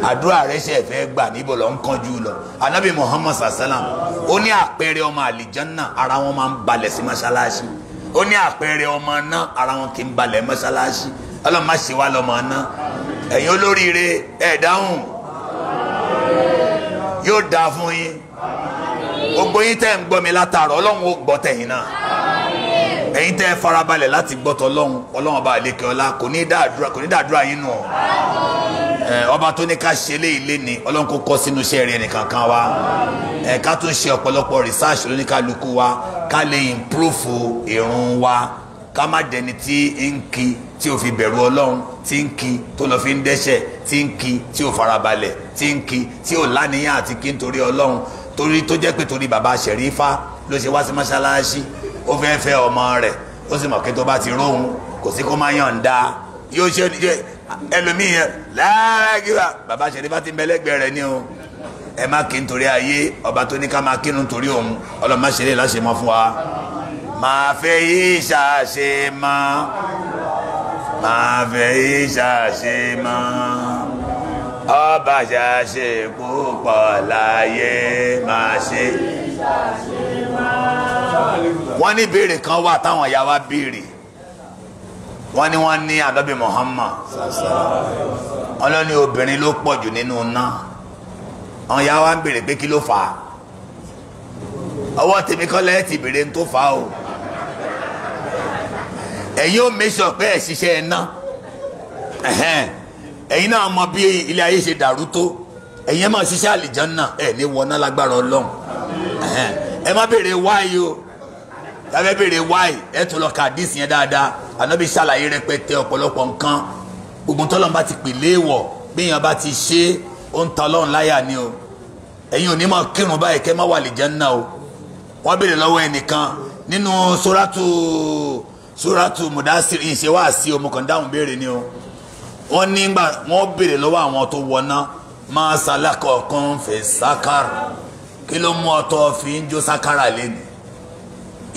A: àdúrà rẹ̀ ṣe fẹ́ gbà níbo lọ ń kánjú lọ anabi muhammad sallam ó ní àpẹẹrẹ ọmọ àlìjánná ara wọn máa ń balẹ̀ sí mọ́ṣáláṣí ó ní àpẹẹrẹ ọmọ náà ara wọn kì í balẹ̀ mọ́ṣáláṣí ọlọ́run má ṣe wá lọ́mọ náà ẹ̀yin olóríire ẹ̀ dáhùn yóò dáa fún yín gbogbo yín tẹ́ ń gbọ́ mi látàárọ̀ ọlọ́run ó gbọ́ tẹ̀yìn náà ẹ̀yin tẹ́ farabalẹ̀ láti gbọ́ tọ́lọ́run ọlọ́run bá àlekè ọlá kò ní dàdúrà kò ní dàdúrà yín nù ọ́ ọba tó ní ká ṣe léyìí léni ọlọ́run kó kọ́ sínú iṣẹ́ rẹ̀ nìkankan wa ká tún ṣe ọ̀pọ̀lọpọ̀ research lóníkàlùkù wa ká lè improve ìrun wa ká má dẹni tí ń kí tí o fi bẹ̀rù ọlọ́run tí ń kí tó lọ fi ń dẹ́ṣẹ̀ tí ń kí tí o farabalẹ̀ tí ń kí tí o láníyàn àti kí n torí ọlọ́run torí tó jẹ́ pé torí bàbá Ṣẹ̀rífà ló ṣe wá sí mọ́ṣáláṣí ó fẹ́ fẹ́ ọmọ rẹ̀ ó sì mọ̀ pé tó bá ti róhun kò sí kó má yọ̀ǹda yóò ṣe ẹlòmíì yẹn lára gíga bàbá Ṣẹ̀rífà ti ń lẹ́gbẹ̀ẹ́ rẹ̀ ni o ẹ má kí n torí ayé ọba tó ní ká má kínú torí òun ọlọ́mọ ṣeré láṣẹ fún wa màá fẹ́ yí ṣàṣe Ma fẹ́ ìṣàṣe mọ́ ọba ṣàṣe púpọ̀ láyé máa ṣe wọ́n ní béèrè kan wà táwọn ìyá wa béèrè wọ́n ní wọ́n ní àdọ́bí Muhammad ọlọ́ni obìnrin ló pọ̀ jù nínú náà àwọn ìyá wa ń béèrè pé kí ló fà á ọwọ́ tèmi kọ́ lẹ́yìn ti béèrè ń tó fà á o ẹ̀yin ó mẹ́sọ̀ pé ẹ̀ ṣiṣẹ́ ẹ̀ ná ẹ̀yin náà mọ bí ilé ayé ṣe dàrú tó ẹ̀yin máa ṣiṣẹ́ àlìjánná ẹ̀ ní wọná lágbára ọlọ́run ẹ má béèrè wáyé o tàbí béèrè wáyé ẹ tún lọ ka àdìsí yẹn dáadáa ànábi ṣàlàyé rẹpẹtẹ ọ̀pọ̀lọpọ̀ nǹkan gbogbo tọ́lọ́n bá ti pè léèwọ̀ bí èèyàn bá ti ṣe ó ń ta ọlọ́run láyà ni o ẹ̀yin ò ní máa kírun báyìí kẹ́ má wà àlìjánná o wọ́n béèrè lọ́wọ́ ẹnìkan nínú sóràtù suratu mudasir ìṣe wá sí omi kan dáhùn béèrè ni o wọ́n nígbà wọ́n béèrè lọ́wọ́ àwọn tó wọná máa ṣàlàkọ̀ kan fẹ̀ sákàrà kí ló mú ọtọ fi ń jó sákàrà lẹ́nu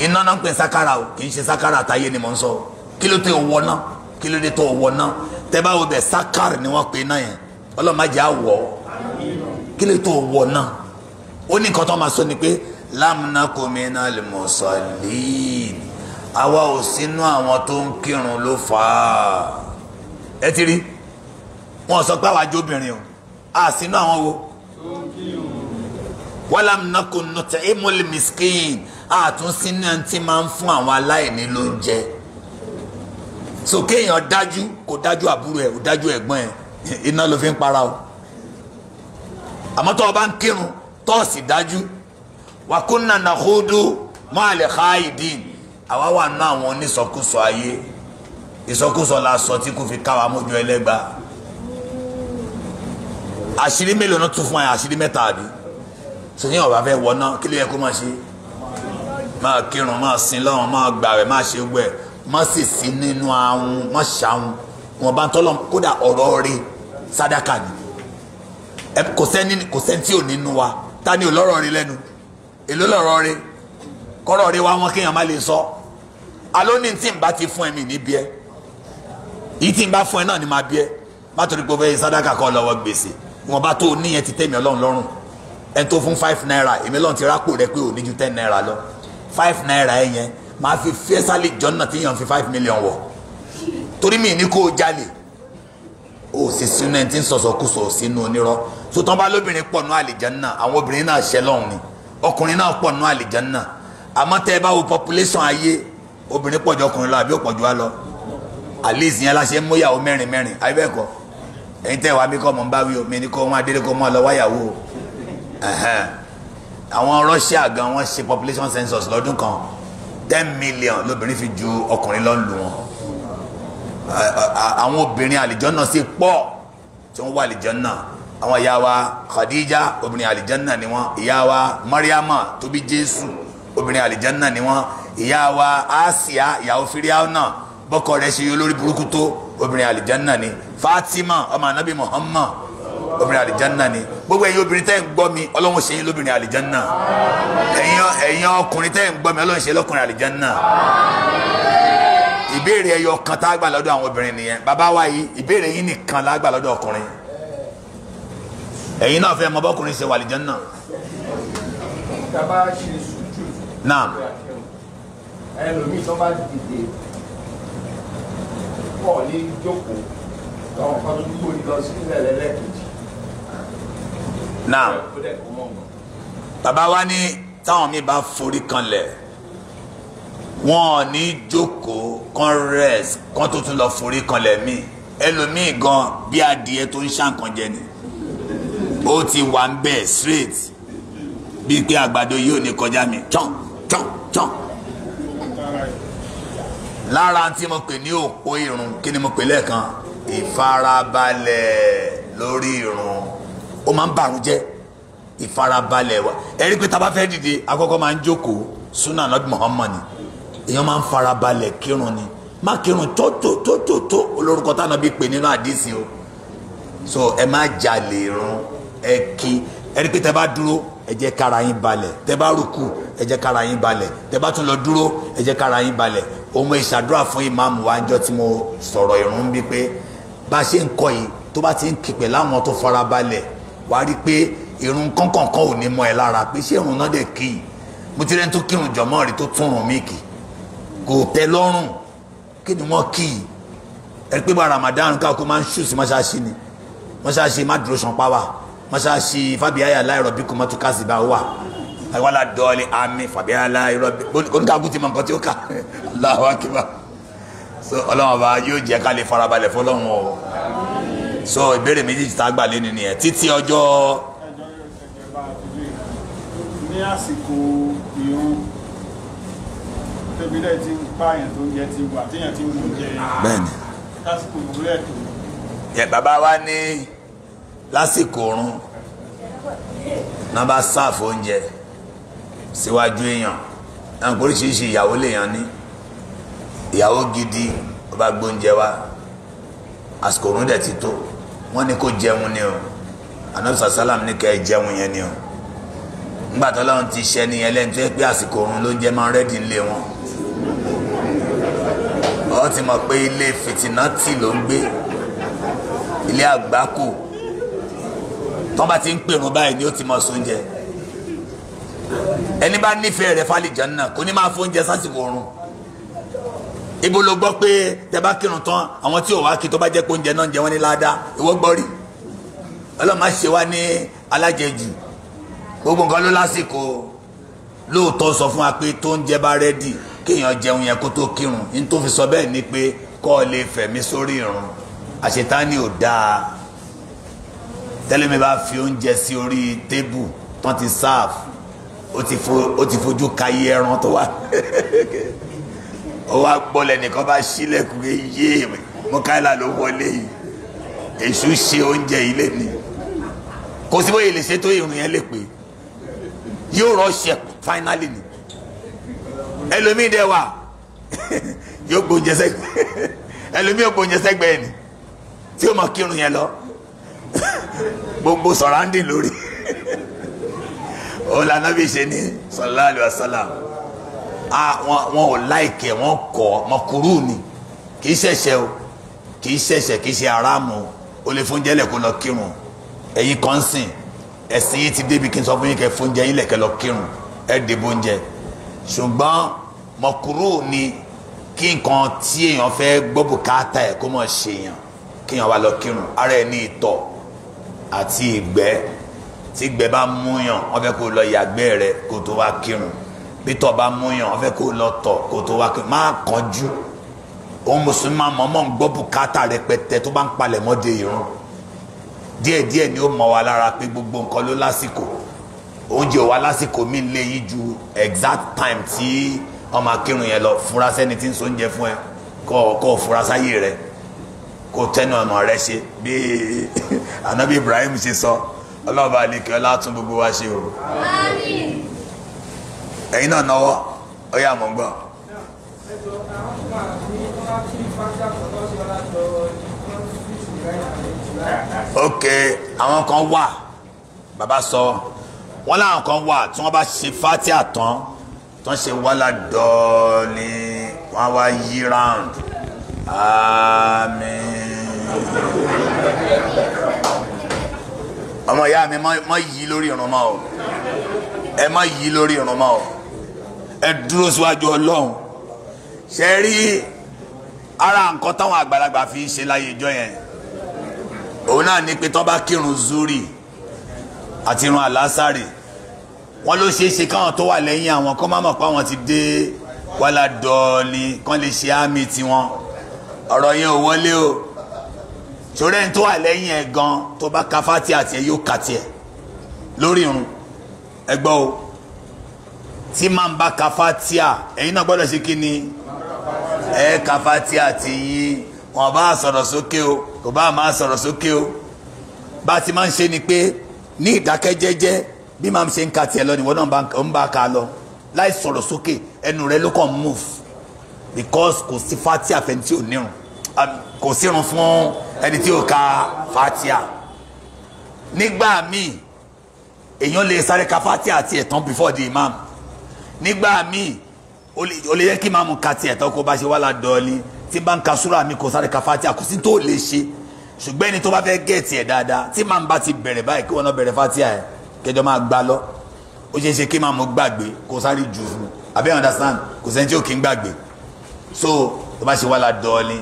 A: iná náà ń pè sákàrà o kì í ṣe sákàrà àtàyè ni mò ń sọ kí ló tẹ wọná kí ló dé tó wọná tẹ bá wo bẹ sákàrà ni wọ́n pè náà yẹn ọlọ́mọdé àwọ̀ kí ló tó wọná ó ní nǹkan máa sọ ni pé lamnakumina al-musallin àwa ò sínú àwọn tó ń kírun ló fà á ẹ ti rí wọn sọ pé àwa jóbìnrin o a sínú àwọn wo wàlám nàkùn nùtẹ ìmùlì mìskìn àtúnṣí náà ti máa ń fún àwọn aláìní lóúnjẹ so kéèyàn dájú kò dájú àbúrò ẹ kò dájú ẹ̀gbọ́n ẹ iná ló fi ń para o àmọ́ tó o bá ń kírun tó o sì dájú wàkúnnà nàkúdú mọ́ àlẹ́ káyìdín àwa wà ná àwọn onísọkúsọ ayé ìsọkúsọ la sọ tí kò fi káwa mójú ẹlẹ́gbà àṣírí mélòó náà tún fún ẹ àṣírí mẹ́ta àbí sèyìn ọba fẹ́ wọná kí ló yẹ kó máa ṣe máa kírun máa sin lọ́wọ́n máa gbààwẹ̀ máa ṣe wẹ̀ má sì sí nínú ahun má ṣàhun wọn bá ń tọ́lọ̀ kódà ọ̀rọ̀ rẹ̀ sádàkà ni kò sẹ́ni kò sẹ́ni tí ò nínú wa ta ni ò lọ́rọ̀ rẹ̀ lẹ́nu èló lọ́rọ̀ rẹ̀ kọ́rọ̀ rẹ̀ wá wọn kéèyàn má lè sọ aló ní tí n bá ti fún ẹ mi ní bí ẹ yìí tí n bá fún ẹ náà ni máa bí ẹ má torí pé o fẹ́ yẹ sádàkà kọ́ lọ́wọ́ gbèsè wọn bá tó o níyẹn ti tẹ̀mí ọlọ́run lọ́rùn ẹni tó fún five naira èmi lọ́run ti rákò rẹ pé ò ní ju ten naira lọ five naira ẹ yẹn máa fi fẹ́sálì jọ́nà tí yàn fi five million wọ̀ torí mi ní kó o jalè o sì sínú ẹni tí ń sọ̀sọ̀ kù sọ̀ sínú onírọ́ tó tán bá lóbìnrin pọ̀ nú àlìjánná àwọn obìnrin náà ṣẹlọ́run ni ọkùnrin náà pọ̀ nú àlìjánná àmọ́ tẹ́ ẹ bá wo population ayé obìnrin pọ̀jọ́ ọkùnrin lọ àbí òpọ̀jọ́ wa lọ àlèzì yẹn láṣẹ múyàwó mẹ́rin mẹ́rin àbí bẹ́ẹ̀ kọ́ ẹ̀yin tẹ́ wàá mi kọ́ mọ̀ ń bá wí omi ní kó wọn adélé kó mọ́ ọ lọ wáyàwó àwọn Russia gan wọ́n ṣe population census lọ́dún kan ten million lóbìnrin fi ju ọkùnrin lọ ń lu wọn àwọn obìnrin àlìjọ náà sì pọ̀ tí wọ́n wà àlìjọ náà àwọn ìyá wa Khadija obìnrin àlìjọ náà ni wọ́n ìyá wa Mariama tó bí Jésù obìnrin àlìjọ náà ni wọ́n ìyá wa Àsíà ìyàwó firiaona bọ́kọ rẹ̀ ṣe yọ olórí burúkú tó obìnrin àlìjánná ni Fatima ọmọ anabi Muhammad obìnrin àlìjánná ni gbogbo ẹ̀yin obìnrin tẹ́ ń gbọ́ mi ọlọ́run ṣe yín lóbìnrin àlìjánná ẹ̀yin ọkùnrin tẹ́ ń gbọ́ mi ọlọ́run ṣe lọ́kùnrin àlìjánná ìbéèrè ẹyọ kan tá a gbà lọ́dọ̀ àwọn obìnrin nìyẹn bàbá wa yìí ìbéèrè yín nìkan la gbà lọ́dọ̀ ọkùnrin ẹ̀yin náà fẹ́ mọ bọ́kùnrin ṣe wà àlìjánná ẹlòmíì tó bá dìde pọ̀ ní jókòó tọ̀wọ̀n kan tó dúró lọ sílẹ̀ lẹ́lẹ́kejì. náà bàbá wa ní táwọn míì bá forí kanlẹ̀ wọn ò ní jókòó kan rest kan tó tún lọ forí kanlẹ̀ míì ẹlòmíì gan bí adìẹ tó ń ṣàǹkan jẹ ni ó ti wà ń bẹ̀ straight bíi pé àgbàdo yìí ní kọjá mi chọ́n chọ́n chọ́n lára tí mo pè ní òpó irun kí ni mo pè lẹ́ẹ̀kan ìfarabalẹ̀ lórí irun ó máa ń bàrún jẹ́ ìfarabalẹ̀ wa ẹ̀rí pé tá bá fẹ́ dìde àkọ́kọ́ máa ń jókòó sunnah nabi muhammad ni èèyàn máa ń farabalẹ̀ kírun ni má kírun tótó tótó tó olórúkọ táwọn bí pè nínú àdìsí o so ẹ má jalè irun ẹ kí ẹ̀rí pé tá bá dúró ẹ jẹ́ kára yín balẹ̀ tẹ́ bá rúkú ẹ jẹ́ kára yín balẹ̀ tẹ́ bá tún lọ dúró ẹ jẹ́ kára yín balẹ̀ ọmọ ìṣàdúrà fún ìmáàmù wa jọ tí mo sọ̀rọ̀ ìrún bí pé bá a ṣe ń kọ́ yìí tó bá ti ń kìpẹ̀ láwọn tó fara balẹ̀ wá rí pé ìrún kọ́ńkọ̀ńkọ́ ò ní mọ́ ẹ lára pé ṣé ìrún náà dẹ̀ kì í mo ti rẹ́ni tó kírun jọ̀mọ́ rí tó tún rùn mí kì kò tẹ́ lọ́rùn kí ni wọ́n kì í ẹ pé bá Ramadan káàkó máa ń ṣùsì mọ́ṣáṣí ni mọ́ṣáṣí má dúró san pa mọ́ṣáláṣí fàbíyáyà láìrọ̀ bí kò mọ́tò káàsì bá wà àyíwálà dọ́ọ̀lì àmì fàbíyáyà láìrọ̀ bí oníkàkùn ti mọ nǹkan tí ó kà Allahu akbar so ọlọ́run ọba yóò jẹ́ ká lè farabalẹ̀ fọlọ́run o so ìbéèrè méjì tá a gbà lé nìyẹn títí ọjọ́. ní àsìkò ìrún tóbi náà ti ń pààyàn tó ń jẹ ti wà téèyàn ti ń mú jẹ yẹn lásìkò ìwúrẹ́ tó. yẹ bàbá wa ní. Ni lásìkò oorun náà bá sáàfù oúnjẹ síwájú èèyàn àwọn oríṣiríṣi ìyàwó lèèyàn ní ìyàwó gidi ó bá gbóúnjẹ wá àsìkò oorun dẹ̀ ti tó wọ́n ní kó jẹun ni o anabisa salam ní kẹ́ ẹ jẹun yẹn ni o ńgbà tó lọ́run ti ṣẹ́ ni ẹlẹ́ni tó yẹ pé àsìkò oorun ló ń jẹ́ máa ń rẹ́dì wọn ọ ti mọ̀ pé ilé fìtínà tì ló ń gbé ilé àgbákò tọ́ bá ti ń pèrún báyìí ni ó ti mọ̀ sóúnjẹ ẹni bá nífẹ̀ẹ́ rẹ̀ fàlìjàn náà kò ní máa fóúnjẹ sásìkò oorun ibo ló gbọ́ pé tẹ bá kírun tán àwọn tí ò wá kí tó bá jẹ́ pé oúnjẹ náà ń jẹ wọ́n ní ládàá ìwọ gbọ́ rí ọlọ́run má ṣe wá ní alájẹjù gbogbo nǹkan ló lásìkò lóòótọ́ sọ fún wa pé tó ń jẹ bá rẹ́dì kéèyàn jẹun yẹn kó tó kírun ní tó fi sọ bẹ́ẹ̀ ni pé kọ́ ọ lè fẹ̀mí sórí ìrun àṣetánì ò dáa tẹ́lẹ̀mí bá fi oúnjẹ sí orí tébù tán ti sáàfù ó ti fojú kayé ẹran tó wà ó wá gbọ́lẹ̀ nìkan bá sílẹ̀kùn yé mọ́káìlá ló wọlé yìí èṣù ṣe oúnjẹ yìí lé ní kò sí bóyá ìlèṣe tó ìrùn yẹn lè pè yóò rọ́ṣẹ̀ fáínálì ni ẹlòmíì dẹ wà yóò gbóúnjẹ sẹ́gbẹ̀ẹ́ ẹlòmíì yóò gbóúnjẹ sẹ́gbẹ̀ẹ́ ni tí ó mọ̀ kírun yẹn lọ gbogbo surrounding lórí ó la nábì ṣe ní sallallahu alaihi wasallam wọn ò láìkẹ wọn kọ ọmọkùrú ni kì í ṣẹ̀ṣẹ̀ o kì í ṣẹ̀ṣẹ̀ kì í ṣe aráàmù o lè fún jẹ́lẹ̀ kó lọ kírun ẹ̀yin kan sìn ẹ̀sìn yìí ti débi kí n sọ fún yín kẹ́ fún jẹ́ yín lẹ̀kẹ́ lọ kírun ẹ̀ dìbò ń jẹ ṣùgbọ́n mọ̀kúrú ni kí nǹkan tí èèyàn fẹ́ gbọ́ bùkátà kó mọ̀ ṣèyàn kí èèyàn wá lọ kírun ara ẹ̀ ní ìtọ̀ àti ìgbẹ́ tí ìgbẹ́ bá múyàn wọ́n fẹ́ kó lọ yàgbẹ́ rẹ kó tó wá kírun bí tọ̀ bá múyàn wọ́n fẹ́ kó lọ tọ̀ kó tó wá kírun má kánjú òun mùsùlùmí máa ń gbọ́ bùkátà rẹpẹtẹ tó bá ń palẹ̀ mọ́dé irun díẹ̀díẹ̀ ni ó mọ̀ wá lára pé gbogbo nǹkan ló lásìkò oúnjẹ wa lásìkò mi lè yí ju exact time tí ọmọ akírun yẹn lọ fura sẹ́ni tí ń so oúnjẹ fún ẹ kọ́ kọ́ ọ rẹ̀ kó tẹnu ọ̀nà rẹ ṣe bí anabi Ibrahim ṣe sọ ọlọ́ọ̀bá àlekè ọlá tún gbogbo wa ṣe o. ẹ̀yin náà náwó ó yà mọ́ gbọ́. ok àwọn kan wà bàbá sọ wọn làwọn kan wà tí wọn bá ṣe fatia tán tí wọn ṣe wàhálà dọ́ọ̀lì wọn wá yí round. Amen ọmọ ìyá mi má yí lórí ìrun mọ́ o ẹ má yí lórí ìrun mọ́ o ẹ dúró síwájú ọlọ́run ṣe rí ara nǹkan táwọn àgbàlagbà fi ń ṣe láyé ìjọ yẹn òun náà ní pé tó bá kírun zuri àti irun àlásàrè wọn ló ṣeé ṣe káwọn tó wà lẹ́yìn àwọn kó má mọ̀ pé àwọn ti dé wàhálà dọ̀ọ̀lì kán lè ṣe àmì tiwọn ọ̀rọ̀ yẹn ò wọlé o sórí ẹni tó wà lẹ́yìn ẹ̀ gan tó bá ka fati àti ẹ̀ yóò kà tiẹ̀ lórí irun ẹ gbọ́ o tí máa ń bá ka fati à ẹ̀yin náà gbọ́dọ̀ ṣe kí ni ẹ̀ ka fati àti yín wọn bá sọ̀rọ̀ sókè o kò bá máa sọ̀rọ̀ sókè o bá a ti máa ń ṣe ni pé ní ìdákẹ́jẹ́jẹ́ bí màá ṣe ń ka tiẹ̀ lọ nìwọ náà ń bá a ka lọ láì sọ̀rọ̀ sókè ẹnu rẹ ló kàn move because kò sí fati àfẹntí ò nírun kò sírun fún ẹni tí ó ka fatia nígbà míì èèyàn lè sáré ka fatia àti ẹ̀tàn before the imam nígbà míì o lè yẹ kí imam ka ti ẹ̀tàn kó bá ṣe wà ládọ́ọ̀lì tí bá ń ka súra mi kò sáré ka fatia kò sí tó lè ṣe ṣùgbọ́n ẹni tó bá fẹ́ gẹ̀ẹ́tì ẹ̀ dáadáa tí imam bá ti bẹ̀rẹ̀ báyìí kí wọ́n náà bẹ̀rẹ̀ fatia ẹ̀ kẹjọ máa gbá lọ ó ṣeé ṣe kí imam gbàgbé kó sáré jù fún un àbẹ́ understand kò sẹ́ni tí ó kì í gbàgbé so tó bá ṣe wà ládọ́ọ̀lì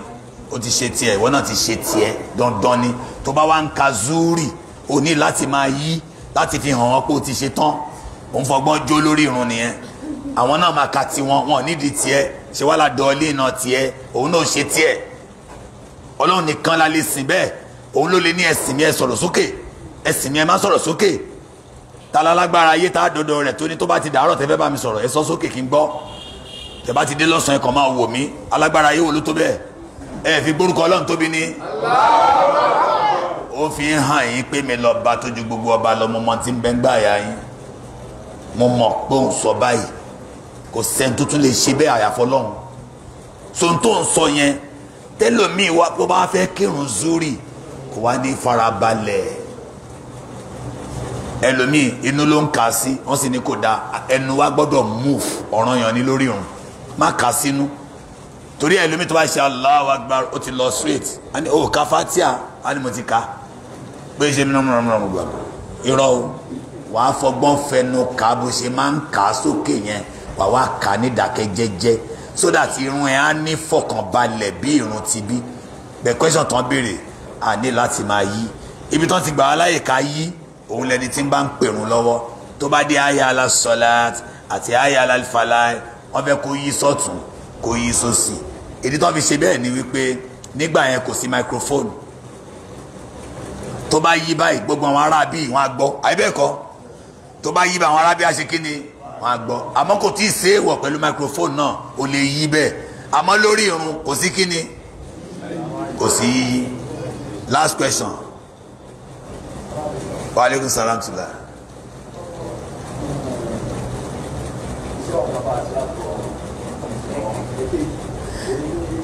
A: o ti ṣe tiẹ̀ ìwọ náà ti ṣe tiẹ̀ dandan ni tó bá wá ń ka zuri o ní láti máa yí láti fi hàn wọn pé o ti ṣe tán o ń fọgbọ́n jó lórí irun nìyẹn àwọn náà máa ka tiwọn wọn nídìí tiẹ̀ ṣe wàhálà dọ̀ọ́lì náà tiẹ̀ òun náà ṣe tiẹ̀ ọlọ́run nìkan la lè sìn bẹ́ẹ̀ òun ló lè ní ẹ̀sìn mi ẹ sọ̀rọ̀ sókè ẹ̀sìn mi ẹ má sọ̀rọ̀ sókè talalágbára ayé tá a dọ̀dọ̀ rẹ̀ tó ní tó bá ti dàárọ̀ tẹ́fẹ́ bá mi sọ̀rọ̀ ẹ sọ sókè kí n gbọ́ tẹ́ bá ti dé lọ́sàn-án ẹ kàn máa wò mí alágbára ayé wo ló tó bẹ́ẹ̀ ẹ fi gbórúkọ ọlọ́run tóbi ní. ó fi ń hàn yín pé mi lọ bá tójú gbogbo ọba lọ mo mọ tí ń bẹ ń gbà yá yín mo mọ̀ pé òun sọ báyìí kò sẹ́ni tó tún lè ṣe bẹ́ẹ̀ àyàfọ́ lọ́hùn sóhun tó ń sọ yẹn tẹ́lọ̀mí wa bó bá fẹ́ kírun zúrì kò wá ní farabalẹ̀ ẹlòmíì inú ló ń kà sí wọ́n sì ní kò dáa ẹnu wa gbọ́dọ̀ move ọ̀ràn yàn ní lórí òun má kà sínú torí ẹ lómi tó bá ṣe Allahu Akbar ó ti lọ straight a ní o oh, ká fatia a ní mo ti ká pé ṣe mi nàmúnà mo gbàgbọ́ irọ́ o wàá fọgbọ́n fẹnu ká bó ṣe máa ń ká sókè yẹn wàá wá ká ní ìdákẹ́ jẹ́jẹ́ so that irun ẹ á ní fọkànbalẹ̀ bí irun ti bí bẹ́ẹ̀ question tán béèrè a ní láti máa yí ibi tán ti gbà wá láyè ká yí òun lẹni tí ń bá ń pèrún lọ́wọ́ tó bá dé àyà alásọ̀lá àti àyà alálífàlá wọ́n fẹ́ kó yí sọ́tún kó yí sósì. So ìdí tó fi ṣe bẹ́ẹ̀ ni wípé nígbà yẹn kò sí microphone tó bá yí báyìí gbogbo àwọn ará bíi wọn á gbọ́ àìbẹ́ẹ̀kọ́ tó bá yí bá àwọn ará bíi àṣekínni wọn á gbọ́ àmọ́ kò tí ì ṣe é wọ̀ pẹ̀lú microphone náà ò lè yí bẹ́ẹ̀ àmọ́ lórí irun kò sí kínni kò sí yíyí last question wa aleykum salaam tula.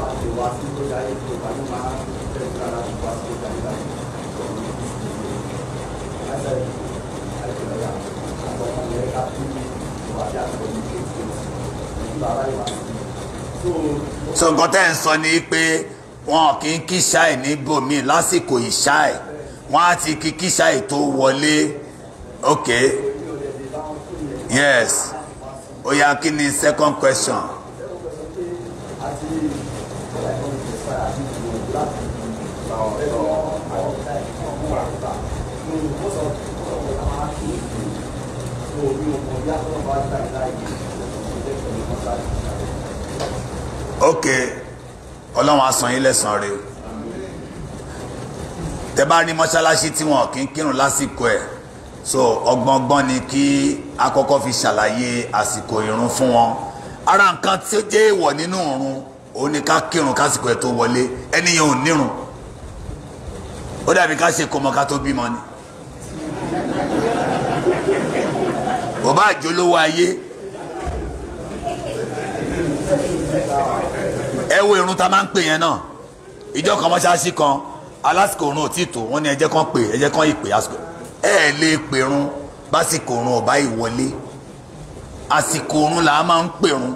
A: पास वासी को जाए तो भाई वहाँ so nǹkan tẹ́ ń sọ ni pé wọn kì í kí ṣáì níbòmí lásìkò ìṣáì wọn á ti kí kí ṣáì tó wọlé ok yes Oya yá kí ni second question. ok ọlọ́run á san yín lẹ́san rẹ̀ tẹ́ bá ní mọ́ṣáláṣí tí wọn kì í kírun lásìkò ẹ̀ so ọgbọ́ngbọ́n ni kí a kọ́kọ́ fi ṣàlàyé àsìkò ìrun fún wọn ara nǹkan tí ó jẹ́ èèwọ̀ nínú ìrun òun ni ká kírun kásìkò ẹ̀ tó wọlé ẹnìyàn ò nírun ó dàbí ká ṣe kọmọ ká tó bímọ ni ọba àjọlówó ayé ẹ wo irun tá a máa ń pè yẹn náà ìjọ kan mọ́ṣáláṣí kan alásìkò irun ò tí tó wọ́n ní ẹjẹ́ kan pè ẹjẹ́ kan ìpè àsìkò ẹ lè pè irun básìkò irun ọba ìwọlé àsìkò irun là á máa ń pè irun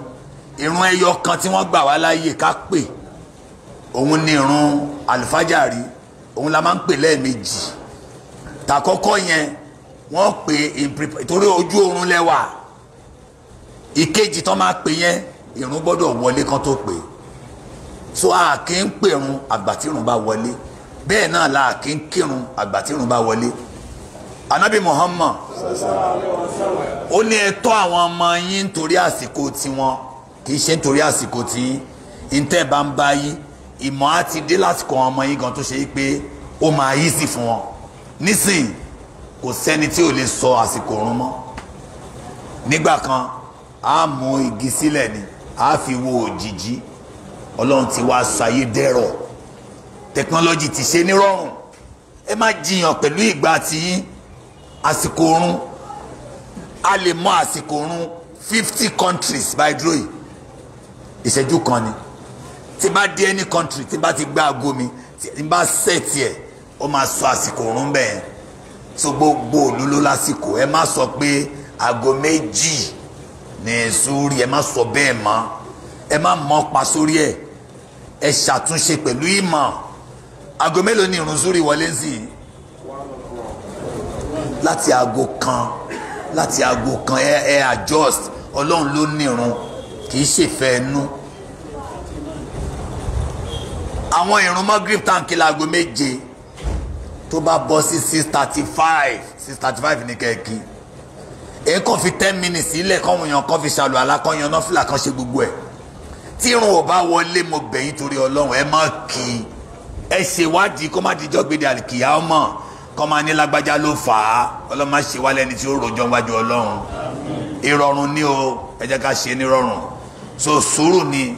A: irun ẹyọ kan tí wọ́n gbà wá láàyè ká pè òun ni irun àlùfájàrí òun la máa ń pè lẹ́ẹ̀mejì tàkọ́kọ́ yẹn wọ́n pè in preparation torí ojú oorun lẹ́wà ìkejì tán máa pè yẹn ìrun gbọ́dọ̀ wọlé kan tó pè so a kì í pèrun àgbà tí ìrun bá wọlé bẹ́ẹ̀ náà la kì í kírun àgbà tí ìrun bá wọlé anabi muhammad ó ní ẹ tọ́ àwọn ọmọ yín nítorí àsìkò tiwọn kì í ṣe nítorí àsìkò tí ntẹ́ bá ń bá yín ìmọ̀ á ti dé lásìkò àwọn ọmọ yín gan tó ṣe é pé ó máa yí sí fún wọn nísìnyí kò sẹ́ni tí ò lè sọ àsìkò òrun mọ́ nígbà kan a mú igi sílẹ̀ ni a fi wo òjìjí ọlọ́run ti wá sayé dẹ̀rọ̀ tẹkinọ́lọ́jì ti ṣe nírọ̀rùn ẹ má jiyàn pẹ̀lú ìgbà tí àsìkò òrun a lè mọ àsìkò òrun fifty countries by dro yìí ìṣẹ́jú kan ni tí bá dé any country tí bá ti gbá aago mi tí bá sẹ́ẹ̀tì ẹ̀ ó máa sọ àsìkò òrun bẹ́ẹ̀ so gbogbo òlu ló lásìkò ẹ má sọ pé aago méjì ní sórí ẹ má sọ bẹ́ẹ̀ mọ́ ẹ má mọ́ pa sórí ẹ ẹ ṣàtúnṣe pẹ̀lú ìmọ̀ aago mélòó ni irun sórí wọlé sí i láti aago kan láti aago kan ẹ ẹ adjust ọlọ́run ló nírun kì í ṣèfẹ́ ẹnu àwọn irun mọ́ grip tank láago méje tó bá bọ́ sí six thirty five six thirty five ní kẹ́ẹ̀kì èyí kàn fi ten minutes sílẹ̀ kọ́hún yan kọ́ fi ṣàlù alákọ̀yàn náà fìlà kan ṣe gbogbo ẹ̀ tí irun ò bá wọlé mo bẹ̀yìn torí ọlọ́run ẹ má kì í ẹ ṣèwádìí kó má dijọ́ gbèdé àlìkìyà ọmọ kọ́ máa ní lágbájá ló fà á ọlọ́run má ṣe wá lẹ́ni tí ó rojọ́ wájú ọlọ́run ìrọ̀rùn ni o ẹ jẹ́ ká ṣe nírọ̀rùn so sùúrù ni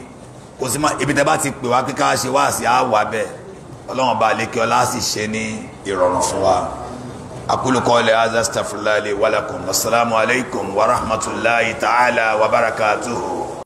A: kò sí má ibi tẹ́ bá ti pè wá pé ṣe wá sí àá wà ọlọ́run bá àlékè ọlá sì ṣe ní ìrọ̀rùn fún wa akuluko le aza stafurlali walakum wasalaamu alaykum wa rahmatulahi ta'ala wa barakatuhu.